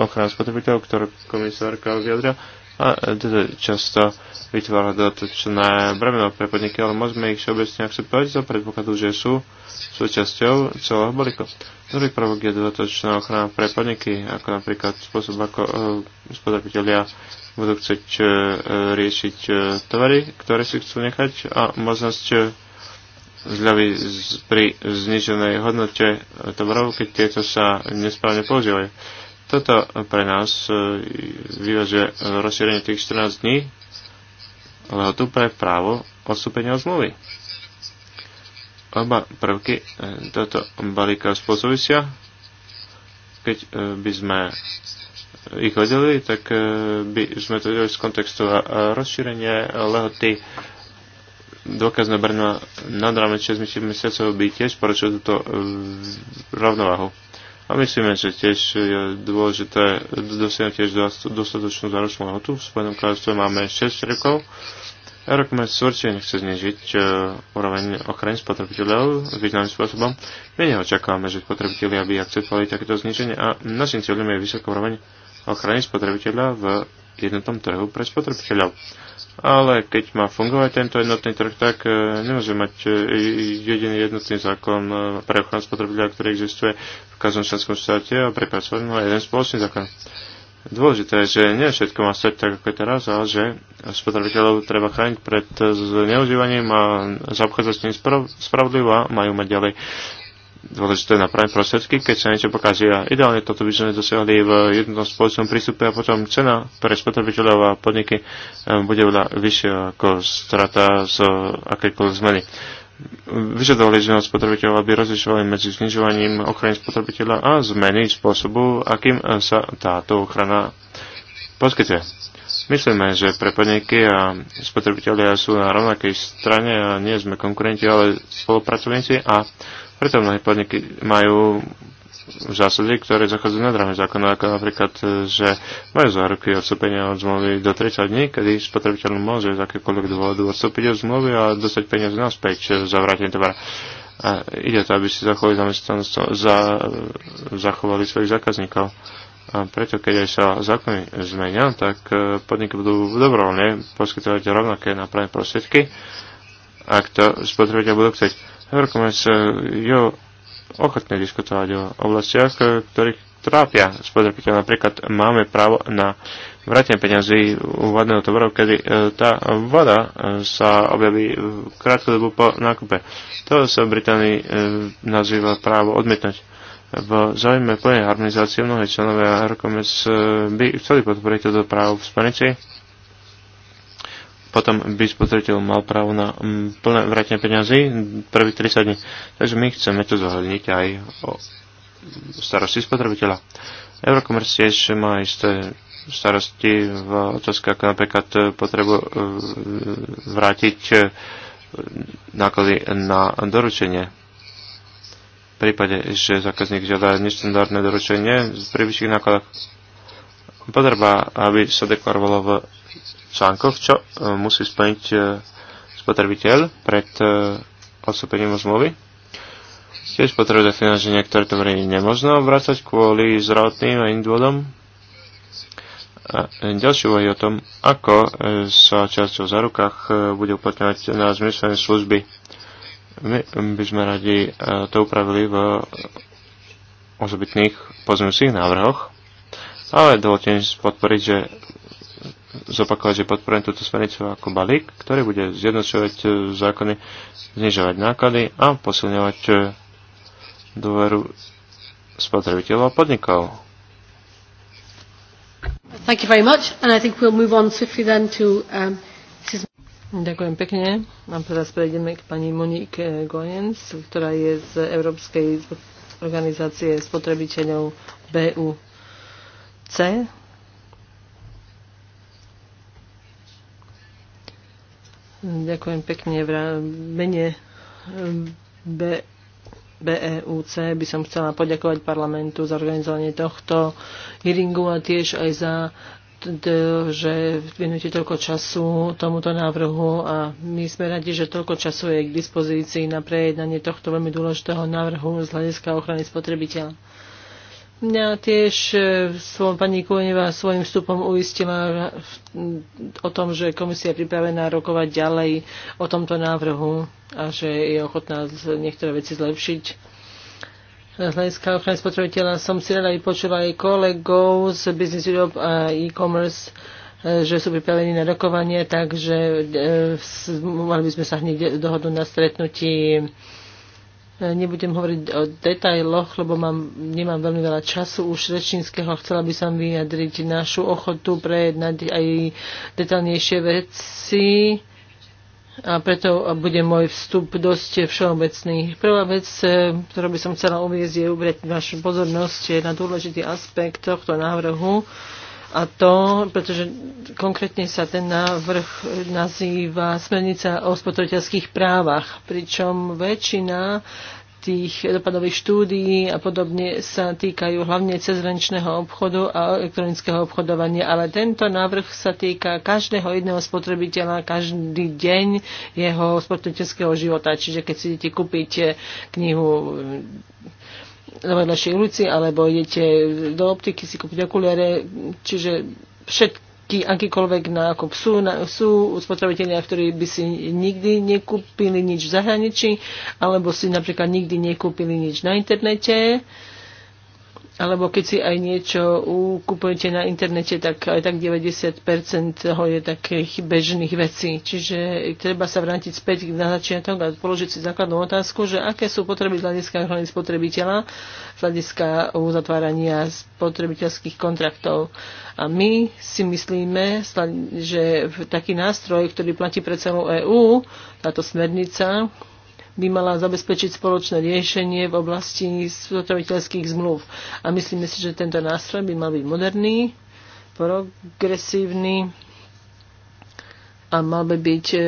ochrana spotrebiteľov, ktorú komisárka vyjadrila a teda často vytvára dodatočné bremeno pre podniky, ale môžeme ich všeobecne akceptovať za predpokladu, že sú súčasťou celého balíka. Druhý prvok je dodatočná ochrana pre podniky, ako napríklad spôsob, ako e, spotrebitelia budú chcieť uh, riešiť uh, tovary, ktoré si chcú nechať a možnosť uh, zľavy z, pri zniženej hodnote tovarov, keď tieto sa nesprávne používajú toto pre nás e, vyvažuje e, rozšírenie tých 14 dní lehotu pre právo odstúpenia od zmluvy. Oba prvky e, toto balíka spôsobisia, Keď by sme ich hodili, tak by sme to vedeli z kontextu a rozšírenie lehoty dôkazné brno nad rámec 6 mesiacov by tiež porušilo túto rovnováhu. A myslíme, že tiež je dôležité dosiahnuť tiež dostatočnú záročnú lehotu. V Spojenom kráľovstve máme 6 rokov. Eurocommerce určite nechce znižiť uh, úroveň ochrany spotrebiteľov významným spôsobom. My neočakávame, že spotrebiteľi by akceptovali takéto zniženie a našim cieľom je vysoká úroveň ochrany spotrebiteľa v jednotnom trhu pre spotrebiteľov ale keď má fungovať tento jednotný trh, tak e, nemôže mať e, jediný jednotný zákon e, pre ochranu spotrebiteľa, ktorý existuje v každom členskom štáte a pre má jeden spoločný zákon. Dôležité je, že nie všetko má stať tak, ako je teraz, ale že spotrebiteľov treba chrániť pred zneužívaním a zaobchádzať s ním spravodlivo a majú mať ďalej dôležité napraviť prostriedky, keď sa niečo pokazí. A ideálne toto by sme dosiahli v jednom spoločnom prístupe a potom cena pre spotrebiteľov a podniky eh, bude veľa vyššia ako strata z akejkoľvek zmeny. Vyžadovali sme od spotrebiteľov, aby rozlišovali medzi znižovaním ochrany spotrebiteľa a zmeny spôsobu, akým eh, sa táto ochrana poskytuje. Myslíme, že pre podniky a spotrebitelia sú na rovnakej strane a nie sme konkurenti, ale spolupracovníci a preto mnohé podniky majú zásady, ktoré zachádzajú na drahé zákona, ako napríklad, e, že majú záruky odstúpenia od zmluvy do 30 dní, kedy spotrebiteľ môže z akékoľvek dôvodu odstúpiť od zmluvy a dostať peniaze naspäť za vrátenie tovaru. A ide to, aby si zachovali zamestnanosť, za, zachovali svojich zákazníkov. A preto, keď aj sa zákony zmenia, tak e, podniky budú dobrovoľne poskytovať rovnaké nápravné prostriedky, ak to spotrebiteľ budú chcieť Eurocommerce je ochotné diskutovať o oblastiach, e, ktorých trápia spotrebiteľ. Napríklad máme právo na vrátenie peňazí u vodného tovaru, kedy e, tá voda e, sa objaví krátkodobo po nákupe. To sa v Británii nazýva právo odmietnúť. V záujme plnej harmonizácie mnohé členové Eurocommerce by chceli podporiť toto právo v Spanici potom by spotrebiteľ mal právo na mm, plné vrátenie peňazí prvých 30 dní. Takže my chceme to zohľadniť aj o starosti spotrebiteľa. Eurocommerce tiež má isté starosti v otázke, ako napríklad e, potrebu e, vrátiť e, náklady na doručenie. V prípade, že zákazník žiada neštandardné doručenie pri vyšších nákladoch potreba, aby sa deklarovalo v článkoch, čo e, musí splniť e, spotrebiteľ pred e, odstúpením od zmluvy. Tiež potrebuje definovať, že niektoré tovary nemôžno obracať kvôli zdravotným a iným dôvodom. A ďalšie úvahy o tom, ako sa časť v zárukách bude uplatňovať na zmyslené služby. My by sme radi to upravili v osobitných pozmeňujúcich návrhoch, ale dovolte mi podporiť, že zopakovať, že podporujem túto smernicu ako balík, ktorý bude zjednočovať e, zákony, znižovať náklady a posilňovať e, dôveru spotrebiteľov a podnikov. Thank you very much and I think we'll move on swiftly then to um, Mrs. Ďakujem pekne. A teraz prejdeme k pani Monique Goyens, ktorá je z Európskej organizácie spotrebiteľov BUC. Ďakujem pekne. V mene BEUC by som chcela poďakovať parlamentu za organizovanie tohto hearingu a tiež aj za že venujete toľko času tomuto návrhu a my sme radi, že toľko času je k dispozícii na prejednanie tohto veľmi dôležitého návrhu z hľadiska ochrany spotrebiteľa. Mňa tiež e, svojom pani Kuneva svojim vstupom uistila o tom, že komisia je pripravená rokovať ďalej o tomto návrhu a že je ochotná niektoré veci zlepšiť. Z hľadiska ochrany spotrebiteľa som si rada vypočula aj kolegov z Business Europe a e-commerce, e, že sú pripravení na rokovanie, takže e, mali by sme sa hneď dohodnúť na stretnutí Nebudem hovoriť o detailoch, lebo mám, nemám veľmi veľa času už rečníckého. Chcela by som vyjadriť našu ochotu prejednať aj detailnejšie veci a preto bude môj vstup dosť všeobecný. Prvá vec, e, ktorú by som chcela uvieť, je ubrieť vašu pozornosť na dôležitý aspekt tohto návrhu, a to, pretože konkrétne sa ten návrh nazýva Smernica o spotrebiteľských právach, pričom väčšina tých dopadových štúdií a podobne sa týkajú hlavne cezhraničného obchodu a elektronického obchodovania, ale tento návrh sa týka každého jedného spotrebiteľa, každý deň jeho spotrebiteľského života. Čiže keď si idete kúpiť knihu na našej ulici, alebo idete do optiky si kúpiť okuliare, čiže všetky, akýkoľvek ako sú, na, sú spotrebitelia, ktorí by si nikdy nekúpili nič v zahraničí, alebo si napríklad nikdy nekúpili nič na internete, alebo keď si aj niečo kupujete na internete, tak aj tak 90% je takých bežných vecí. Čiže treba sa vrátiť späť na začiatok a položiť si základnú otázku, že aké sú potreby z hľadiska ochrany spotrebiteľa, z hľadiska uzatvárania spotrebiteľských kontraktov. A my si myslíme, že taký nástroj, ktorý platí pre celú EÚ, táto smernica, by mala zabezpečiť spoločné riešenie v oblasti spotrebiteľských zmluv. A myslíme si, že tento nástroj by mal byť moderný, progresívny a mal by byť e,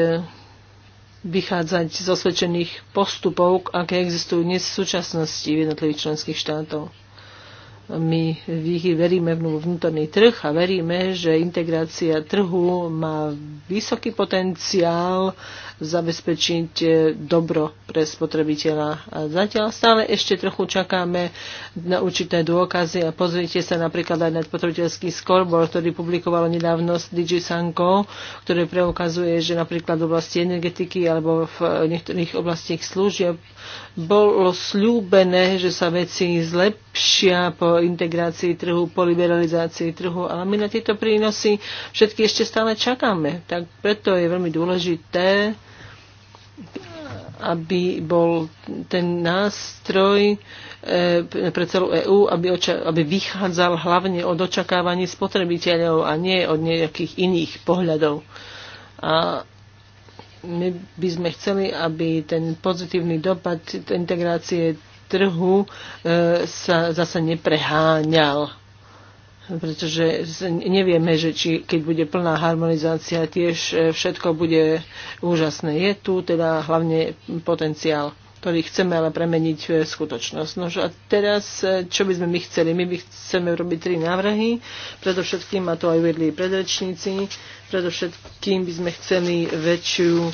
vychádzať z osvedčených postupov, aké existujú dnes v súčasnosti v jednotlivých členských štátov. My veríme v vnútorný trh a veríme, že integrácia trhu má vysoký potenciál zabezpečiť e, dobro pre spotrebiteľa. A zatiaľ stále ešte trochu čakáme na určité dôkazy a pozrite sa napríklad aj na spotrebiteľský scoreboard, ktorý publikovalo nedávno s DigiSanko, ktorý ktoré preukazuje, že napríklad v oblasti energetiky alebo v niektorých oblastiach služieb bolo slúbené, že sa veci zlepšia po integrácii trhu, po liberalizácii trhu, ale my na tieto prínosy všetky ešte stále čakáme. Tak preto je veľmi dôležité aby bol ten nástroj e, pre celú EÚ, aby, aby vychádzal hlavne od očakávaní spotrebiteľov a nie od nejakých iných pohľadov. A my by sme chceli, aby ten pozitívny dopad integrácie trhu e, sa zase nepreháňal pretože nevieme, že či, keď bude plná harmonizácia, tiež e, všetko bude úžasné. Je tu teda hlavne potenciál ktorý chceme ale premeniť v e, skutočnosť. No a teraz, e, čo by sme my chceli? My by chceme robiť tri návrhy, predovšetkým, a to aj vedli predrečníci, predovšetkým by sme chceli väčšiu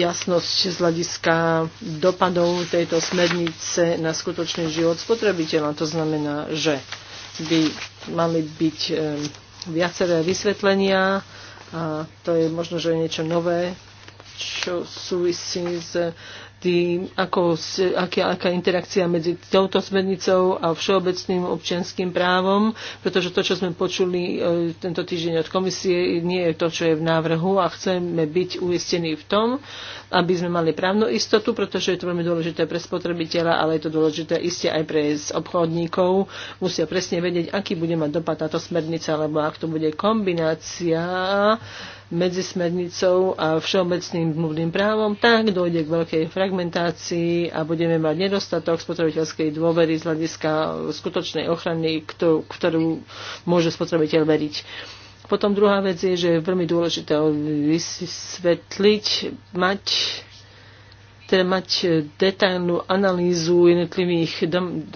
jasnosť z hľadiska dopadov tejto smernice na skutočný život spotrebiteľa. To znamená, že by mali byť eh, viaceré vysvetlenia a to je možno, že niečo nové, čo súvisí s tým, ako, aká, aká interakcia medzi touto smernicou a všeobecným občianským právom, pretože to, čo sme počuli e, tento týždeň od komisie, nie je to, čo je v návrhu a chceme byť uistení v tom, aby sme mali právnu istotu, pretože je to veľmi dôležité pre spotrebiteľa, ale je to dôležité iste aj pre obchodníkov. Musia presne vedieť, aký bude mať dopad táto smernica, alebo ak to bude kombinácia medzi smernicou a všeobecným mluvným právom, tak dojde k veľkej fragmentácii a budeme mať nedostatok spotrebiteľskej dôvery z hľadiska skutočnej ochrany, ktorú môže spotrebiteľ veriť. Potom druhá vec je, že je veľmi dôležité vysvetliť, mať teda mať e, detailnú analýzu jednotlivých dom,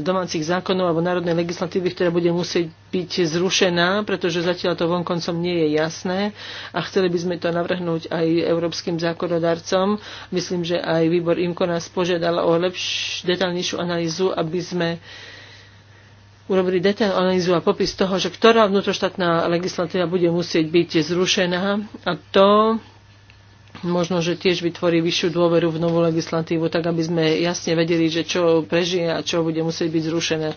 domácich zákonov alebo národnej legislatívy, ktorá bude musieť byť zrušená, pretože zatiaľ to vonkoncom nie je jasné a chceli by sme to navrhnúť aj európskym zákonodarcom. Myslím, že aj výbor IMKO nás požiadal o lepšiu, detailnejšiu analýzu, aby sme urobili detailnú analýzu a popis toho, že ktorá vnútroštátna legislatíva bude musieť byť zrušená a to možno, že tiež vytvorí vyššiu dôveru v novú legislatívu, tak aby sme jasne vedeli, že čo prežije a čo bude musieť byť zrušené.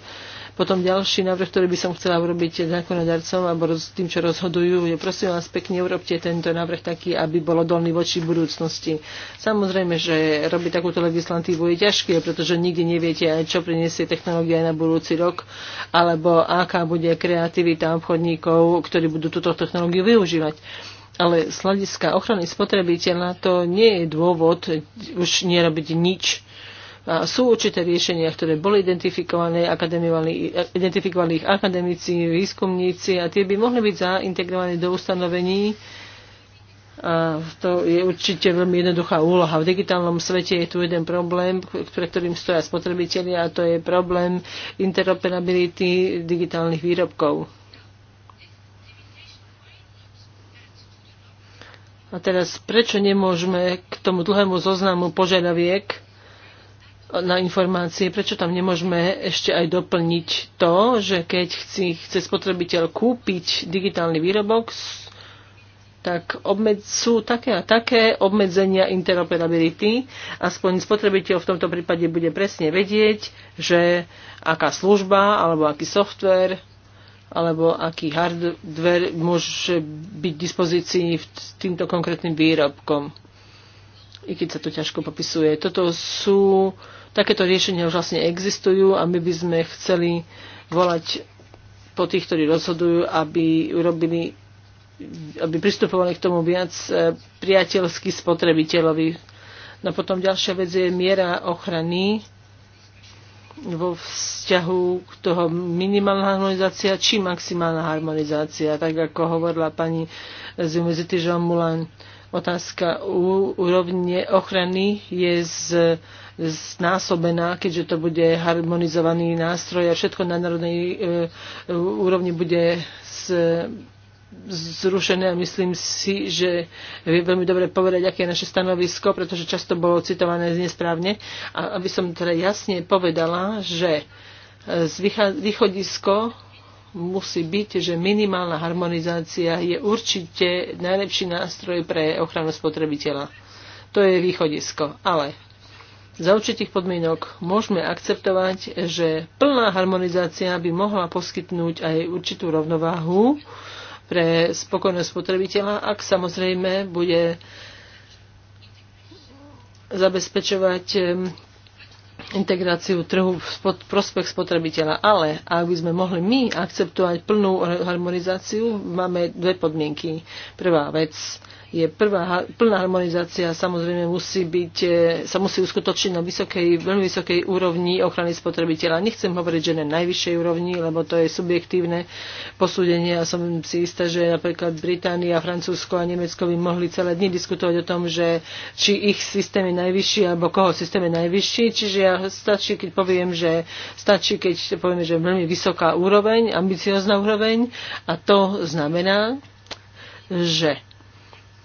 Potom ďalší návrh, ktorý by som chcela urobiť zákonodarcom alebo s tým, čo rozhodujú, je prosím vás pekne, urobte tento návrh taký, aby bol odolný voči budúcnosti. Samozrejme, že robiť takúto legislatívu je ťažké, pretože nikdy neviete, čo priniesie technológia aj na budúci rok, alebo aká bude kreativita obchodníkov, ktorí budú túto technológiu využívať ale z hľadiska ochrany spotrebiteľa to nie je dôvod už nerobiť nič. A sú určité riešenia, ktoré boli identifikované, identifikovali ich akademici, výskumníci a tie by mohli byť zaintegrované do ustanovení. A to je určite veľmi jednoduchá úloha. V digitálnom svete je tu jeden problém, pre ktorým stoja spotrebitelia a to je problém interoperability digitálnych výrobkov A teraz, prečo nemôžeme k tomu dlhému zoznamu požiadaviek na informácie, prečo tam nemôžeme ešte aj doplniť to, že keď chci, chce spotrebiteľ kúpiť digitálny výrobok, tak obmed, sú také a také obmedzenia interoperability. Aspoň spotrebiteľ v tomto prípade bude presne vedieť, že aká služba alebo aký software alebo aký hardware môže byť v dispozícii s týmto konkrétnym výrobkom. I keď sa to ťažko popisuje. Toto sú, takéto riešenia už vlastne existujú a my by sme chceli volať po tých, ktorí rozhodujú, aby urobili aby pristupovali k tomu viac e, priateľsky spotrebiteľovi. No potom ďalšia vec je miera ochrany vo vzťahu k toho minimálna harmonizácia či maximálna harmonizácia, tak ako hovorila pani z Univerzity Jean Moulin. Otázka u úrovne ochrany je z, znásobená, keďže to bude harmonizovaný nástroj a všetko na národnej e, úrovni bude z, zrušené a myslím si, že je veľmi dobre povedať, aké je naše stanovisko, pretože často bolo citované nesprávne. A aby som teda jasne povedala, že e, z východisko musí byť, že minimálna harmonizácia je určite najlepší nástroj pre ochranu spotrebiteľa. To je východisko. Ale za určitých podmienok môžeme akceptovať, že plná harmonizácia by mohla poskytnúť aj určitú rovnováhu pre spokojnosť spotrebiteľa, ak samozrejme bude zabezpečovať integráciu trhu v prospech spotrebiteľa. Ale ak by sme mohli my akceptovať plnú harmonizáciu, máme dve podmienky. Prvá vec, je prvá, plná harmonizácia samozrejme musí byť, e, sa musí uskutočniť na vysokej, veľmi vysokej úrovni ochrany spotrebiteľa. Nechcem hovoriť, že na najvyššej úrovni, lebo to je subjektívne posúdenie a som si istá, že napríklad Británia, Francúzsko a Nemecko by mohli celé dni diskutovať o tom, že či ich systém je najvyšší alebo koho systém je najvyšší. Čiže ja stačí, keď poviem, že stačí, keď poviem, že veľmi vysoká úroveň, ambiciozná úroveň a to znamená, že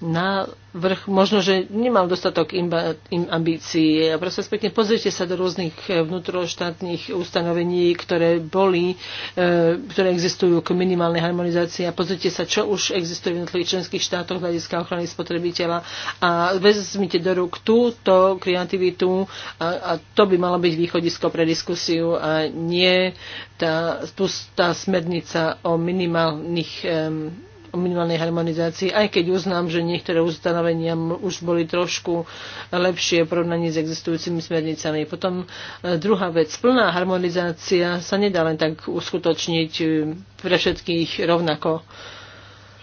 na vrch, možno, že nemal dostatok imba, im ambícií. A prosím spätne, pozrite sa do rôznych eh, vnútroštátnych ustanovení, ktoré boli, e, ktoré existujú k minimálnej harmonizácii a pozrite sa, čo už existuje v jednotlivých členských štátoch hľadiska ochrany spotrebiteľa a vezmite do rúk túto kreativitu a, a to by malo byť východisko pre diskusiu a nie tá, tá smernica o minimálnych e, o minimálnej harmonizácii, aj keď uznám, že niektoré ustanovenia už boli trošku lepšie v porovnaní s existujúcimi smernicami. Potom e, druhá vec, plná harmonizácia sa nedá len tak uskutočniť e, pre všetkých rovnako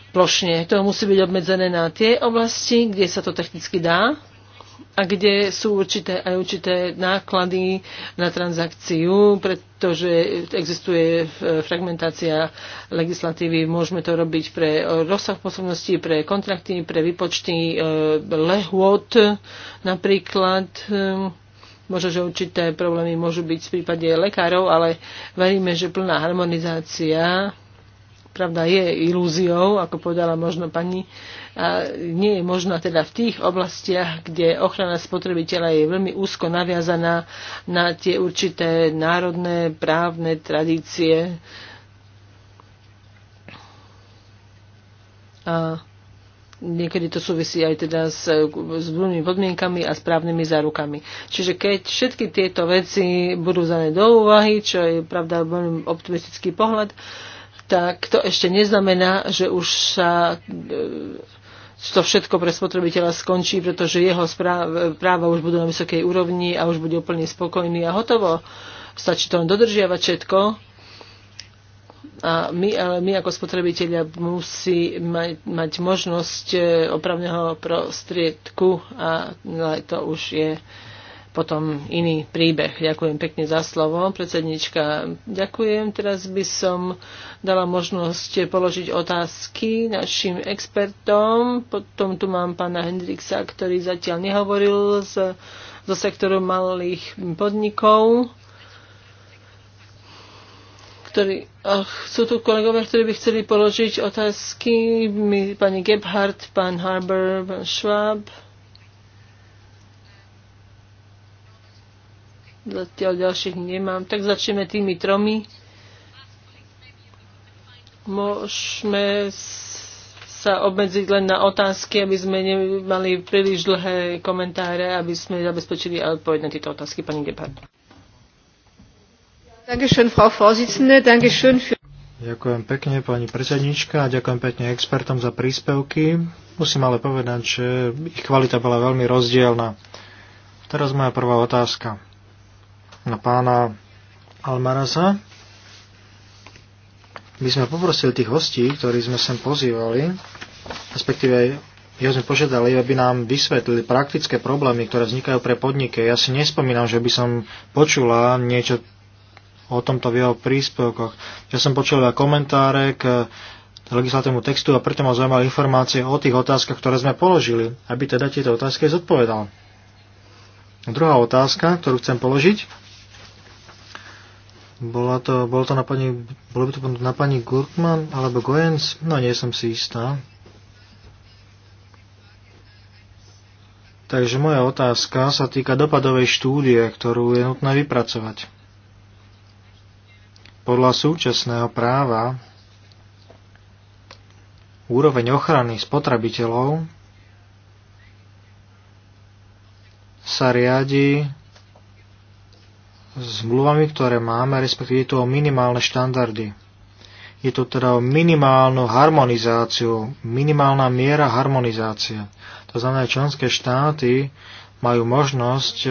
plošne. To musí byť obmedzené na tie oblasti, kde sa to technicky dá a kde sú určité aj určité náklady na transakciu, pretože existuje e, fragmentácia legislatívy. Môžeme to robiť pre e, rozsah pôsobnosti, pre kontrakty, pre výpočty e, lehôd napríklad. Možno, že určité problémy môžu byť v prípade lekárov, ale veríme, že plná harmonizácia pravda je ilúziou, ako povedala možno pani, a nie je možná teda v tých oblastiach, kde ochrana spotrebiteľa je veľmi úzko naviazaná na tie určité národné právne tradície. A niekedy to súvisí aj teda s, s blúdnymi podmienkami a správnymi zárukami. Čiže keď všetky tieto veci budú zané do úvahy, čo je pravda veľmi optimistický pohľad, uh, tak to ešte neznamená, že už sa e, to všetko pre spotrebiteľa skončí, pretože jeho práva už budú na vysokej úrovni a už bude úplne spokojný a hotovo. Stačí to len dodržiavať všetko. A my, ale my ako spotrebitelia musí mať, mať možnosť e, opravného prostriedku a to už je potom iný príbeh. Ďakujem pekne za slovo, predsednička. Ďakujem. Teraz by som dala možnosť položiť otázky našim expertom. Potom tu mám pána Hendrixa, ktorý zatiaľ nehovoril z, zo sektoru malých podnikov Ktorý, ach, sú tu kolegovia, ktorí by chceli položiť otázky. My, pani Gebhardt, pán Harber, pán Schwab. Zatiaľ ďalších nemám. Tak začneme tými tromi. Môžeme sa obmedziť len na otázky, aby sme nemali príliš dlhé komentáre, aby sme zabezpečili odpoveď na tieto otázky. Pani Gebhardt. Ďakujem pekne, pani predsednička, a ďakujem pekne expertom za príspevky. Musím ale povedať, že ich kvalita bola veľmi rozdielna. Teraz moja prvá otázka na pána Almaraza, by sme poprosili tých hostí, ktorí sme sem pozývali, respektíve jeho sme požiadali, aby nám vysvetlili praktické problémy, ktoré vznikajú pre podniky. Ja si nespomínam, že by som počula niečo o tomto v jeho príspevkoch. Ja som počul aj komentáre k legislatívnemu textu a preto ma zaujímali informácie o tých otázkach, ktoré sme položili, aby teda tieto otázky zodpovedal. Druhá otázka, ktorú chcem položiť, bola to, bolo to na pani, bolo by to na pani Gurtman alebo Goenz? No nie som si istá. Takže moja otázka sa týka dopadovej štúdie, ktorú je nutné vypracovať. Podľa súčasného práva úroveň ochrany spotrebiteľov sa riadi zmluvami, ktoré máme, respektíve je to o minimálne štandardy. Je to teda o minimálnu harmonizáciu, minimálna miera harmonizácie. To znamená, že členské štáty majú možnosť e,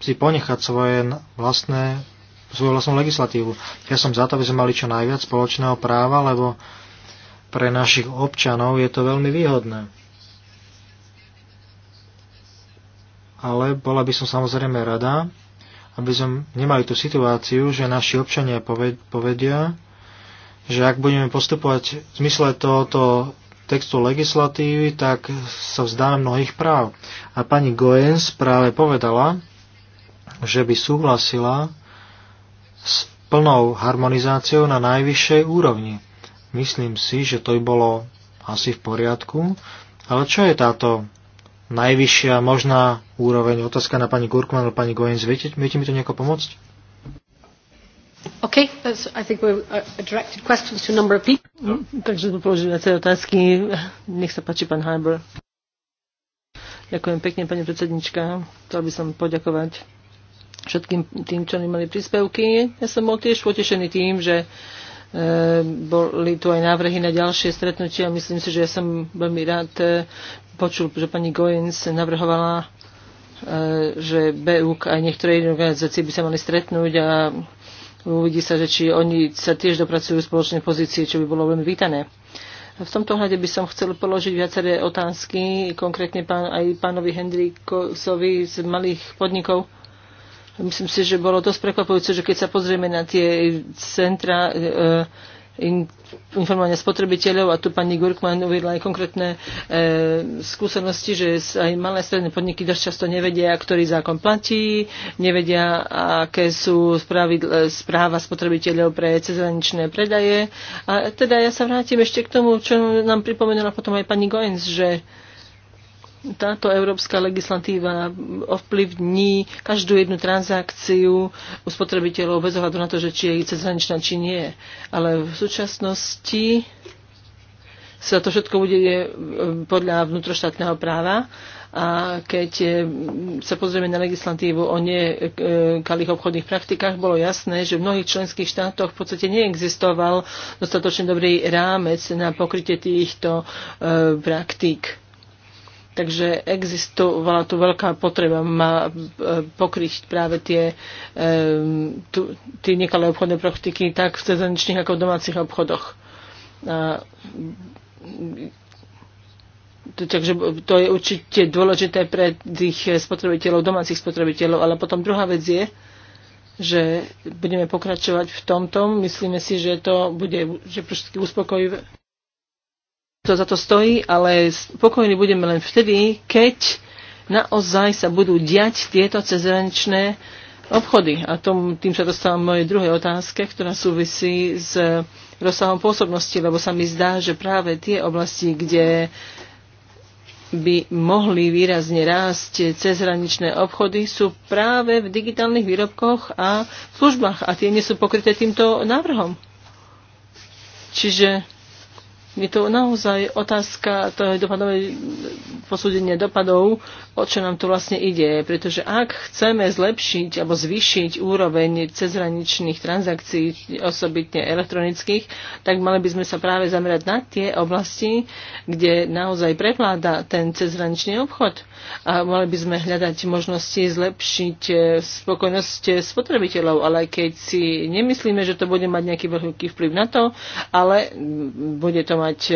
si ponechať svoje vlastné, svoju vlastnú legislatívu. Ja som za to, aby sme mali čo najviac spoločného práva, lebo pre našich občanov je to veľmi výhodné. Ale bola by som samozrejme rada, aby sme nemali tú situáciu, že naši občania povedia, že ak budeme postupovať v zmysle tohoto textu legislatívy, tak sa vzdáme mnohých práv. A pani Goens práve povedala, že by súhlasila s plnou harmonizáciou na najvyššej úrovni. Myslím si, že to by bolo asi v poriadku, ale čo je táto najvyššia možná úroveň. Otázka na pani Gurkman alebo pani Goenz. Viete, viete mi to nejako pomôcť? Okay, that's, I think we're uh, directed questions to a number of people. No, takže položili otázky. Nech sa páči, pán Harbour. Ďakujem pekne, pani predsednička. Chcel by som poďakovať všetkým tým, čo mali príspevky. Ja som bol tiež potešený tým, že uh, E, boli tu aj návrhy na ďalšie stretnutia. Myslím si, že ja som veľmi rád e, počul, že pani Goins navrhovala, e, že BUK aj niektoré iné organizácie by sa mali stretnúť a uvidí sa, že či oni sa tiež dopracujú v spoločnej pozície, čo by bolo veľmi vítané. V tomto hľade by som chcel položiť viaceré otázky, konkrétne pán, aj pánovi Hendrikovi z malých podnikov Myslím si, že bolo dosť prekvapujúce, že keď sa pozrieme na tie centra e, e, informovania spotrebiteľov a tu pani Gurkman uvedla aj konkrétne e, skúsenosti, že aj malé stredné podniky dosť často nevedia, ktorý zákon platí, nevedia, aké sú spravidl, e, správa spotrebiteľov pre cezhraničné predaje. A teda ja sa vrátim ešte k tomu, čo nám pripomenula potom aj pani Goins, že e, táto európska legislatíva ovplyvní každú jednu transakciu u spotrebiteľov bez ohľadu na to, že či je cezhraničná, či nie. Ale v súčasnosti sa to všetko bude e, podľa vnútroštátneho práva a keď e, sa pozrieme na legislatívu o nekalých e, obchodných praktikách, bolo jasné, že v mnohých členských štátoch v podstate neexistoval dostatočne dobrý rámec na pokrytie týchto praktík Takže existovala tu veľká potreba ma e, pokryť práve tie, e, tu, tie nekalé obchodné praktiky tak v cezaničných ako v domácich obchodoch. A, to, takže to je určite dôležité pre tých spotrebiteľov, domácich spotrebiteľov, ale potom druhá vec je, že budeme pokračovať v tomto. Myslíme si, že to bude že uspokojivé to za to stojí, ale spokojní budeme len vtedy, keď naozaj sa budú diať tieto cezrenčné obchody. A tom, tým sa dostávam mojej druhej otázke, ktorá súvisí s eh, rozsahom pôsobnosti, lebo sa mi zdá, že práve tie oblasti, kde by mohli výrazne rásť cezhraničné obchody, sú práve v digitálnych výrobkoch a službách. A tie nie sú pokryté týmto návrhom. Čiže je to naozaj otázka toho dopadové posúdenia dopadov, o čo nám tu vlastne ide. Pretože ak chceme zlepšiť alebo zvýšiť úroveň cezhraničných transakcií, osobitne elektronických, tak mali by sme sa práve zamerať na tie oblasti, kde naozaj prevláda ten cezhraničný obchod. A mali by sme hľadať možnosti zlepšiť e, spokojnosť e, spotrebiteľov, ale keď si nemyslíme, že to bude mať nejaký veľký vplyv na to, ale bude to mať e,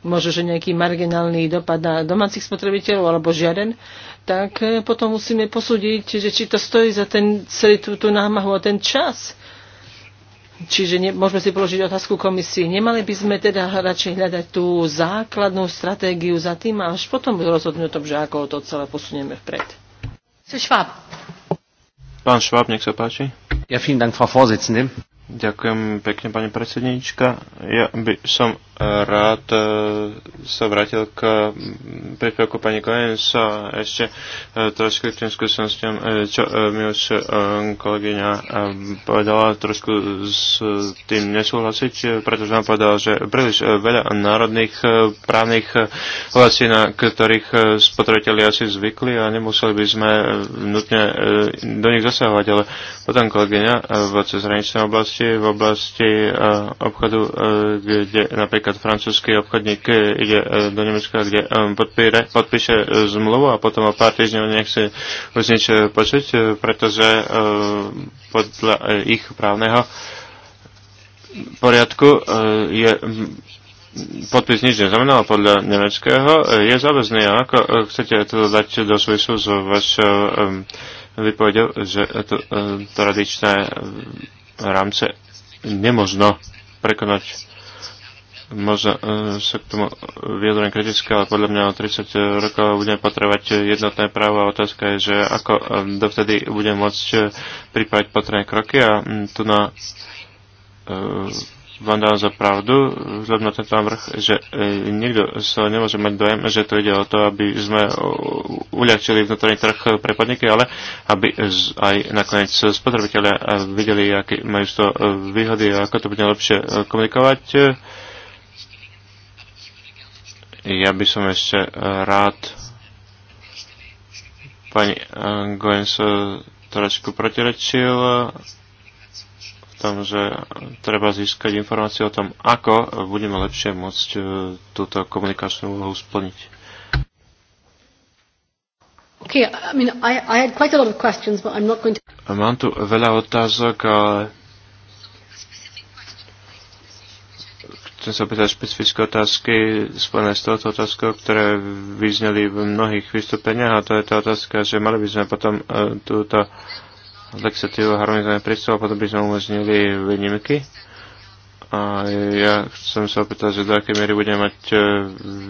možno, že nejaký marginálny dopad na domácich spotrebiteľov alebo žiaden, tak e, potom musíme posúdiť, že či to stojí za ten, celý tú, tú námahu a ten čas. Čiže ne, môžeme si položiť otázku komisii. Nemali by sme teda radšej hľadať tú základnú stratégiu za tým a až potom rozhodnúť o tom, že ako to celé posunieme vpred. Šváb. Pán Šváb, nech sa páči. Ja vielen Dank, Frau Vorsitzende. Ďakujem pekne, pani predsedníčka. Ja by som rád e, sa vrátil k mm, príspevku pani Kojens a ešte e, trošku k tým skúsenostiam, e, čo mi už kolegyňa povedala, trošku s tým nesúhlasiť, pretože nám povedala, že príliš veľa národných právnych vlastí, na ktorých spotrebiteľi asi zvykli a nemuseli by sme nutne do nich zasahovať, ale potom kolegyňa v cezhraničnej oblasti, v oblasti obchodu, kde napríklad napríklad francúzsky obchodník eh, ide eh, do Nemecka, kde eh, podpíre, podpíše zmluvu a potom o pár týždňov nechce už niečo počuť, pretože podľa ich právneho poriadku je hm, podpis nič neznamenal podľa nemeckého, je záväzný. A ako chcete to dať do súvisu z vašou vypovedou, že to tradičné rámce nemožno prekonať možno sa e, k tomu vyjadrujem kriticky, ale podľa mňa o 30 rokov budeme potrebovať jednotné právo a otázka je, že ako e, dovtedy budeme môcť e, pripraviť potrebné kroky a tu na vám dám za pravdu, vzhľadom na tento návrh, že e, nikto sa nemôže mať dojem, že to ide o to, aby sme uľahčili vnútorný trh pre podniky, ale aby z, aj nakoniec spotrebitelia videli, aké majú z toho výhody a ako to bude lepšie komunikovať. E, ja by som ešte eh, rád pani eh, Goens eh, trošku protirečil v tom, že treba získať informácie o tom, ako budeme lepšie môcť túto komunikačnú úlohu splniť. Mám tu veľa otázok, ale chcem sa opýtať špecifické otázky spojené s touto otázkou, ktoré vyzneli v mnohých vystúpeniach a to je tá otázka, že mali by sme potom e, túto legislatívu harmonizovaný prístup a potom by sme umožnili výnimky a ja chcem sa opýtať, že do akej miery budeme mať e,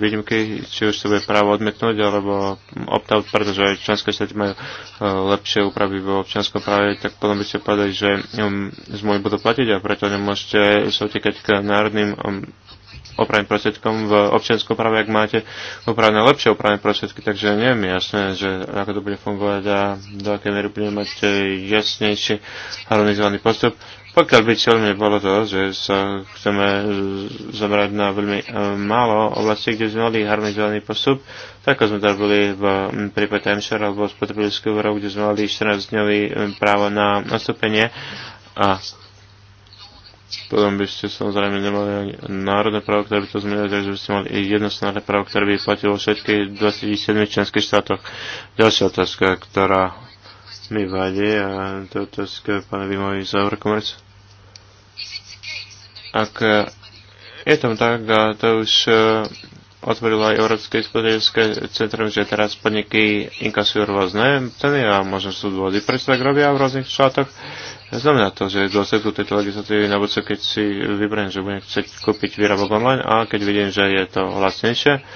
výnimky, či už sa bude právo odmietnúť, alebo opt-out, pretože členské štáty majú e, lepšie úpravy vo občianskom práve, tak potom by ste povedali, že môj hm, budú platiť a preto nemôžete sa utekať k národným hm, opravným prostriedkom v občianskom práve, ak máte opravné lepšie opravné prostriedky, takže nie je jasné, že ako to bude fungovať a do akej miery budeme mať e, jasnejší harmonizovaný postup. Pokiaľ by cieľom bolo to, že sa chceme e, zamerať na veľmi e, málo oblastí, kde sme mali harmonizovaný postup, tak ako sme to boli v prípade Timeshare alebo spotrebiteľského úveru, kde sme mali 14-dňový e, právo na nastúpenie a potom by ste samozrejme nemali ani národné právo, ktoré by to zmenilo, takže by ste mali i jednostranné právo, ktoré by platilo všetkých 27 členských štátoch. Ďalšia otázka, ktorá mi vadí a to je otázka pána Vimovi Zavrkomerca ak e, je tam tak, a to už e, otvorilo aj Európske hospodárske centrum, že teraz podniky inkasujú rôzne ceny a možno sú dôvody, prečo tak robia v rôznych štátoch. Znamená to, že v dôsledku tejto legislatívy na budúce, keď si vyberiem, že budem chcieť kúpiť výrobok online a keď vidím, že je to vlastnejšie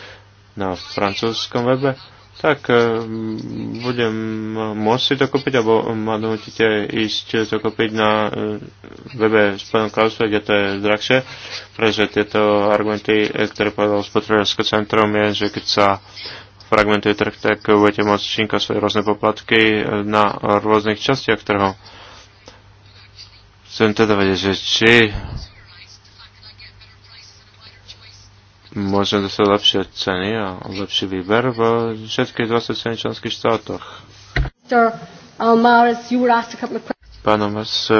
na francúzskom webe, tak eh, budem môcť si to kúpiť, alebo ma donútite ísť to kúpiť na eh, webe Spojenom kráľovstva, kde to je drahšie, pretože tieto argumenty, eh, ktoré povedal spotrebiteľské centrum, je, že keď sa fragmentuje trh, tak budete môcť činkať svoje rôzne poplatky na rôznych častiach trhu. Chcem teda vedieť, že či môžeme dostať lepšie ceny a lepší výber v všetkých 27 členských štátoch. Pán Omas, eh,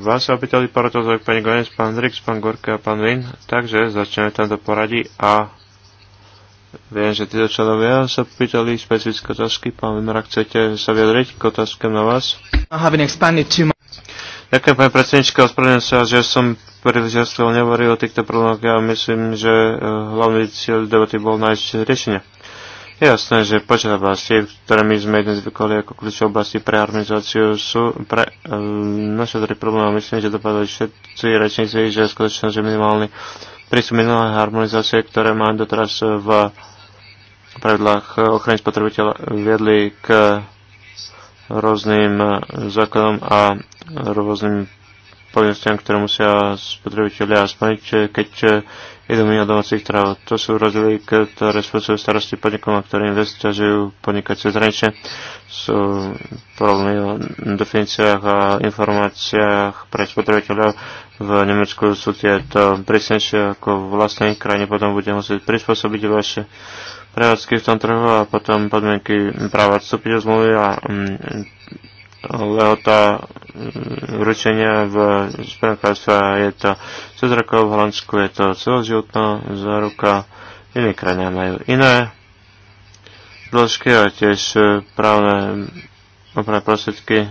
vás sa opýtali pár otázok, pani Gonec, pán Rix, pán Gorka a pán Vin, takže začneme tento poradí a viem, že títo členovia sa pýtali specifické otázky. Pán Vimera, chcete sa vyjadriť k otázkem na vás? I haven't expanded too Ďakujem, pani predsednička, ospravedlňujem sa, že som prevziastvo nehovoril o týchto problémoch. Ja myslím, že e, hlavný cieľ debaty bol nájsť riešenie. Je jasné, že počet oblastí, ktoré my sme identifikovali ako kľúčové oblasti pre harmonizáciu, sú pre um, naše tri problémy. Myslím, že dopadli všetci rečníci, že skutočne, že minimálny prístup minulé harmonizácie, ktoré máme doteraz v pravidlách ochrany spotrebiteľa, viedli k rôznym základom a rôznym povinnostiam, ktoré musia spotrebiteľia splniť, keď idú mimo domácich tráv. To sú rozdiely, ktoré spôsobujú starosti podnikom a ktoré im podnikať podnikacie zranične. Sú problémy o definíciách a informáciách pre spotrebiteľov. V Nemecku sú tieto prísnejšie ako v vlastnej krajine, potom bude musieť prispôsobiť vaše prevádzky v tom trhu a potom podmienky práva odstúpiť od zmluvy a mm, lehota vrúčenia mm, v sprenokárstva je to 100 rokov, v Holandsku je to celoživotná záruka, iné krajiny majú iné dĺžky a tiež právne opravné prostriedky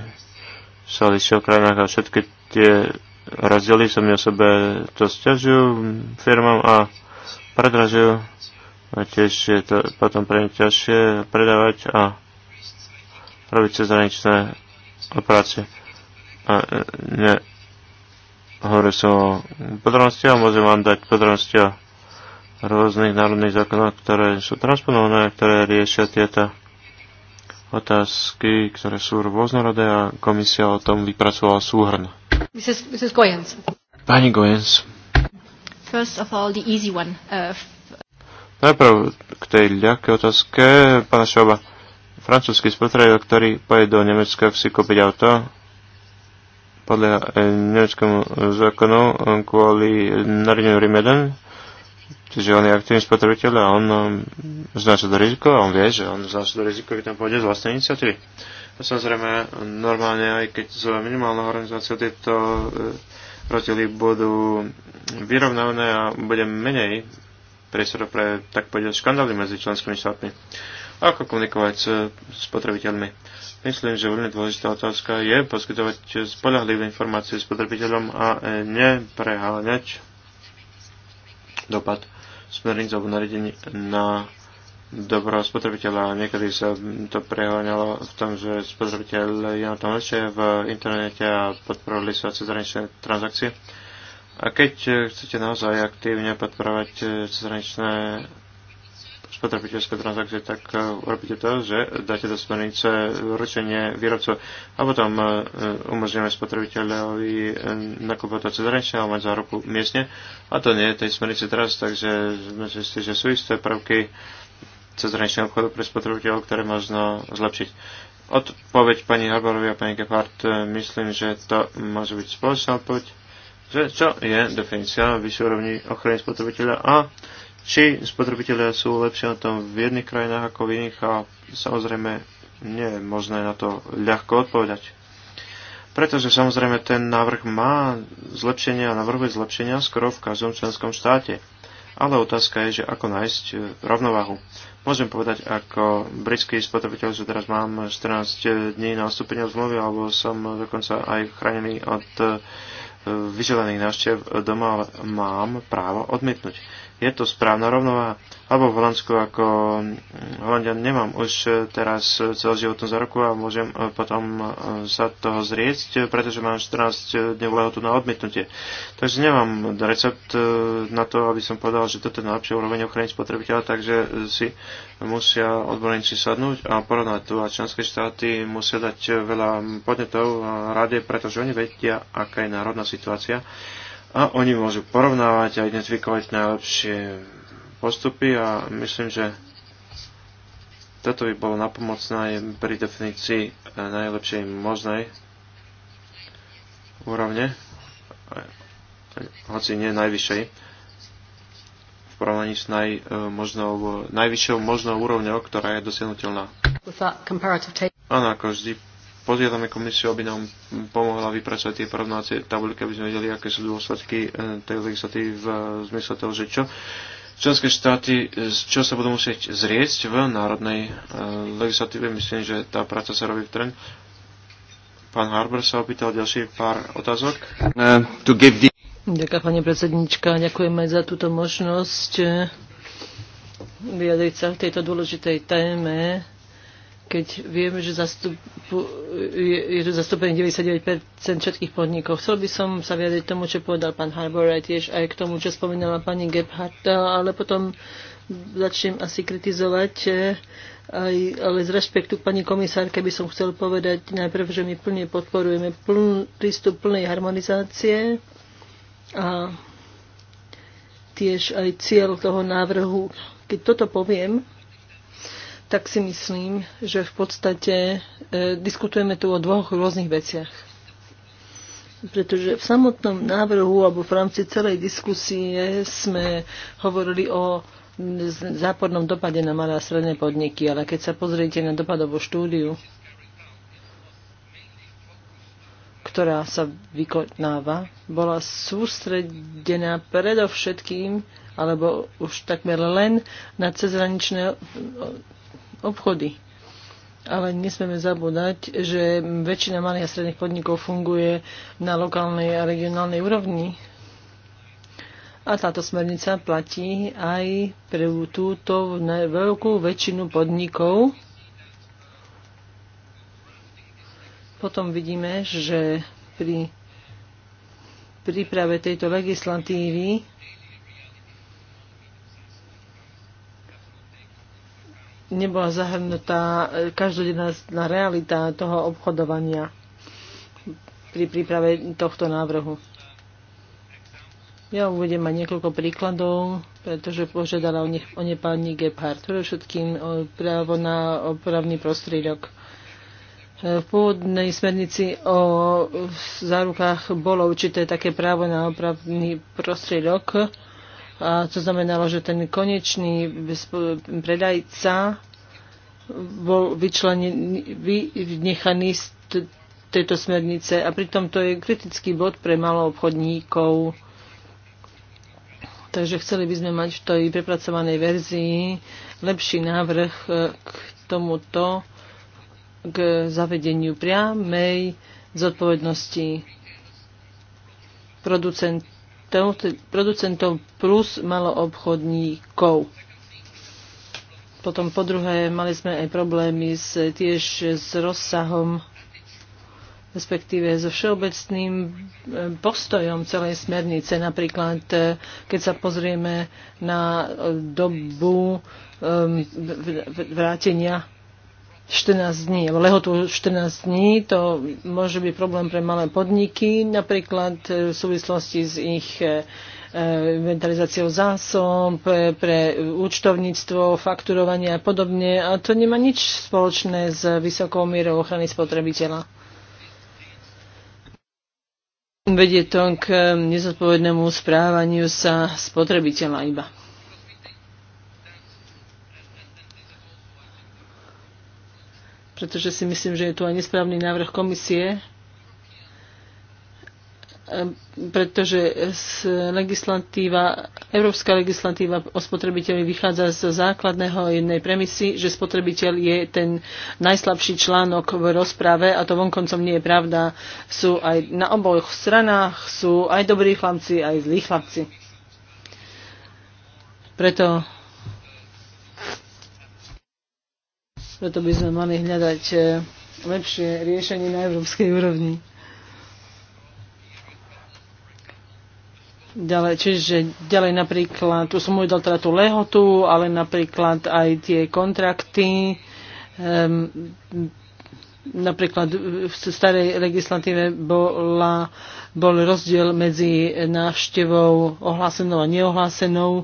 sa lišia v krajinách a všetky tie rozdiely sa mi o sebe to stiažujú firmám a predražujú a tiež je to potom pre ne ťažšie predávať a robiť cezhraničné práce. A, e, ne, hovorí sa o podrobnosti a môžem vám dať podrobnosti o rôznych národných zákonoch, ktoré sú transponované, ktoré riešia tieto otázky, ktoré sú rôznorodé a komisia o tom vypracovala súhrn. Mrs. Mrs. Goyens. Pani Goyens. First of all, the easy one. Uh, Najprv k tej ľahkej otázke, pána Šoba francúzsky spotrebiteľ, ktorý pôjde do Nemecka si kúpiť auto, podľa e, nemeckému zákonu e, kvôli nariadeniu Rimeden, 1, čiže on je aktívny spotrebiteľ a on sa e, to riziko a on vie, že on sa do riziko, keď tam pôjde z vlastnej iniciatívy. A samozrejme, normálne, aj keď z minimálnou organizáciou tieto rozdiely budú vyrovnané a bude menej priestor pre tak povedať škandály medzi členskými štátmi ako komunikovať s spotrebiteľmi. Myslím, že veľmi dôležitá otázka je poskytovať spolahlivé informácie spotrebiteľom a nepreháňať dopad smerníc alebo nariadení na dobro spotrebiteľa. Niekedy sa to preháňalo v tom, že spotrebiteľ je na tom lepšie v internete a podporovali sa cezraničné transakcie. A keď chcete naozaj aktívne podporovať cezraničné spotrebiteľské transakcie, tak urobíte e, to, že dáte do smernice ručenie výrobcov a potom e, umožníme spotrebiteľovi e, nakupovať to cezhranične a mať záruku miestne. A to nie je tej smernice teraz, takže sme si istí, že sú isté prvky cezhraničného obchodu pre spotrebiteľov, ktoré možno zlepšiť. Odpoveď pani Harborovi a pani Gephardt, myslím, že to môže byť spoločná odpoveď, že čo je definícia vyššej úrovni ochrany spotrebiteľa a či spotrebitelia sú lepšie na tom v jedných krajinách ako v iných a samozrejme nie je možné na to ľahko odpovedať. Pretože samozrejme ten návrh má zlepšenia a navrhuje zlepšenia skoro v každom členskom štáte. Ale otázka je, že ako nájsť e, rovnováhu. Môžem povedať, ako britský spotrebiteľ, že teraz mám 14 e, dní na vstúpenie od zmluvy, alebo som dokonca aj chránený od e, vyželených návštev doma, ale mám právo odmietnúť je to správna rovnováha. Alebo v Holandsku ako mm, Holandian nemám už e, teraz za roku a môžem e, potom e, sa toho zrieť, pretože mám 14 dňov lehotu na odmietnutie. Takže nemám recept na to, aby som povedal, že toto je najlepšie úroveň ochrany spotrebiteľa, takže si musia odborníci sadnúť a porovnať tu a členské štáty musia dať veľa podnetov rade, pretože oni vedia, aká je národná situácia a oni môžu porovnávať a identifikovať najlepšie postupy a myslím, že toto by bolo napomocné pri definícii e, najlepšej možnej úrovne, hoci nie najvyššej, v porovnaní s naj, e, možnou, najvyššou možnou úrovňou, ktorá je dosiahnutelná. Áno, ako vždy požiadame komisiu, aby nám pomohla vypracovať tie porovnávacie tabulky, aby sme vedeli, aké sú dôsledky e, tej legislatívy e, v zmysle toho, že čo členské štáty, čo sa budú musieť zrieť v národnej e, legislatíve. Myslím, že tá práca sa robí v trend. Pán Harbour sa opýtal ďalší pár otázok. Ďakujem, pani predsednička. Ďakujem aj za túto možnosť vyjadriť sa v tejto dôležitej téme keď vieme, že je, je zastúpený 99% všetkých podnikov. Chcel by som sa vyjadriť tomu, čo povedal pán Harbour aj tiež aj k tomu, čo spomínala pani Gebhardt, ale potom začnem asi kritizovať eh, aj, ale z rešpektu pani komisárke by som chcel povedať najprv, že my plne podporujeme pln, prístup plnej harmonizácie a tiež aj cieľ toho návrhu. Keď toto poviem, tak si myslím, že v podstate e, diskutujeme tu o dvoch rôznych veciach. Pretože v samotnom návrhu alebo v rámci celej diskusie sme hovorili o zápornom dopade na malé a stredné podniky, ale keď sa pozriete na dopadovú štúdiu, ktorá sa vykonáva, bola sústredená predovšetkým, alebo už takmer len na cezhraničné obchody. Ale nesmieme zabúdať, že väčšina malých a stredných podnikov funguje na lokálnej a regionálnej úrovni. A táto smernica platí aj pre túto veľkú väčšinu podnikov. Potom vidíme, že pri príprave tejto legislatívy nebola zahrnutá e, každodenná realita toho obchodovania pri príprave tohto návrhu. Ja uvedem aj niekoľko príkladov, pretože požiadala o, nich, o ne pani Gebhardt, všetkým e, právo na opravný prostriedok. E, v pôvodnej smernici o zárukách bolo určité také právo na opravný prostriedok, to znamenalo, že ten konečný predajca bol vyčlenený, vynechaný z tejto smernice a pritom to je kritický bod pre obchodníkov. Takže chceli by sme mať v tej prepracovanej verzii lepší návrh e, k tomuto, k zavedeniu priamej zodpovednosti producent producentov plus maloobchodníkov. Potom po druhé, mali sme aj problémy s, tiež s rozsahom, respektíve so všeobecným e, postojom celej smernice. Napríklad, e, keď sa pozrieme na e, dobu vrátenia 14 dní, alebo lehotu 14 dní, to môže byť problém pre malé podniky, napríklad e, v súvislosti s ich e, e, inventarizáciou zásob, pre účtovníctvo, fakturovanie a podobne. A to nemá nič spoločné s vysokou mierou ochrany spotrebiteľa. Vedie to k nezodpovednému správaniu sa spotrebiteľa iba. pretože si myslím, že je tu aj nesprávny návrh komisie, e, pretože legislatíva, európska legislatíva o spotrebiteľi vychádza z základného jednej premisy, že spotrebiteľ je ten najslabší článok v rozprave a to vonkoncom nie je pravda. Sú aj na oboch stranách, sú aj dobrí chlapci, aj zlí chlapci. Preto Preto by sme mali hľadať e, lepšie riešenie na európskej úrovni. Ďalej, čiže ďalej napríklad, tu som uvedal teda tú lehotu, ale napríklad aj tie kontrakty, um, napríklad v starej legislatíve bola, bol rozdiel medzi návštevou ohlásenou a neohlásenou e,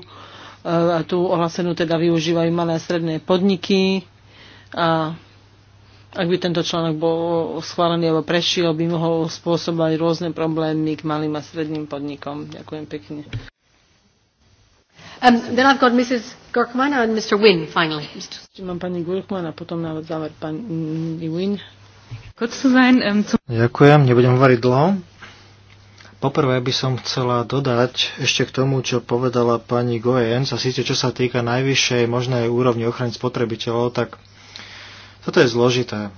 a tú ohlásenú teda využívajú malé a stredné podniky a ak by tento článok bol schválený alebo prešiel, by mohol spôsobovať rôzne problémy k malým a stredným podnikom. Ďakujem pekne. Um, then I've got Mrs. and Mr. finally. Mám pani Gorkman a potom na záver pani Wynn. Um, Ďakujem, nebudem hovoriť dlho. Poprvé by som chcela dodať ešte k tomu, čo povedala pani Goen, a síce čo sa týka najvyššej možnej úrovni ochrany spotrebiteľov, tak toto je zložité.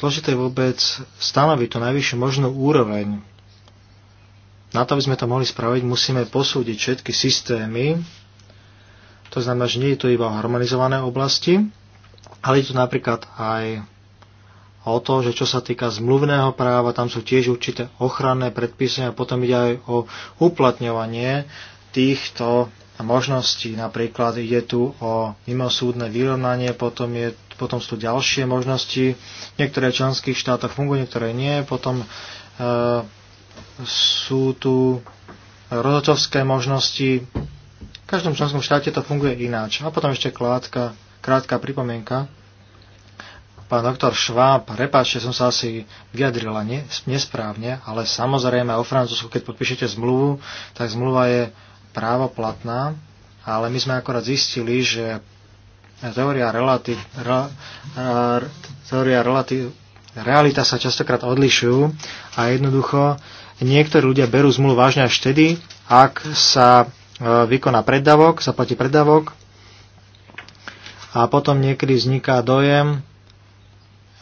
Zložité je vôbec stanoviť tú najvyššiu možnú úroveň. Na to, aby sme to mohli spraviť, musíme posúdiť všetky systémy. To znamená, že nie je to iba o harmonizované oblasti, ale je tu napríklad aj o to, že čo sa týka zmluvného práva, tam sú tiež určité ochranné predpisy a potom ide aj o uplatňovanie týchto možností. Napríklad ide tu o mimosúdne vyrovnanie, potom je potom sú tu ďalšie možnosti. Niektoré v členských štátoch fungujú, niektoré nie. Potom e, sú tu rozhodcovské možnosti. V každom členskom štáte to funguje ináč. A potom ešte krátka, krátka pripomienka. Pán doktor Šváb, repáčte, som sa asi vyjadrila nie, nesprávne, ale samozrejme o Francúzsku, keď podpíšete zmluvu, tak zmluva je právoplatná, ale my sme akorát zistili, že teória relativ, re, teória relativ, realita sa častokrát odlišujú a jednoducho niektorí ľudia berú zmluvu vážne až vtedy, ak sa e, vykoná preddavok, zaplatí preddavok a potom niekedy vzniká dojem,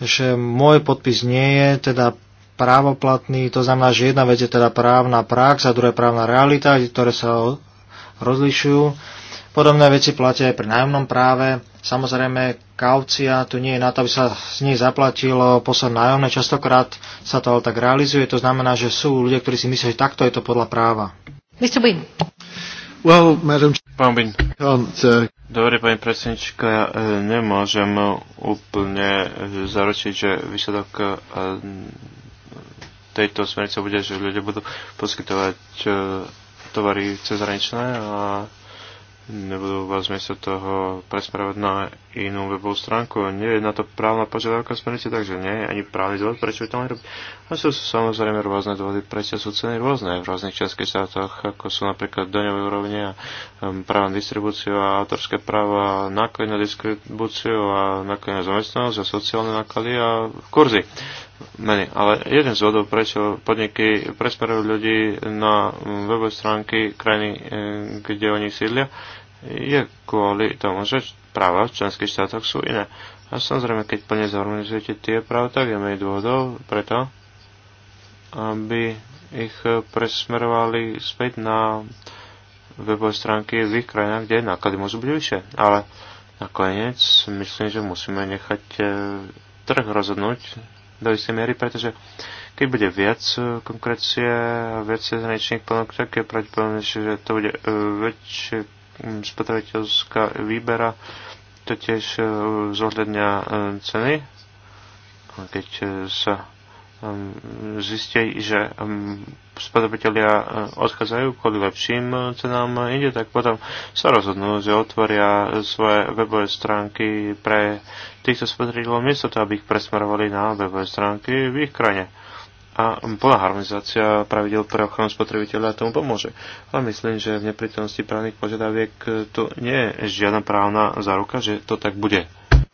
že môj podpis nie je teda právoplatný, to znamená, že jedna vec je teda právna prax a druhá právna realita, ktoré sa rozlišujú Podobné veci platia aj pri nájomnom práve. Samozrejme, kaucia tu nie je na to, aby sa z nej zaplatilo posledné nájomné. Častokrát sa to ale tak realizuje. To znamená, že sú ľudia, ktorí si myslia, že takto je to podľa práva. Mr. Bean. Well, madam... Pán Bin. Eh, Dobre, pani predsednička, ja eh, nemôžem úplne eh, zaručiť, že výsledok tejto smernice bude, že ľudia budú poskytovať tovary cezhraničné a nebudú vás miesto vlastne toho presmerovať na inú webovú stránku. Nie je na to právna požiadavka smernice, takže nie je ani právny dôvod, prečo by to mali robiť. A sú samozrejme rôzne dôvody, prečo sú ceny rôzne v rôznych členských štátoch, ako sú napríklad daňové úrovne a um, práva na distribúciu a autorské práva, náklady na distribúciu a náklady na zamestnanosť a sociálne náklady a kurzy menej. No ale jeden z vodov, prečo podniky presmerujú ľudí na webové stránky krajiny, e, kde oni sídlia, je kvôli tomu, že práva v členských štátoch sú iné. A samozrejme, keď plne zorganizujete tie práva, tak je menej dôvodov preto, aby ich presmerovali späť na webové stránky v ich krajinách, kde náklady môžu byť vyššie. Ale nakoniec myslím, že musíme nechať e, trh rozhodnúť, do istej miery, pretože keď bude viac e, konkurencie a viac zahraničných ponúk, tak je pravdepodobnejšie, že to bude e, väčšia spotrebiteľská výbera, to tiež e, zohľadňa ceny, keď sa Ehm, zistí, že ehm, spotrebitelia e, odchádzajú kvôli lepším e, cenám inde, tak potom sa rozhodnú, že otvoria svoje webové stránky pre týchto spotrebiteľov miesto toho, aby ich presmerovali na webové stránky v ich krajine. A plná harmonizácia pravidel pre ochranu spotrebiteľa tomu pomôže. Ale myslím, že v neprítomnosti právnych požiadaviek tu nie je žiadna právna záruka, že to tak bude.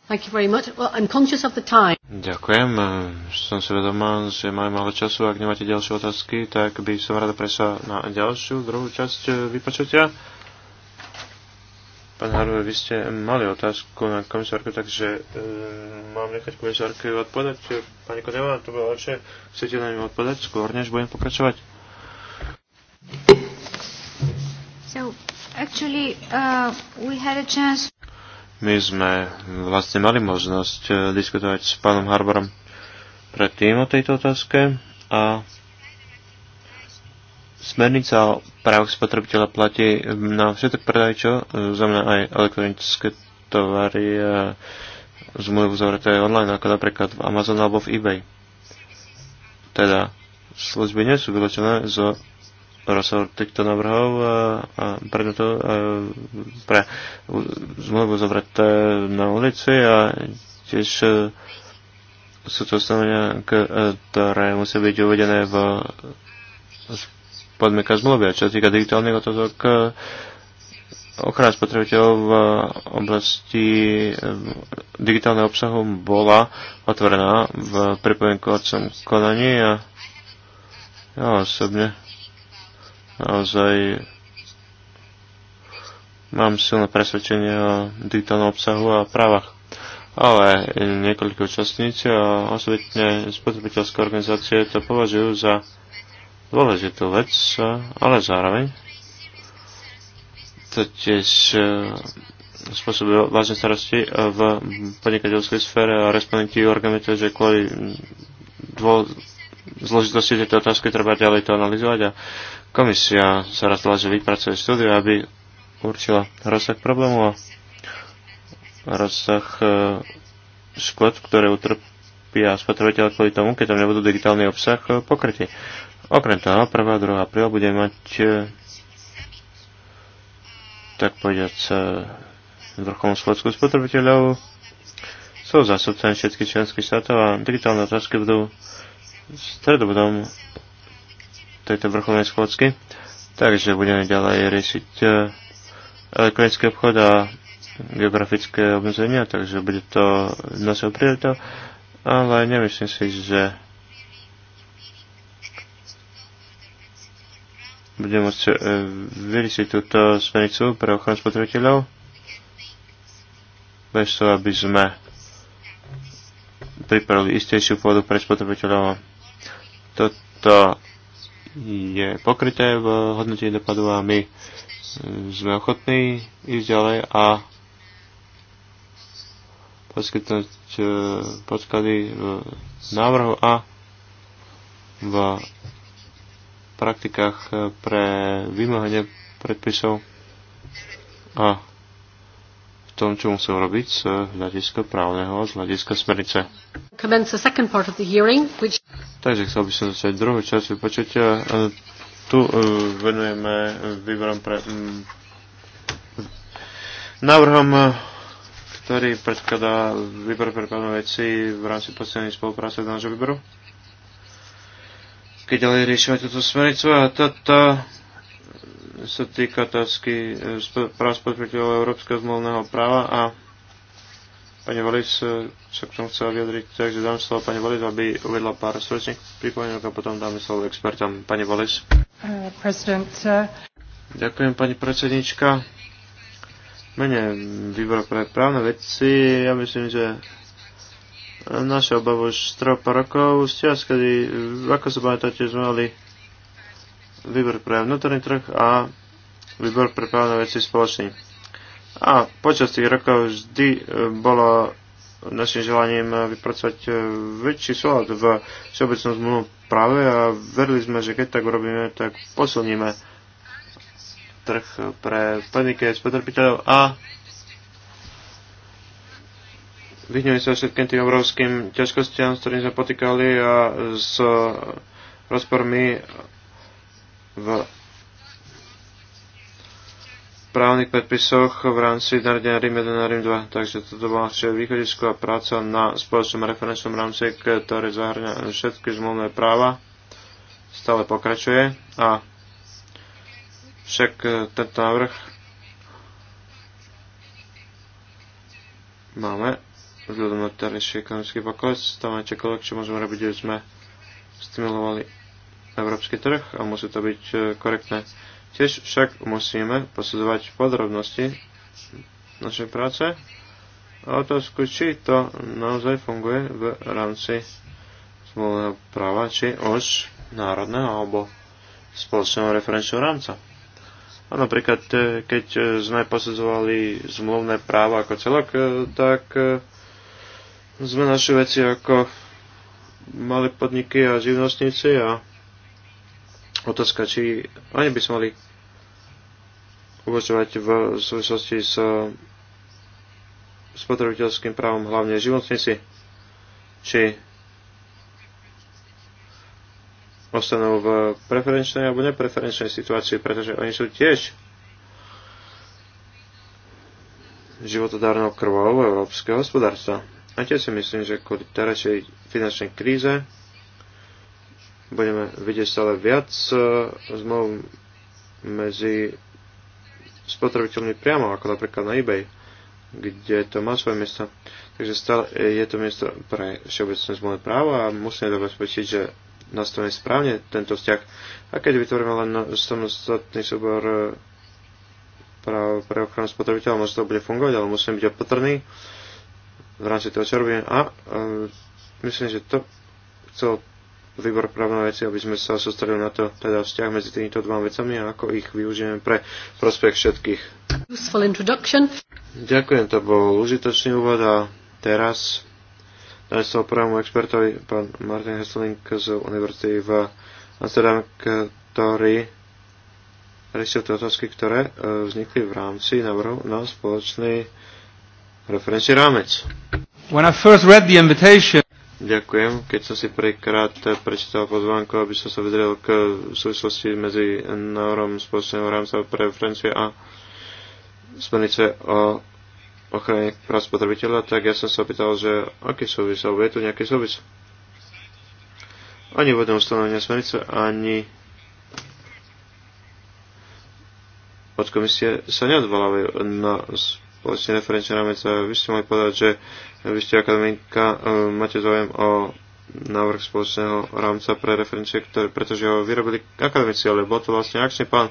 Thank you very much. Well, I'm conscious of the time. Ďakujem. E, som si vedomá, že máme malo času. Ak nemáte ďalšie otázky, tak by som rada prešla na ďalšiu, druhú časť e, vypočutia. Pán Harve, vy ste mali otázku na komisárku, takže e, mám nechať komisárke odpovedať. Pani Koneva, to bolo lepšie. Chcete na ňu odpovedať skôr, než budem pokračovať? So, actually, uh, we had a chance my sme vlastne mali možnosť e, diskutovať s pánom Harborom predtým o tejto otázke a smernica o právach spotrebiteľa platí na všetok predajčo, e, znamená aj elektronické tovary a e, zmluvy uzavreté online, ako napríklad v Amazon alebo v eBay. Teda služby nie sú vylečené zo rozsah týchto návrhov a a preto to a e, pre zmluvu zobrať na ulici a tiež e, sú to ustanovenia, ktoré musia byť uvedené v podmienka zmluvy. A čo sa týka digitálnych otázok, e, ochrana spotrebiteľov v oblasti digitálneho obsahu bola otvorená v pripomienkovacom konaní a ja osobne naozaj mám silné presvedčenie o digitálnom obsahu a právach. Ale niekoľko účastníci a osobitne spotrebiteľské organizácie to považujú za dôležitú vec, ale zároveň to tiež e, spôsobuje vážne starosti v podnikateľskej sfére a respondenti organizujú, že kvôli dvo- zložitosti tejto otázky treba ďalej to analyzovať a Komisia sa rozhodla, že vypracuje štúdiu, aby určila rozsah problému a rozsah e, škod, ktoré utrpia spotrebiteľ kvôli tomu, keď tam nebudú digitálny obsah e, pokrytie. Okrem toho, 1. a 2. apríla budeme mať e, tak povedať vrcholnú schodskú spotrebiteľov sú zástupcami všetkých členských štátov a digitálne otázky budú stredobodom tejto vrcholnej schôdzky. Takže budeme ďalej riešiť e, elektronický obchod a geografické obmedzenia, takže bude to našou prioritou, ale nemyslím si, že budeme môcť e, vyriešiť túto smernicu pre ochranu spotrebiteľov bez toho, aby sme pripravili istejšiu pôdu pre spotrebiteľov. Toto je pokryté v hodnotení dopadu a my e, sme ochotní ísť ďalej a poskytnúť e, podklady v návrhu a v praktikách e, pre vymáhanie predpisov a tom, čo musel robiť z hľadiska právneho a z hľadiska smernice. Takže chcel by som začať druhú časť vypočutia. Tu e, venujeme výborom pre návrhom ktorý predkladá výbor pre právne veci v rámci posledných spolupráce do nášho výboru. Keď ďalej riešime túto smernicu a toto sa týka otázky e, práva spotrebiteľov európskeho zmluvného práva a pani Valis e, sa k tomu chcela vyjadriť, takže dám slovo pani Valis, aby uvedla pár stručných pripomienok a potom dáme slovo expertom. Pani Valis. Uh, uh, Ďakujem, pani predsednička. Mene výbor pre právne veci, ja myslím, že naša obava už troch rokov z čas, kedy, ako sa pamätáte, sme mali výbor pre vnútorný trh a výbor pre právne veci spoločný. A počas tých rokov vždy e, bolo našim želaním e, vypracovať e, väčší súlad v všeobecnom zmluvnom práve a verili sme, že keď tak urobíme, tak posilníme trh pre plníky spotrebiteľov a vyhneme sa všetkým tým obrovským ťažkostiam, s ktorým sme potýkali a s rozpormi v právnych predpisoch v rámci Narodenia Rím 1 a Rím 2. Takže toto bola vše východisko a práca na spoločnom referenčnom rámci, ktoré zahrňa všetky zmluvné práva, stále pokračuje a však tento návrh máme vzhľadom na terajší ekonomický pokles, tam aj čokoľvek, čo môžeme robiť, že sme stimulovali na európsky trh a musí to byť e, korektné. Tiež však musíme posudzovať podrobnosti našej práce a otázku, či to naozaj funguje v rámci zmluvného práva, či už národného alebo spoločného referenčného rámca. A napríklad, e, keď sme posudzovali zmluvné práva ako celok, e, tak sme naše veci ako mali podniky a živnostníci a otázka, či oni by sme mali uvažovať v súvislosti s spotrebiteľským právom, hlavne živnostníci, či ostanú v preferenčnej alebo nepreferenčnej situácii, pretože oni sú tiež životodárnou krvou európskeho hospodárstva. A tiež si myslím, že kvôli terajšej finančnej kríze budeme vidieť stále viac e, zmluv medzi spotrebiteľmi priamo, ako napríklad na eBay, kde to má svoje miesto. Takže stále je to miesto pre všeobecné zmluvné právo a musíme zabezpečiť, že nastavíme správne tento vzťah. A keď vytvoríme len samostatný súbor e, práv pre ochranu spotrebiteľa, možno to bude fungovať, ale musíme byť opatrní v rámci toho, čo robíme. A e, myslím, že to chcel výbor právna veci, aby sme sa sústredili na to, teda vzťah medzi týmito dvoma vecami a ako ich využijeme pre prospech všetkých. Ďakujem, to bol užitočný úvod a teraz dám slovo prvému expertovi, pán Martin Hesling z Univerzity v Amsterdam, ktorý riešil tie otázky, ktoré e, vznikli v rámci návrhu na spoločný referenčný rámec. When I first read the invitation, Ďakujem. Keď som si prvýkrát prečítal pozvánku, aby som sa vedel k súvislosti medzi norom spoločného rámca pre Francie a smernice o ochrane práv spotrebiteľa, tak ja som sa pýtal, že aký súvis, alebo je tu nejaký súvis? Ani vodné ustanovenia smernice, ani od komisie sa neodvolávajú na spoločný vlastne referenčný rámec. Vy ste mohli povedať, že vy ste akademika, e, máte záujem o návrh spoločného rámca pre referenčie, ktoré, pretože ho vyrobili akademici, ale bol to vlastne akčný plán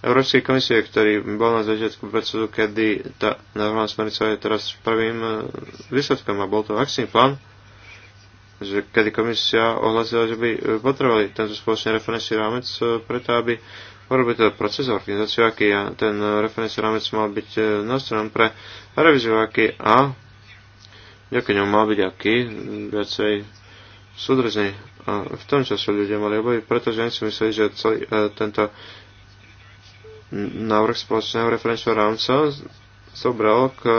Európskej komisie, ktorý bol na začiatku predsedu, kedy tá návrhná smernica je teraz prvým e, výsledkom a bol to akčný plán, že kedy komisia ohlasila, že by e, potrebovali tento spoločný referenčný rámec preto, aby urobiť teda proces organizáciu, aký je ten referenčný rámec mal byť e, nástrojom pre reviziu, aký a ďakujem ňom mal byť aký, viacej súdržný. A v tom čase ľudia mali obavy, pretože oni si mysleli, že celý, e, tento návrh spoločného referenčného rámca zobral k e,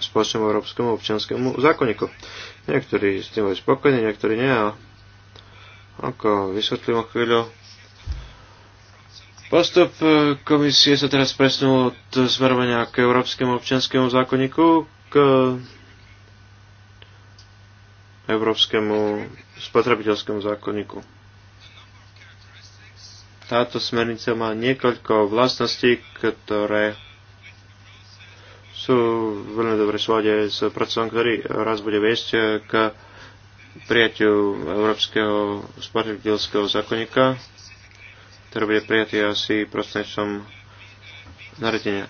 spoločnému európskemu občianskému zákonníku. Niektorí s tým boli spokojní, niektorí nie. A ako vysvetlím o chvíľu, Postup e, komisie sa teraz presnul od smerovania k Európskemu občianskému zákonníku k Európskemu spotrebiteľskému zákonníku. Táto smernica má niekoľko vlastností, ktoré sú veľmi dobre súlade s pracovom, ktorý raz bude viesť k prijatiu Európskeho spotrebiteľského zákonníka ktoré bude prijatý asi prostredníctvom naredenia.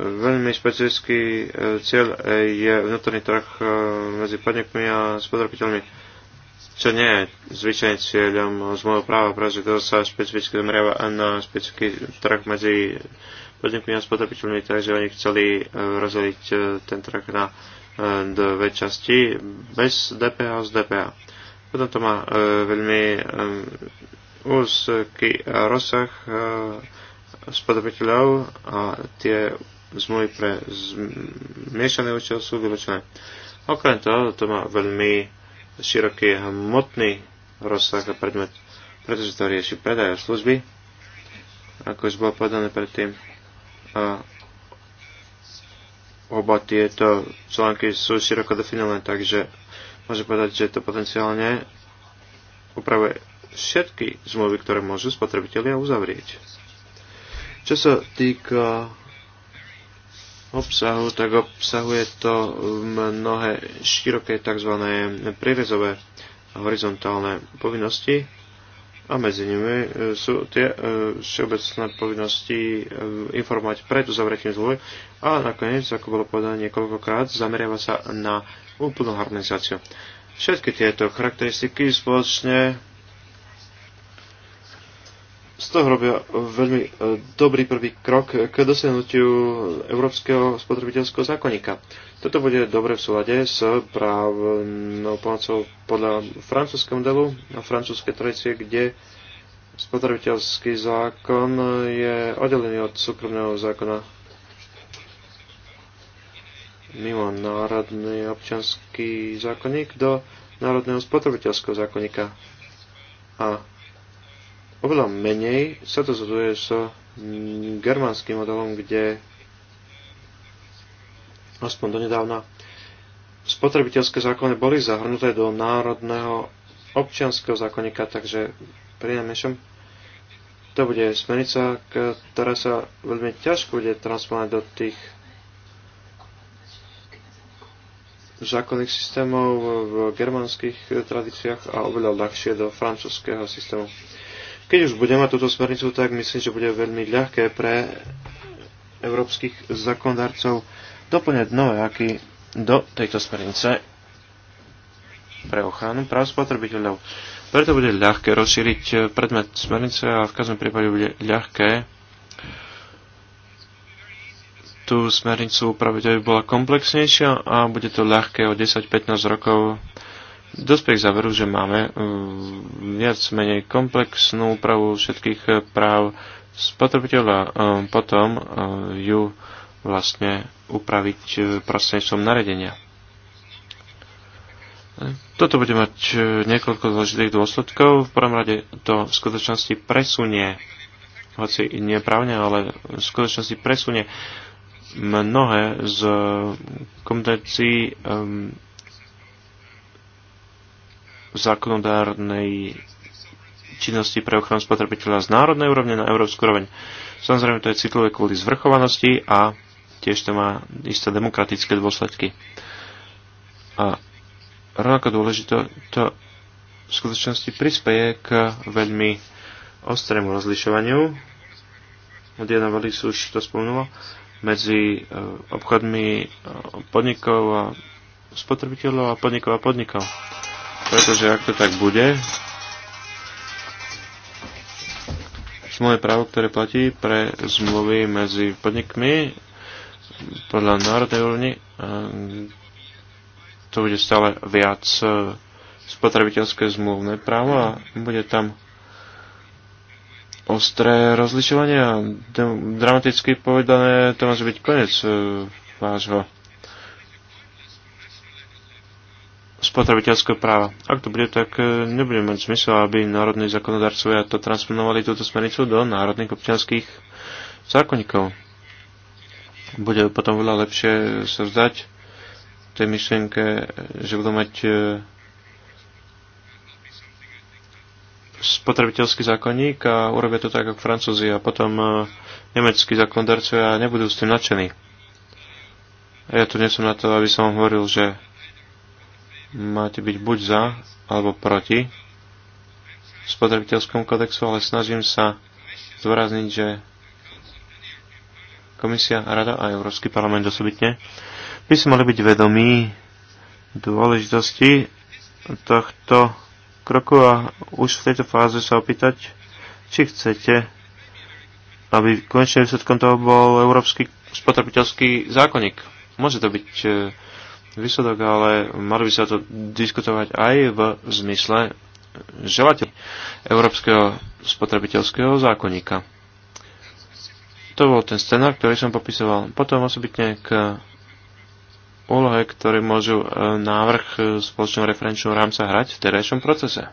Veľmi špecifický e, cieľ e, je vnútorný trh e, medzi podnikmi a spotrebiteľmi, čo nie je zvyčajným cieľom z môjho práva, pretože to sa špecificky zameriava na špecifický trh medzi podnikmi a spotrebiteľmi, takže oni chceli rozdeliť ten trh na dve časti bez DPH a z DPH. Potom to má veľmi úzky rozsah eh, spotrebiteľov a tie zmluvy pre miešaný účel sú vylúčené. Okrem toho, to má veľmi široký hmotný rozsah a predmet, pretože to rieši predaj a služby, ako už bolo povedané predtým. A oba tieto články sú široko definované, takže môžem povedať, že to potenciálne upravuje všetky zmluvy, ktoré môžu spotrebitelia uzavrieť. Čo sa týka obsahu, tak obsahuje to mnohé široké tzv. prierezové horizontálne povinnosti a medzi nimi e, sú tie e, všeobecné povinnosti e, informovať pred uzavretím zmluvy a nakoniec, ako bolo povedané niekoľkokrát, zameriava sa na úplnú harmonizáciu. Všetky tieto charakteristiky spoločne z toho robia eh, veľmi eh, dobrý prvý krok k dosiahnutiu Európskeho spotrebiteľského zákonníka. Toto bude dobre v súlade s právnou pomocou podľa francúzského modelu a francúzskej tradície, kde spotrebiteľský zákon je oddelený od súkromného zákona mimo národný občanský zákonník do národného spotrebiteľského zákonníka. A Oveľa menej sa to zhoduje s so germánskym modelom, kde aspoň donedávna spotrebiteľské zákony boli zahrnuté do národného občianského zákonníka, takže pri to bude smernica, ktorá sa veľmi ťažko bude transponovať do tých zákonných systémov v germánskych tradíciách a oveľa ľahšie do francúzského systému. Keď už budeme mať túto smernicu, tak myslím, že bude veľmi ľahké pre európskych zákonodarcov doplňať nové aky do tejto smernice pre ochranu práv spotrebiteľov. Preto bude ľahké rozšíriť predmet smernice a v každom prípade bude ľahké tú smernicu upraviť, aby bola komplexnejšia a bude to ľahké o 10-15 rokov dospech záveru, že máme uh, viac menej komplexnú úpravu všetkých uh, práv spotrebiteľa, uh, potom ju vlastne upraviť prostredníctvom naredenia. Toto bude mať niekoľko dôležitých dôsledkov. V prvom rade to v skutočnosti presunie, hoci neprávne, ale v skutočnosti presunie mnohé z kompetencií um, zákonodárnej činnosti pre ochranu spotrebiteľa z národnej úrovne na európsku úroveň. Samozrejme, to je citlivé kvôli zvrchovanosti a tiež to má isté demokratické dôsledky. A rovnako dôležité to v skutočnosti prispieje k veľmi ostrému rozlišovaniu. Diana Valis už to spomenula medzi e, obchodmi e, podnikov a spotrebiteľov a podnikov a podnikov. Pretože ak to tak bude, zmluvné právo, ktoré platí pre zmluvy medzi podnikmi podľa národnej úrovni, to bude stále viac e, spotrebiteľské zmluvné právo a bude tam ostré rozlišovanie a dramaticky povedané to môže byť koniec e, vášho spotrebiteľského práva. Ak to bude, tak e, nebude mať zmysel, aby národní zákonodarcovia to transponovali túto smernicu do národných občianských zákonníkov. Bude potom veľa lepšie sa vzdať tej myšlienke, že budú mať e, spotrebiteľský zákonník a urobia to tak, ako Francúzi a potom e, nemeckí zákonodarcovia nebudú s tým nadšení. Ja tu nie som na to, aby som hovoril, že máte byť buď za alebo proti spotrebiteľskom kodexu, ale snažím sa zdôrazniť, že Komisia, Rada a Európsky parlament osobitne by si mali byť vedomí dôležitosti tohto kroku a už v tejto fáze sa opýtať, či chcete, aby konečným výsledkom toho bol Európsky spotrebiteľský zákonník. Môže to byť e, výsledok, ale malo by sa to diskutovať aj v zmysle želateľ Európskeho spotrebiteľského zákonníka. To bol ten scenár, ktorý som popisoval. Potom osobitne k úlohe, ktoré môžu e, návrh spoločného referenčného rámca hrať v terajšom procese.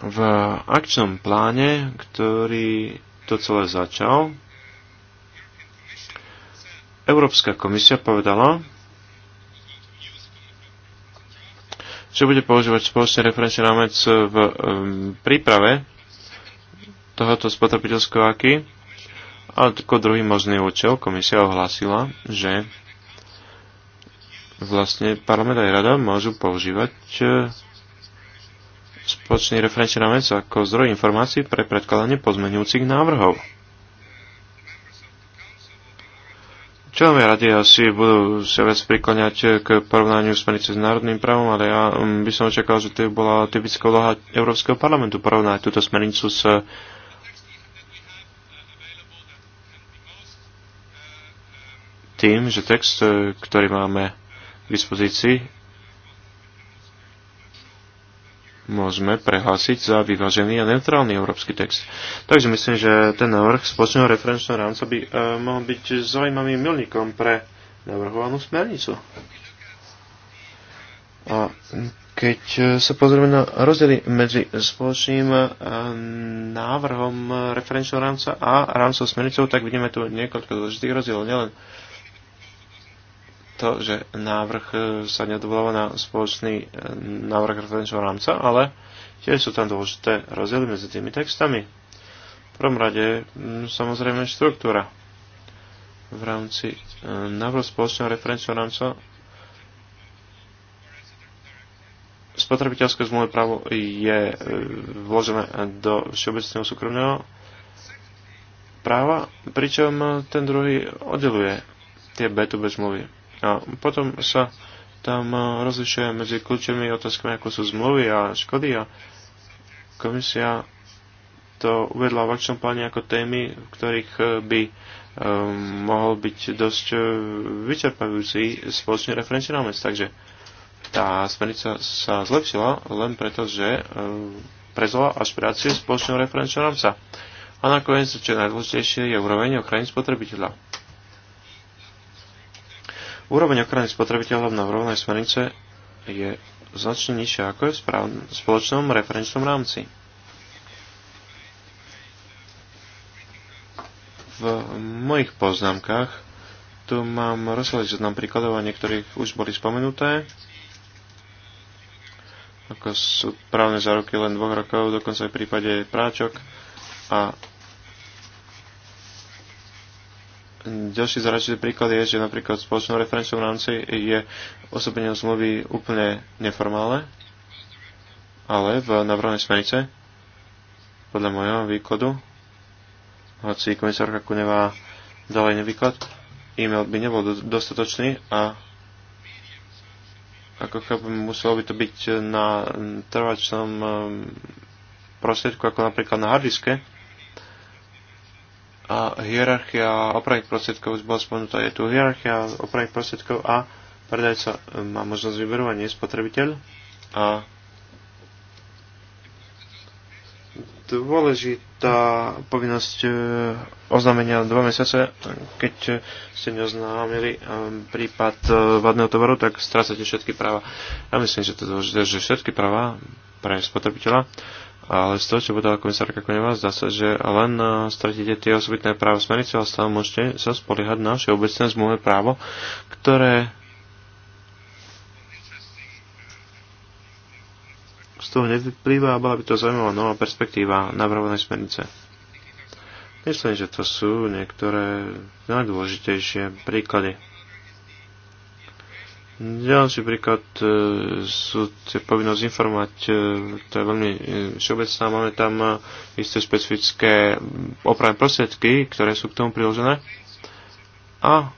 V akčnom pláne, ktorý to celé začal, Európska komisia povedala, že bude používať spoločný referenčný rámec v príprave tohoto spotrebiteľského aky. A ako druhý možný účel komisia ohlásila, že vlastne parlament aj rada môžu používať e, spoločný referenčný rámec ako zdroj informácií pre predkladanie pozmenujúcich návrhov. Členové rady asi budú sa viac prikláňať k porovnaniu smernice s národným právom, ale ja mm, by som očakal, že to bola typická úloha Európskeho parlamentu porovnať túto smernicu s tým, že text, e, ktorý máme k dispozícii, môžeme prehlásiť za vyvážený a neutrálny európsky text. Takže myslím, že ten návrh spoločného referenčného rámca by e, mohol byť zaujímavým milníkom pre navrhovanú smernicu. A keď sa pozrieme na rozdiely medzi spoločným e, návrhom referenčného rámca a rámcov smernicou, tak vidíme tu niekoľko dôležitých rozdielov. Nielen to, že návrh e, sa neodvoláva na spoločný e, návrh referenčného rámca, ale tiež sú tam dôležité rozdiely medzi tými textami. V prvom rade samozrejme štruktúra. V rámci e, návrhu spoločného referenčného rámca spotrebiteľské zmluvné právo je vložené do všeobecného súkromného práva, pričom ten druhý oddeluje tie B2B zmluvy. A potom sa tam e, rozlišuje medzi kľúčovými otázkami, ako sú zmluvy a škody a komisia to uvedla v akčnom pláne ako témy, v ktorých e, by um, mohol byť dosť vyčerpajúci spoločný referenčný rámec. Takže tá smernica sa zlepšila len preto, že um, prezvala ašpirácie spoločného referenčného rámca. A nakoniec, čo je najdôležitejšie, je úroveň ochrany spotrebiteľa Úroveň ochrany spotrebiteľov na rovnej smernice je značne nižšia ako je v spoločnom referenčnom rámci. V mojich poznámkach tu mám rozsiaľý zoznam príkladov a niektorých už boli spomenuté ako sú právne záruky len dvoch rokov, dokonca aj v prípade práčok a Ďalší zaračný príklad je, že napríklad v spoločnom referenčnom rámci je osobenie zmluvy úplne neformálne, ale v navrhovanej smernice, podľa môjho výkladu, hoci komisárka Kuneva dala iný výklad, e-mail by nebol dostatočný a ako chápem, muselo by to byť na trvačnom ehm, prostriedku, ako napríklad na hardiske, a hierarchia opravných prostriedkov už bola spomenutá. Je tu hierarchia opravných prostriedkov a predajca e, má možnosť vyberu a nie spotrebiteľ. A dôležitá povinnosť e, oznámenia dva mesiace. Keď e, ste neoznámili prípad vadného tovaru, tak strácate všetky práva. Ja myslím, že to je dôležité, že všetky práva pre spotrebiteľa ale z toho, čo povedala komisárka Koneva, zdá sa, že len e, stratíte tie osobitné právo smernice, ale stále môžete sa spoliehať na všeobecné zmluvné právo, ktoré z toho nevyplýva a bola by to zaujímavá nová perspektíva navrhovanej smernice. Myslím, že to sú niektoré najdôležitejšie príklady. Ďalší príklad e, sú tie povinnosť informovať, e, to je veľmi e, všeobecná, máme tam e, isté špecifické opravné prostriedky, ktoré sú k tomu priložené a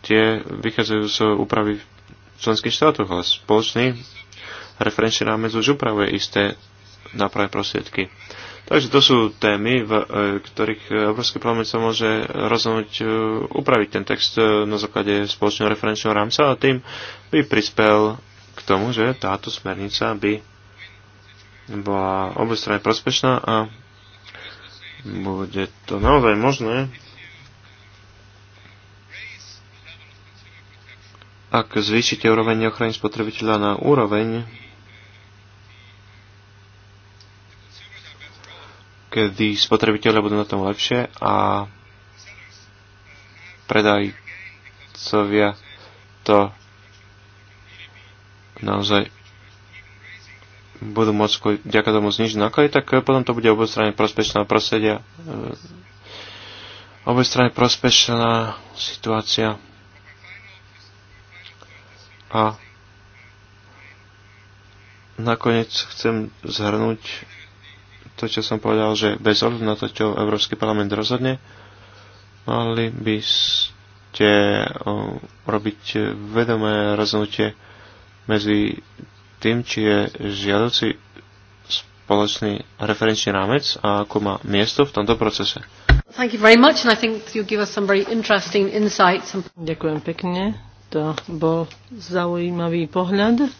tie vychádzajú z úpravy členských štátoch ale spoločný referenčný rámec už upravuje isté nápravné prostriedky. Takže to sú témy, v e, ktorých Európsky parlament sa môže rozhodnúť e, upraviť ten text e, na základe spoločného referenčného rámca a tým by prispel k tomu, že táto smernica by bola obostranne prospešná a bude to naozaj možné, ak zvýšite úroveň ochrany spotrebiteľa na úroveň, kedy spotrebitelia budú na tom lepšie a predajcovia to naozaj budú môcť ďaká tomu znižiť náklady, tak eh, potom to bude obostranne prospešná prostredia, eh, obostranne prospešná situácia a nakoniec chcem zhrnúť to, čo som povedal, že bez ohľadu na to, čo Európsky parlament rozhodne, mali by ste robiť vedomé rozhodnutie medzi tým, či je žiadoci spoločný referenčný rámec a ako má miesto v tomto procese. Ďakujem pekne. To bol zaujímavý pohľad.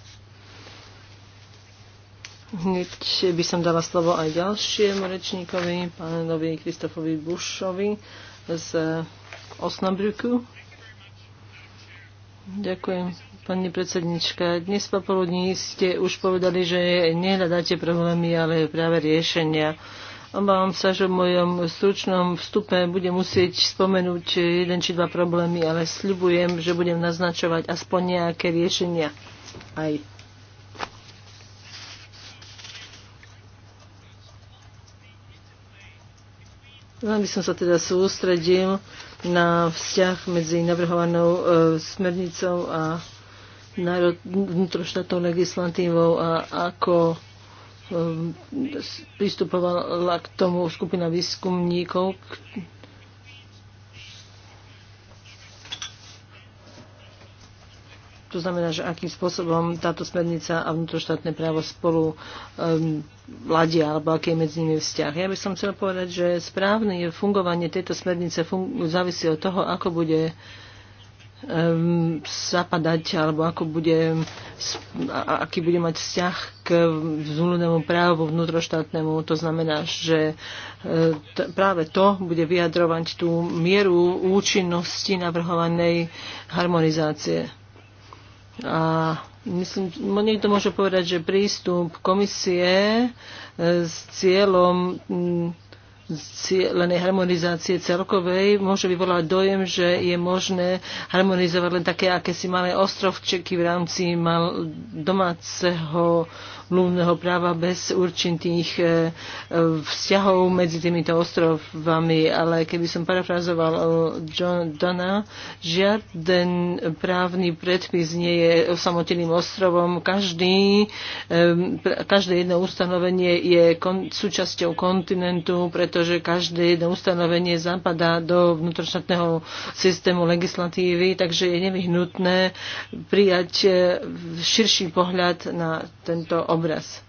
Hneď by som dala slovo aj ďalšiemu rečníkovi, pánovi Kristofovi Bušovi z Osnabrüku. Ďakujem, pani predsednička. Dnes popoludní ste už povedali, že nehľadáte problémy, ale práve riešenia. Obávam sa, že v mojom stručnom vstupe budem musieť spomenúť jeden či dva problémy, ale sľubujem, že budem naznačovať aspoň nejaké riešenia aj Len no, by som sa teda sústredil na vzťah medzi navrhovanou e, smernicou a národ, vnútroštátnou legislatívou a ako e, pristupovala k tomu skupina výskumníkov, to znamená, že akým spôsobom táto smernica a vnútroštátne právo spolu um, ladia, alebo aký je medzi nimi vzťah. Ja by som chcel povedať, že správne fungovanie tejto smernice závisí od toho, ako bude um, zapadať, alebo ako bude, aký bude mať vzťah k zúľudnému právu vnútroštátnemu. To znamená, že uh, t- práve to bude vyjadrovať tú mieru účinnosti navrhovanej harmonizácie. A myslím, niekto môže povedať, že prístup komisie e, s cieľom cieľenej harmonizácie celkovej môže vyvolať dojem, že je možné harmonizovať len také akési malé ostrovčeky v rámci mal, domáceho mluvného práva bez určitých e, e, vzťahov medzi týmito ostrovami. Ale keby som parafrazoval e, John Dona, žiaden právny predpis nie je samotným ostrovom. Každý, každé jedno ustanovenie je kon, súčasťou kontinentu, pretože každé jedno ustanovenie zapadá do vnútroštátneho systému legislatívy, takže je nevyhnutné prijať širší pohľad na tento obraz.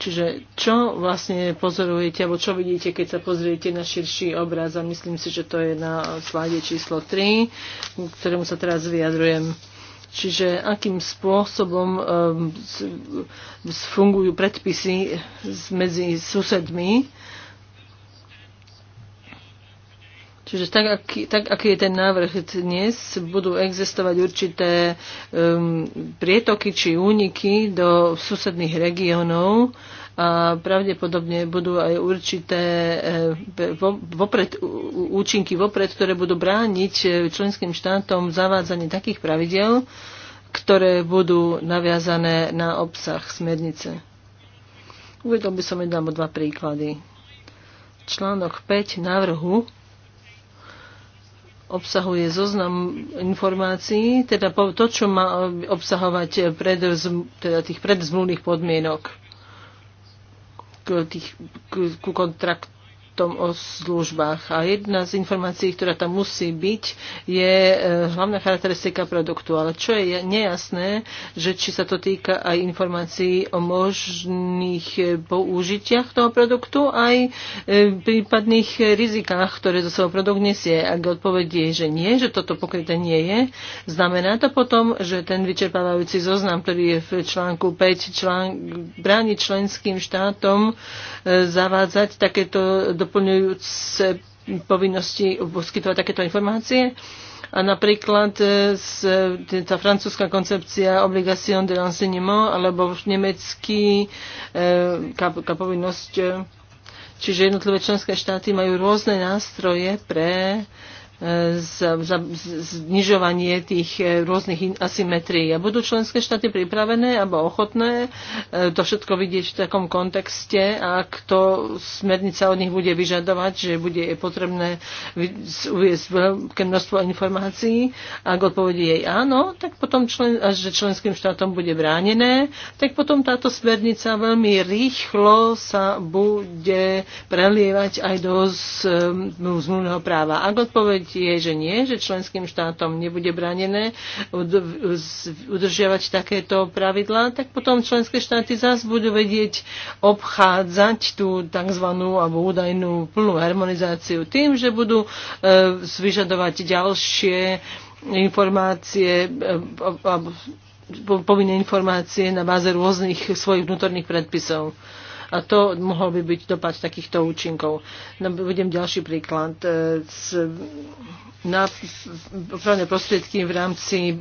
Čiže čo vlastne pozorujete, alebo čo vidíte, keď sa pozriete na širší obraz a myslím si, že to je na slajde číslo 3, ktorému sa teraz vyjadrujem. Čiže akým spôsobom ehm, fungujú predpisy medzi susedmi, Čiže tak, aký, tak, aký je ten návrh dnes, budú existovať určité um, prietoky či úniky do susedných regiónov a pravdepodobne budú aj určité eh, vopred, účinky vopred, ktoré budú brániť eh, členským štátom zavádzanie takých pravidel, ktoré budú naviazané na obsah smernice. Uvedol by som jednám dva príklady. Článok 5 návrhu obsahuje zoznam informácií, teda to, čo má obsahovať pred, teda tých predzmluvných podmienok k, tých, k, k kontraktu tom o službách. A jedna z informácií, ktorá tam musí byť, je e, hlavná charakteristika produktu. Ale čo je nejasné, že či sa to týka aj informácií o možných e, použitiach toho produktu, aj e, prípadných rizikách, ktoré zo svojho produkt nesie. Ak odpoveď je, že nie, že toto pokryté nie je, znamená to potom, že ten vyčerpávajúci zoznam, ktorý je v článku 5, člán, bráni členským štátom zavádzať takéto do doplňujúce povinnosti poskytovať takéto informácie. A napríklad e, e, tá francúzska koncepcia obligation de l'enseignement alebo nemecký e, ká povinnosť Čiže jednotlivé členské štáty majú rôzne nástroje pre znižovanie tých e, rôznych asymetrií. A budú členské štáty pripravené alebo ochotné e, to všetko vidieť v takom kontexte, ak to smernica od nich bude vyžadovať, že bude potrebné uviezť veľké množstvo informácií. Ak odpovedie jej áno, tak potom člen, až že členským štátom bude bránené, tak potom táto smernica veľmi rýchlo sa bude prelievať aj do zmluvného práva. Ak odpoveď je, že nie, že členským štátom nebude branené udržiavať takéto pravidlá, tak potom členské štáty zás budú vedieť obchádzať tú tzv. alebo údajnú plnú harmonizáciu tým, že budú e, vyžadovať ďalšie informácie e, povinné informácie na báze rôznych svojich vnútorných predpisov. A to mohol by byť dopad takýchto účinkov. No, budem ďalší príklad. E, na ochranné prostriedky v rámci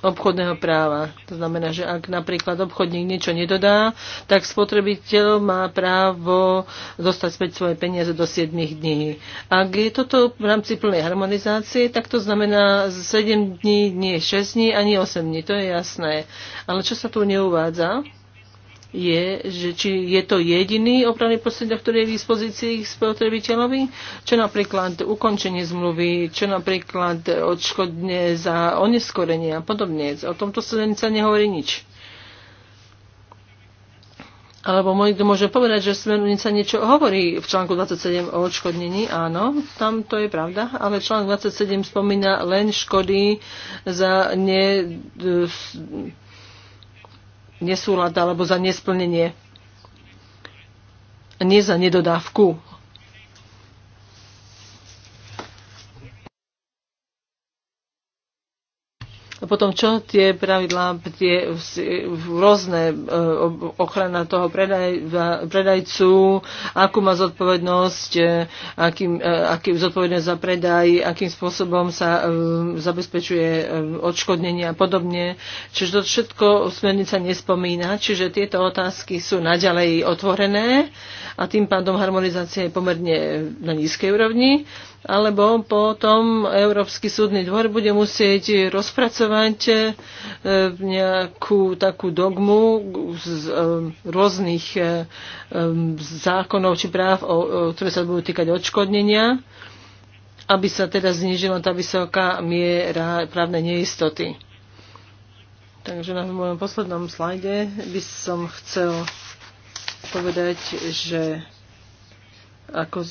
obchodného práva. To znamená, že ak napríklad obchodník niečo nedodá, tak spotrebiteľ má právo dostať späť svoje peniaze do 7 dní. Ak je toto v rámci plnej harmonizácie, tak to znamená 7 dní, nie 6 dní, ani 8 dní, to je jasné. Ale čo sa tu neuvádza? je, že či je to jediný opravný prostriedok, ktorý je v dispozícii spotrebiteľovi, čo napríklad ukončenie zmluvy, čo napríklad odškodne za oneskorenie a podobne. O tomto sa nehovorí nič. Alebo niekto môže povedať, že smernica niečo hovorí v článku 27 o odškodnení. Áno, tam to je pravda, ale článok 27 spomína len škody za ne, nesúlad alebo za nesplnenie. Nie za nedodávku potom čo tie pravidlá, tie rôzne e, ochrana toho predajcu, akú má zodpovednosť, e, akým, e, akým zodpovednosť za predaj, akým spôsobom sa zabezpečuje odškodnenie a podobne. Čiže to všetko smernica nespomína, čiže tieto otázky sú naďalej otvorené a tým pádom harmonizácia je pomerne na nízkej úrovni, alebo potom Európsky súdny dvor bude musieť rozpracovať vypracovať e, nejakú takú dogmu z e, rôznych e, zákonov či práv, ktoré sa budú týkať odškodnenia, aby sa teda znižila tá vysoká miera právnej neistoty. Takže na mojom poslednom slajde by som chcel povedať, že ako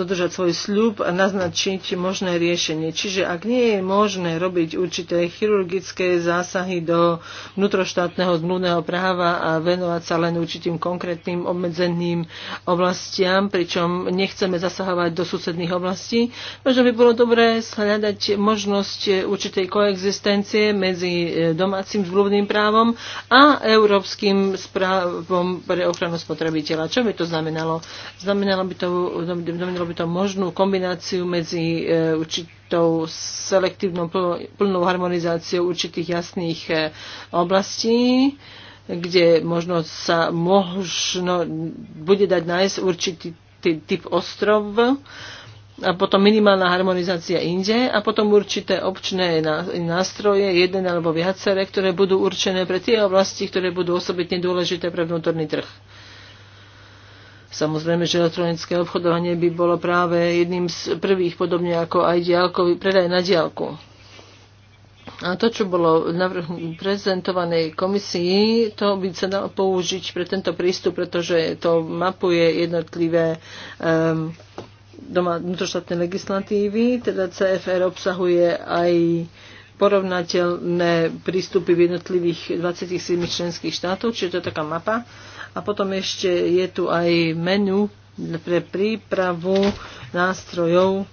dodržať svoj sľub a naznačiť možné riešenie. Čiže ak nie je možné robiť určité chirurgické zásahy do vnútroštátneho zmluvného práva a venovať sa len určitým konkrétnym obmedzeným oblastiam, pričom nechceme zasahovať do susedných oblastí, možno by bolo dobré hľadať možnosť určitej koexistencie medzi e, domácim zmluvným právom a európskym správom pre ochranu spotrebiteľa. Čo by to znamenalo? Znamenalo by to kombináciu, by to možnú kombináciu medzi e, určitou selektívnou plnou harmonizáciou určitých jasných e, oblastí, kde možno sa možno bude dať nájsť určitý typ ostrov a potom minimálna harmonizácia inde a potom určité občné nástroje, jeden alebo viaceré, ktoré budú určené pre tie oblasti, ktoré budú osobitne dôležité pre vnútorný trh. Samozrejme, že elektronické obchodovanie by bolo práve jedným z prvých, podobne ako aj diálkový predaj na diálku. A to, čo bolo navrhu prezentovanej komisii, to by sa dalo použiť pre tento prístup, pretože to mapuje jednotlivé um, doma vnútroštátne legislatívy, teda CFR obsahuje aj porovnateľné prístupy v jednotlivých 27 členských štátov, čiže to je taká mapa. A potom ešte je tu aj menu pre prípravu nástrojov,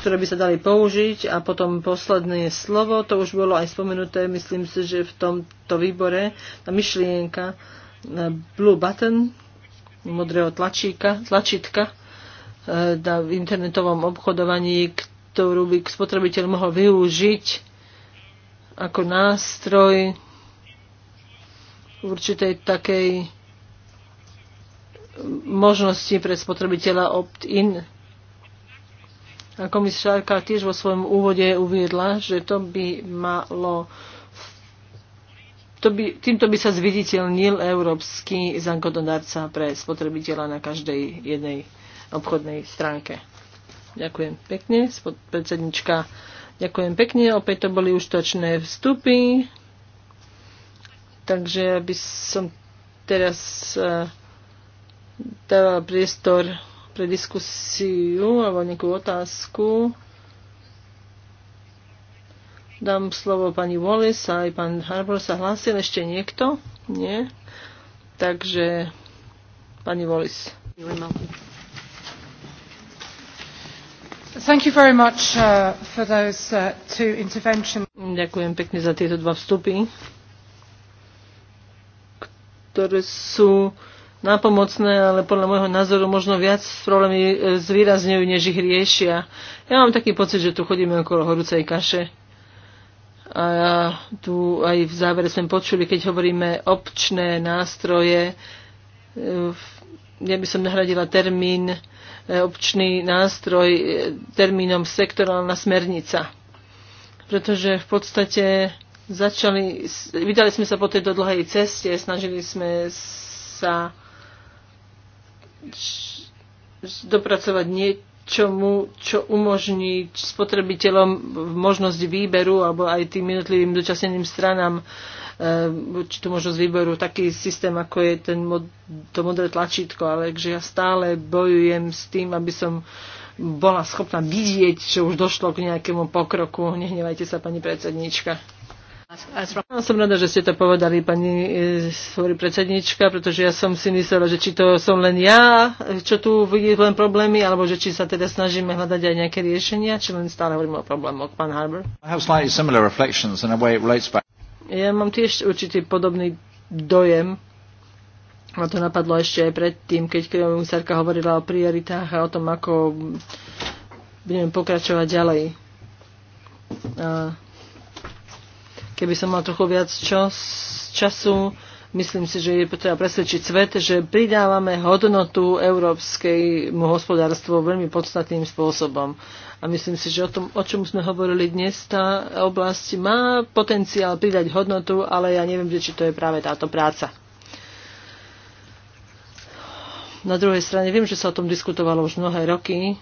ktoré by sa dali použiť. A potom posledné slovo, to už bolo aj spomenuté, myslím si, že v tomto výbore, tá myšlienka eh, Blue Button, modrého tlačíka, tlačítka eh, na internetovom obchodovaní, ktorú by spotrebiteľ mohol využiť ako nástroj určitej takej možnosti pre spotrebiteľa opt-in. A komisárka tiež vo svojom úvode uviedla, že to by malo to by, týmto by sa zviditeľnil európsky zákonodárca pre spotrebiteľa na každej jednej obchodnej stránke. Ďakujem pekne, podpredsednička. Ďakujem pekne, opäť to boli užtočné vstupy. Takže by som teraz eh, dala priestor pre diskusiu alebo nejakú otázku. Dám slovo pani Wallace a aj pán Harbour sa hlásil. Ešte niekto? Nie? Takže pani Wallace. Uh, uh, Ďakujem pekne za tieto dva vstupy, ktoré sú nápomocné, ale podľa môjho názoru možno viac problémy e, zvýrazňujú, než ich riešia. Ja mám taký pocit, že tu chodíme okolo horúcej kaše. A ja tu aj v závere sme počuli, keď hovoríme občné nástroje, e, ja by som nahradila termín E, občný nástroj e, termínom sektorálna smernica. Pretože v podstate začali, vydali sme sa po tejto dlhej ceste, snažili sme sa dopracovať nie, čo, mu, čo umožní spotrebiteľom možnosť výberu alebo aj tým jednotlivým dočasneným stranám e, či tu možnosť výberu taký systém, ako je ten, to modré tlačítko, ale že ja stále bojujem s tým, aby som bola schopná vidieť, že už došlo k nejakému pokroku. Nehnevajte sa, pani predsednička som rada, že ste to povedali, pani e, hovorí predsednička, pretože ja som si myslela, že či to som len ja, čo tu vidí len problémy, alebo že či sa teda snažíme hľadať aj nejaké riešenia, či len stále hovoríme o problémoch. Pán Harbour? Ja mám tiež určitý podobný dojem. A to napadlo ešte aj predtým, keď komisárka hovorila o prioritách a o tom, ako budeme pokračovať ďalej. A Keby som mal trochu viac čas, času, myslím si, že je potreba presvedčiť svet, že pridávame hodnotu európskejmu hospodárstvu veľmi podstatným spôsobom. A myslím si, že o tom, o čom sme hovorili dnes, tá oblasť má potenciál pridať hodnotu, ale ja neviem, či to je práve táto práca. Na druhej strane viem, že sa o tom diskutovalo už mnohé roky,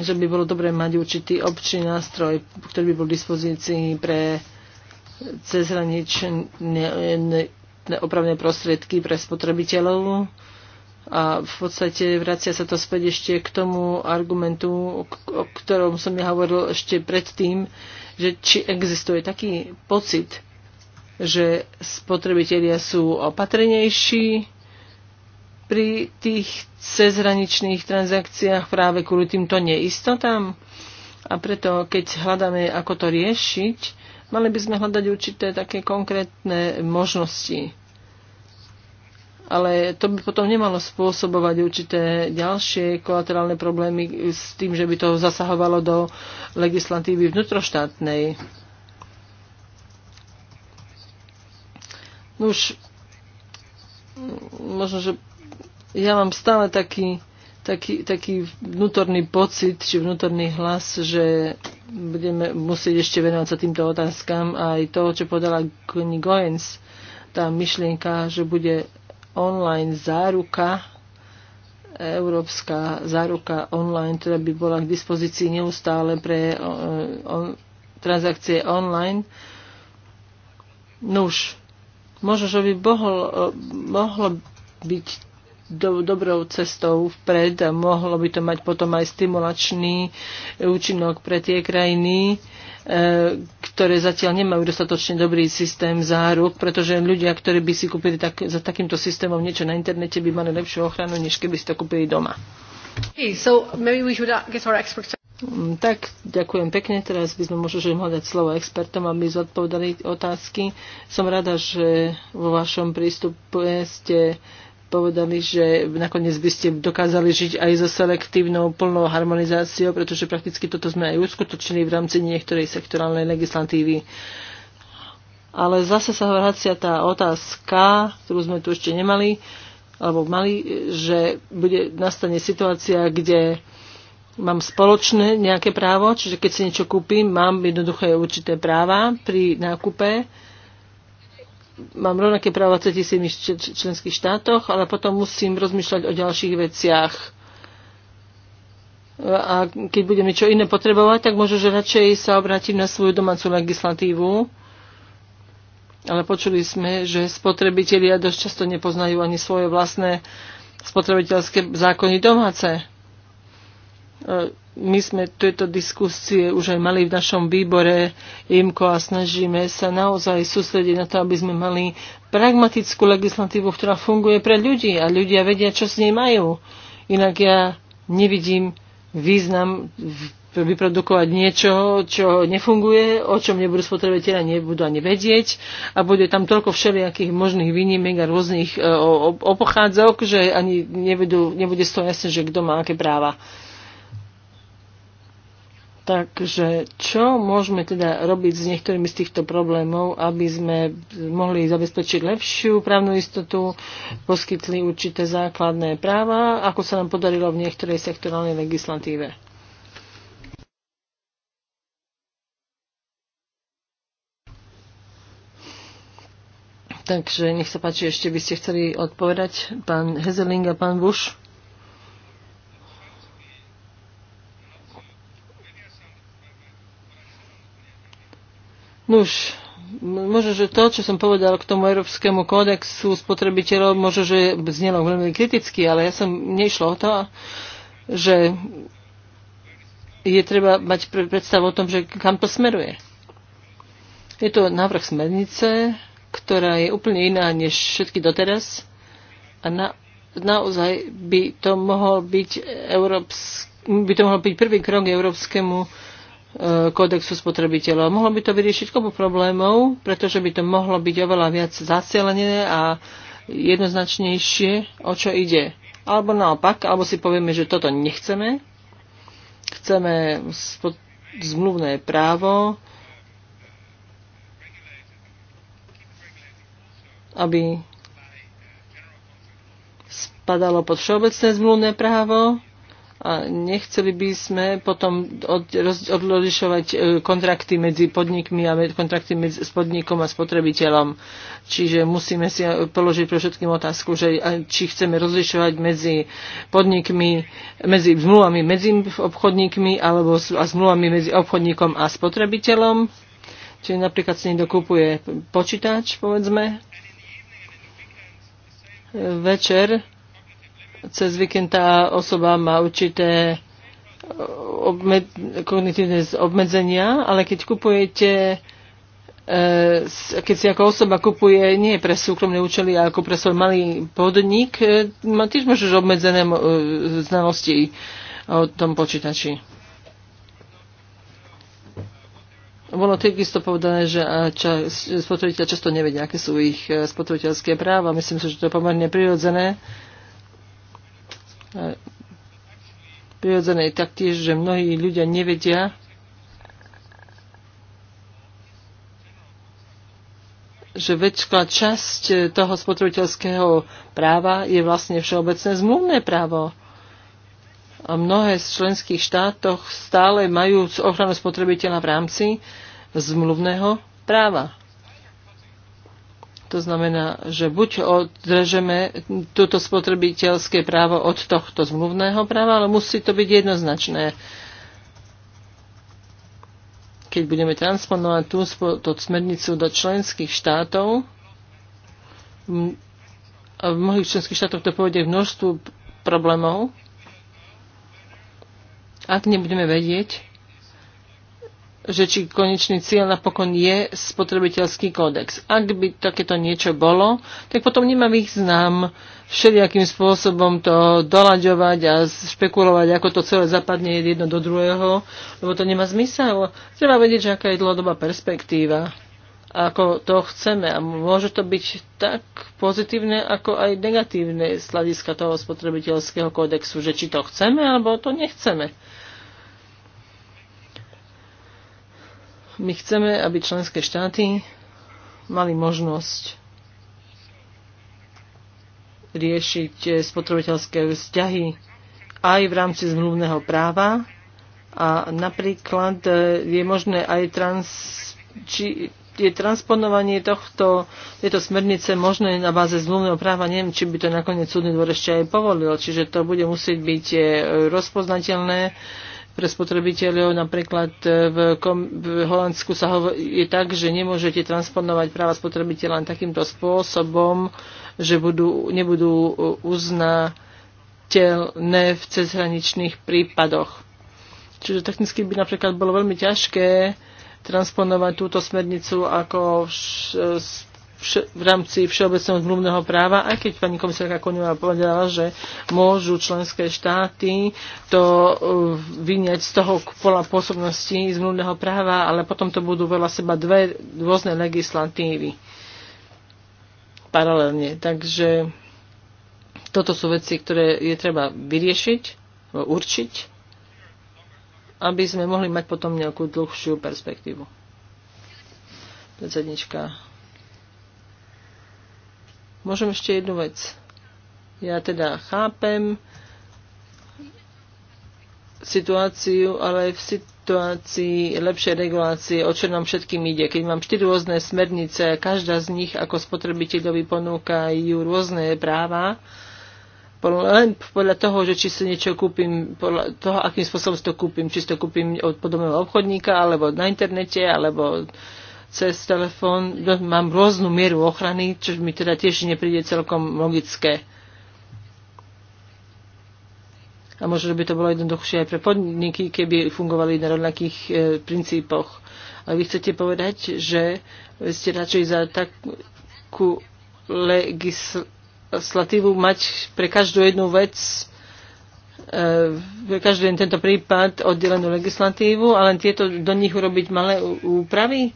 že by bolo dobre mať určitý občný nástroj, ktorý by bol v dispozícii pre cezhraničné opravné prostriedky pre spotrebiteľov. A v podstate vracia sa to späť ešte k tomu argumentu, o ktorom som ja hovoril ešte predtým, že či existuje taký pocit, že spotrebitelia sú opatrenejší, pri tých cezhraničných transakciách práve kvôli týmto neistotám. A preto, keď hľadáme, ako to riešiť, mali by sme hľadať určité také konkrétne možnosti. Ale to by potom nemalo spôsobovať určité ďalšie kolaterálne problémy s tým, že by to zasahovalo do legislatívy vnútroštátnej. Už mm, možno, že ja mám stále taký, taký, taký vnútorný pocit, či vnútorný hlas, že budeme musieť ešte venovať sa týmto otázkam a aj to, čo podala Connie Goens, tá myšlienka, že bude online záruka, európska záruka online, ktorá teda by bola k dispozícii neustále pre eh, o, transakcie online. Nuž, no možno, že by bohol, eh, mohlo byť do, dobrou cestou vpred a mohlo by to mať potom aj stimulačný e, účinok pre tie krajiny, e, ktoré zatiaľ nemajú dostatočne dobrý systém záruk, pretože ľudia, ktorí by si kúpili tak, za takýmto systémom niečo na internete, by mali lepšiu ochranu, než keby si to kúpili doma. Okay, so maybe we should uh, get our experts. Mm, tak, ďakujem pekne. Teraz by sme možno hľadať slovo expertom, aby zodpovedali otázky. Som rada, že vo vašom prístupe ste povedali, že nakoniec by ste dokázali žiť aj so selektívnou plnou harmonizáciou, pretože prakticky toto sme aj uskutočnili v rámci niektorej sektorálnej legislatívy. Ale zase sa vracia tá otázka, ktorú sme tu ešte nemali, alebo mali, že bude, nastane situácia, kde mám spoločné nejaké právo, čiže keď si niečo kúpim, mám jednoduché určité práva pri nákupe, mám rovnaké práva v 37 členských štátoch, ale potom musím rozmýšľať o ďalších veciach. A keď budem niečo iné potrebovať, tak možno, že radšej sa obrátim na svoju domácu legislatívu. Ale počuli sme, že spotrebitelia dosť často nepoznajú ani svoje vlastné spotrebiteľské zákony domáce e, my sme tieto diskusie už aj mali v našom výbore IMKO a snažíme sa naozaj sústrediť na to, aby sme mali pragmatickú legislatívu, ktorá funguje pre ľudí a ľudia vedia, čo s nej majú. Inak ja nevidím význam vyprodukovať niečo, čo nefunguje, o čom nebudú spotrebiteľa nebudú ani vedieť a bude tam toľko všelijakých možných výnimiek a rôznych e, opochádzok, že ani nebudú, nebude z toho jasne, že kto má aké práva. Takže čo môžeme teda robiť s niektorými z týchto problémov, aby sme mohli zabezpečiť lepšiu právnu istotu, poskytli určité základné práva, ako sa nám podarilo v niektorej sektorálnej legislatíve? Takže nech sa páči, ešte by ste chceli odpovedať, pán Hezeling a pán Bush. Nuž, možno, že to, čo som povedal k tomu Európskemu kódexu spotrebiteľov, možno, že znelo veľmi kriticky, ale ja som nešlo o to, že je treba mať predstavu o tom, že kam to smeruje. Je to návrh smernice, ktorá je úplne iná než všetky doteraz a na, naozaj by to mohol byť európsk, by to mohol byť prvý krok európskemu kódexu spotrebiteľov. Mohlo by to vyriešiť kopu problémov, pretože by to mohlo byť oveľa viac zacielené a jednoznačnejšie, o čo ide. Alebo naopak, alebo si povieme, že toto nechceme, chceme zmluvné právo, aby spadalo pod všeobecné zmluvné právo, a nechceli by sme potom odlišovať e, kontrakty medzi podnikmi a kontrakty medzi, s podnikom a spotrebiteľom. Čiže musíme si e, položiť pre všetkým otázku, že, e, či chceme rozlišovať medzi podnikmi, medzi zmluvami medzi obchodníkmi alebo a zmluvami medzi obchodníkom a spotrebiteľom. Čiže napríklad si niekto počítač, povedzme, večer cez víkend tá osoba má určité eh, obmed, kognitívne obmedzenia, ale keď kupujete eh, keď si ako osoba kupuje nie pre súkromné účely, ako pre svoj malý podnik, eh, tiež môžeš obmedzené znalosti o tom počítači. Bolo takisto povedané, že ča, spotrebiteľ často nevedia, aké sú ich spotrebiteľské práva. Myslím si, že to je pomerne prirodzené. Uh, prirodzené taktiež, že mnohí ľudia nevedia, že väčšia časť toho spotrebiteľského práva je vlastne všeobecné zmluvné právo. A mnohé z členských štátoch stále majú ochranu spotrebiteľa v rámci zmluvného práva. To znamená, že buď odrežeme túto spotrebiteľské právo od tohto zmluvného práva, ale musí to byť jednoznačné. Keď budeme transponovať tú, smernicu do členských štátov, a v mnohých členských štátoch to povede k množstvu problémov, ak nebudeme vedieť, že či konečný cieľ napokon je spotrebiteľský kódex. Ak by takéto niečo bolo, tak potom nemá význam všelijakým spôsobom to dolaďovať a špekulovať, ako to celé zapadne jedno do druhého, lebo to nemá zmysel. Treba vedieť, že aká je dlhodobá perspektíva ako to chceme. A môže to byť tak pozitívne, ako aj negatívne z hľadiska toho spotrebiteľského kódexu, že či to chceme, alebo to nechceme. My chceme, aby členské štáty mali možnosť riešiť eh, spotrebiteľské vzťahy aj v rámci zmluvného práva a napríklad eh, je možné aj trans, či, je transponovanie tohto, tejto smernice možné na báze zmluvného práva. Neviem, či by to nakoniec súdny dvor ešte aj povolil. Čiže to bude musieť byť eh, rozpoznateľné pre spotrebiteľov. Napríklad e, v, kom, v Holandsku sa hovo, je tak, že nemôžete transponovať práva spotrebiteľa len takýmto spôsobom, že budú, nebudú e, uznateľné v cezhraničných prípadoch. Čiže technicky by napríklad bolo veľmi ťažké transponovať túto smernicu ako e, v rámci všeobecného zmluvného práva, aj keď pani komisárka Koňová povedala, že môžu členské štáty to e, vyňať z toho pola pôsobnosti zmluvného práva, ale potom to budú veľa seba dve rôzne legislatívy paralelne. Takže toto sú veci, ktoré je treba vyriešiť, určiť, aby sme mohli mať potom nejakú dlhšiu perspektívu. Predsednička Môžem ešte jednu vec. Ja teda chápem situáciu, ale v situácii lepšej regulácie, o čo nám všetkým ide. Keď mám štyri rôzne smernice, každá z nich ako spotrebiteľovi ju rôzne práva, len podľa toho, že či si niečo kúpim, podľa toho, akým spôsobom si to kúpim, či si to kúpim od podobného obchodníka, alebo na internete, alebo cez telefón mám rôznu mieru ochrany, čo mi teda tiež nepríde celkom logické. A možno by to bolo jednoduchšie aj pre podniky, keby fungovali na rovnakých e, princípoch. Ale vy chcete povedať, že ste radšej za takú legislatívu mať pre každú jednu vec e, pre každý tento prípad oddelenú legislatívu a len tieto do nich urobiť malé úpravy?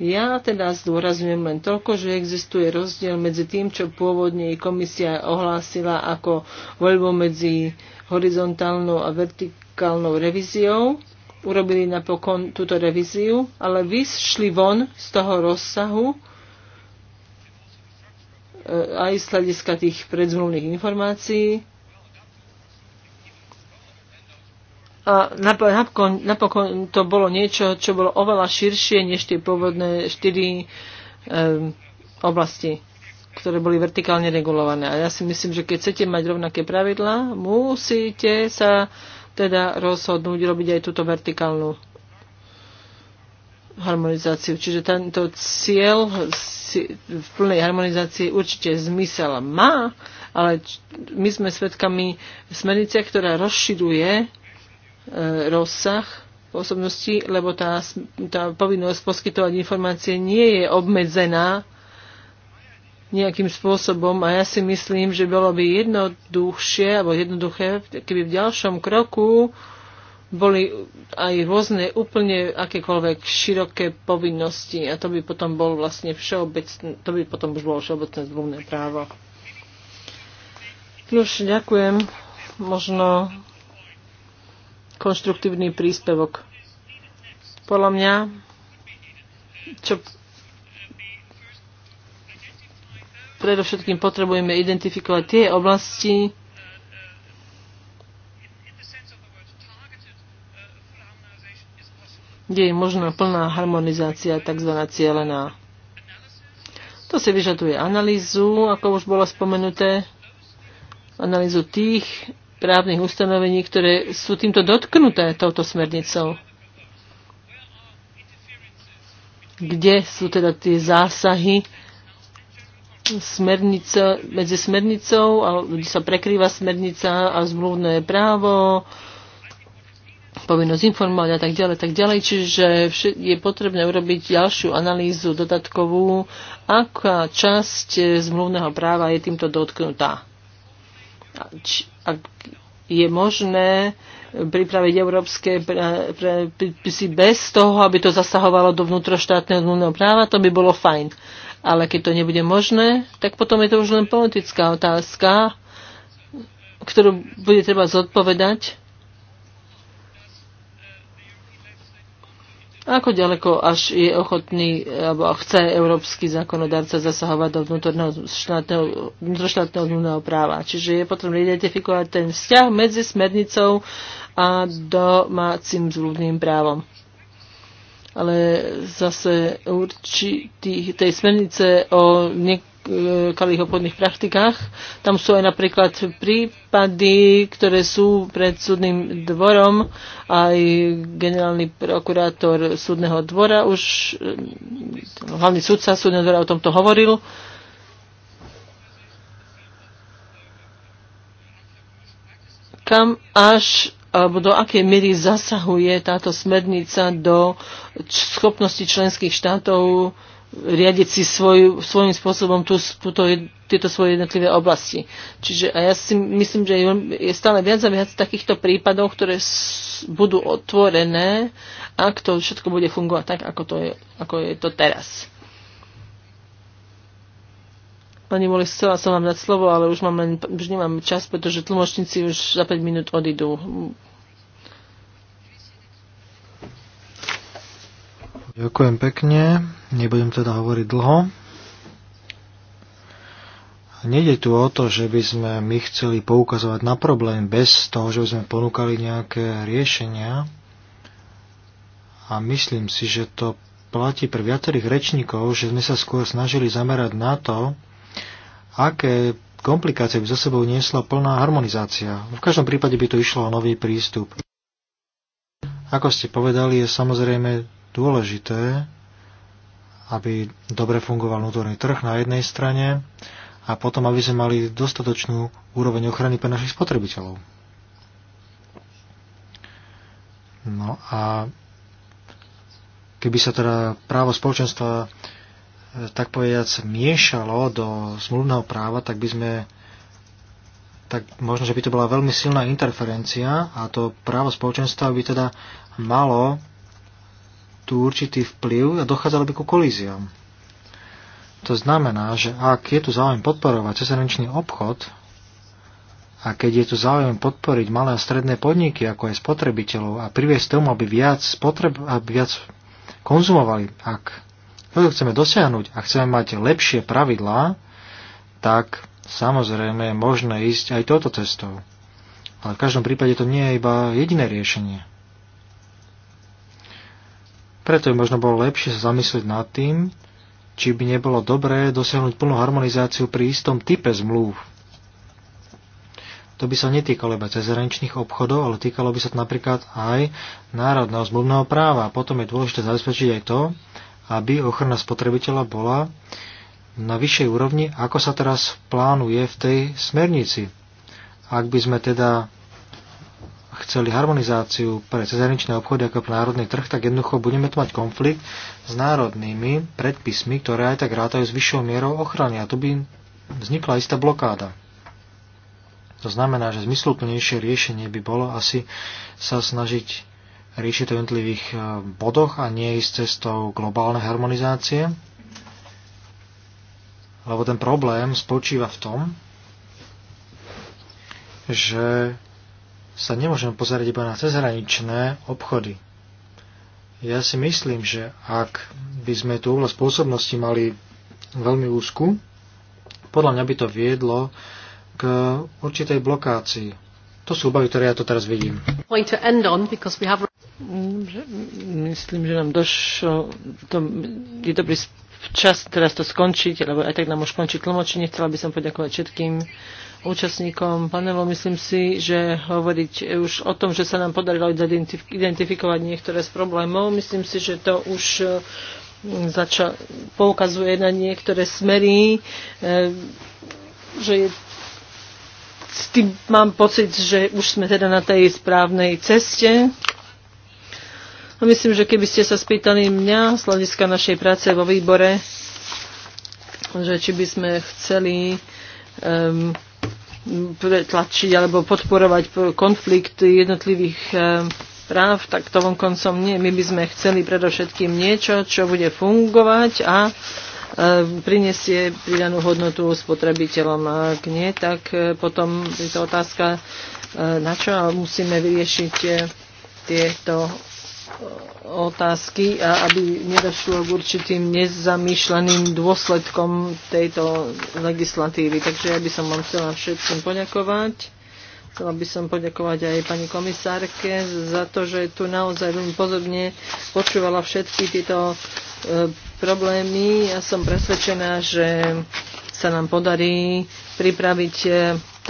Ja teda zdôrazňujem len toľko, že existuje rozdiel medzi tým, čo pôvodne komisia ohlásila ako voľbu medzi horizontálnou a vertikálnou revíziou. Urobili napokon túto revíziu, ale vyšli von z toho rozsahu e, aj z hľadiska tých predzmluvných informácií A napokon, napokon to bolo niečo, čo bolo oveľa širšie než tie pôvodné štyri um, oblasti ktoré boli vertikálne regulované. A ja si myslím, že keď chcete mať rovnaké pravidlá, musíte sa teda rozhodnúť robiť aj túto vertikálnu harmonizáciu. Čiže tento cieľ v plnej harmonizácii určite zmysel má, ale my sme svedkami smernice, ktorá rozširuje E, rozsah pôsobnosti, lebo tá, tá povinnosť poskytovať informácie nie je obmedzená nejakým spôsobom a ja si myslím, že bolo by jednoduchšie alebo jednoduché, keby v ďalšom kroku boli aj rôzne úplne akékoľvek široké povinnosti a to by potom bol vlastne všeobecné, to by potom už bolo všeobecné zmluvné právo. Už ďakujem. Možno konštruktívny príspevok. Podľa mňa, čo predovšetkým potrebujeme identifikovať tie oblasti, kde je možná plná harmonizácia, takzvaná cieľená. To si vyžaduje analýzu, ako už bolo spomenuté, analýzu tých právnych ustanovení, ktoré sú týmto dotknuté touto smernicou. Kde sú teda tie zásahy smernica, medzi smernicou, kde sa prekrýva smernica a zmluvné právo, povinnosť informovať a tak ďalej, tak ďalej. Čiže je potrebné urobiť ďalšiu analýzu dodatkovú, aká časť eh, zmluvného práva je týmto dotknutá ak je možné pripraviť európske predpisy bez toho, aby to zasahovalo do vnútroštátneho zmluvného práva, to by bolo fajn. Ale keď to nebude možné, tak potom je to už len politická otázka, ktorú bude treba zodpovedať Ako ďaleko až je ochotný alebo chce európsky zákonodárca zasahovať do vnútorného štátneho, vnútroštátneho vnútorného práva. Čiže je potrebné identifikovať ten vzťah medzi smernicou a domácim zľudným právom ale zase určitý tej smernice o niek- kalých obchodných praktikách. Tam sú aj napríklad prípady, ktoré sú pred súdnym dvorom. Aj generálny prokurátor súdneho dvora už, mm, hlavný súdca súdneho dvora o tomto hovoril. Kam až alebo do akej miery zasahuje táto smernica do schopnosti členských štátov riadiť si svoj, svojím spôsobom tú, túto, tieto svoje jednotlivé oblasti. Čiže a ja si myslím, že je stále viac a viac takýchto prípadov, ktoré s, budú otvorené, ak to všetko bude fungovať tak, ako, to je, ako je to teraz. Pani Moli, chcela som vám dať slovo, ale už, mám len, už nemám čas, pretože tlmočníci už za 5 minút odídu. Ďakujem pekne. Nebudem teda hovoriť dlho. Nede tu o to, že by sme my chceli poukazovať na problém bez toho, že by sme ponúkali nejaké riešenia. A myslím si, že to platí pre viacerých rečníkov, že sme sa skôr snažili zamerať na to, aké komplikácie by za sebou niesla plná harmonizácia. V každom prípade by to išlo o nový prístup. Ako ste povedali, je samozrejme dôležité, aby dobre fungoval vnútorný trh na jednej strane a potom, aby sme mali dostatočnú úroveň ochrany pre našich spotrebiteľov. No a keby sa teda právo spoločenstva e, tak povediac miešalo do zmluvného práva, tak by sme tak možno, že by to bola veľmi silná interferencia a to právo spoločenstva by teda malo tu určitý vplyv a dochádzalo by ku kolíziám. To znamená, že ak je tu záujem podporovať cezhraničný obchod a keď je tu záujem podporiť malé a stredné podniky, ako aj spotrebiteľov a priviesť tomu, aby viac, spotreb, aby viac konzumovali, ak to chceme dosiahnuť a chceme mať lepšie pravidlá, tak samozrejme je možné ísť aj touto cestou. Ale v každom prípade to nie je iba jediné riešenie. Preto by možno bolo lepšie sa zamyslieť nad tým, či by nebolo dobré dosiahnuť plnú harmonizáciu pri istom type zmluv. To by sa netýkalo iba cezhraničných obchodov, ale týkalo by sa to napríklad aj národného zmluvného práva. A potom je dôležité zabezpečiť aj to, aby ochrana spotrebiteľa bola na vyššej úrovni, ako sa teraz plánuje v tej smernici. Ak by sme teda chceli harmonizáciu pre cezhraničné obchody ako pre národný trh, tak jednoducho budeme tu mať konflikt s národnými predpismi, ktoré aj tak rátajú s vyššou mierou ochrany a tu by vznikla istá blokáda. To znamená, že zmysluplnejšie riešenie by bolo asi sa snažiť riešiť to v jednotlivých e, bodoch a nie ísť cestou globálnej harmonizácie, lebo ten problém spočíva v tom, že sa nemôžeme pozerať iba na cezhraničné obchody. Ja si myslím, že ak by sme tú oblasť pôsobnosti mali veľmi úzku, podľa mňa by to viedlo k určitej blokácii. To sú obavy, ktoré ja to teraz vidím. Myslím, že nám došlo, to je dobrý čas teraz to skončiť, lebo aj tak nám už končí tlmočenie. Chcela by som poďakovať všetkým účastníkom panelu. Myslím si, že hovoriť už o tom, že sa nám podarilo identifikovať niektoré z problémov, myslím si, že to už e, zača- poukazuje na niektoré smery, e, že je s tým mám pocit, že už sme teda na tej správnej ceste. A myslím, že keby ste sa spýtali mňa z hľadiska našej práce vo výbore, že či by sme chceli um, pretlačiť alebo podporovať konflikty jednotlivých eh, práv, tak to koncom nie. My by sme chceli predovšetkým niečo, čo bude fungovať a eh, prinesie pridanú hodnotu spotrebiteľom. A ak nie, tak eh, potom je to otázka, na čo musíme vyriešiť tieto otázky a aby nedošlo k určitým nezamýšľaným dôsledkom tejto legislatívy. Takže ja by som vám chcela všetkým poďakovať. Chcela by som poďakovať aj pani komisárke za to, že tu naozaj veľmi pozorne počúvala všetky tieto e, problémy. Ja som presvedčená, že sa nám podarí pripraviť e,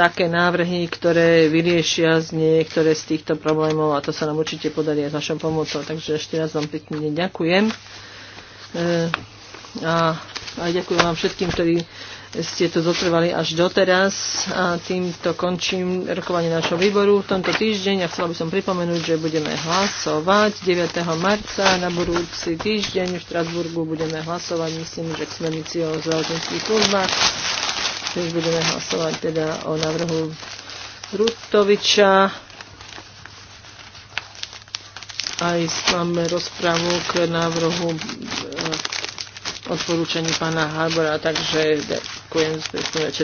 také návrhy, ktoré vyriešia z niektoré z týchto problémov a to sa nám určite podarí aj s vašou pomocou. Takže ešte raz vám pekne ďakujem. E, a, a ďakujem vám všetkým, ktorí ste tu zotrvali až doteraz. A týmto končím rokovanie našho výboru v tomto týždeň a chcela by som pripomenúť, že budeme hlasovať 9. marca na budúci týždeň v Štrasburgu budeme hlasovať, myslím, že k smernici o zdravotníckých službách dnes budeme hlasovať teda o návrhu Rutoviča. Aj máme rozpravu k návrhu e, odporúčaní pána Harbora, takže ďakujem,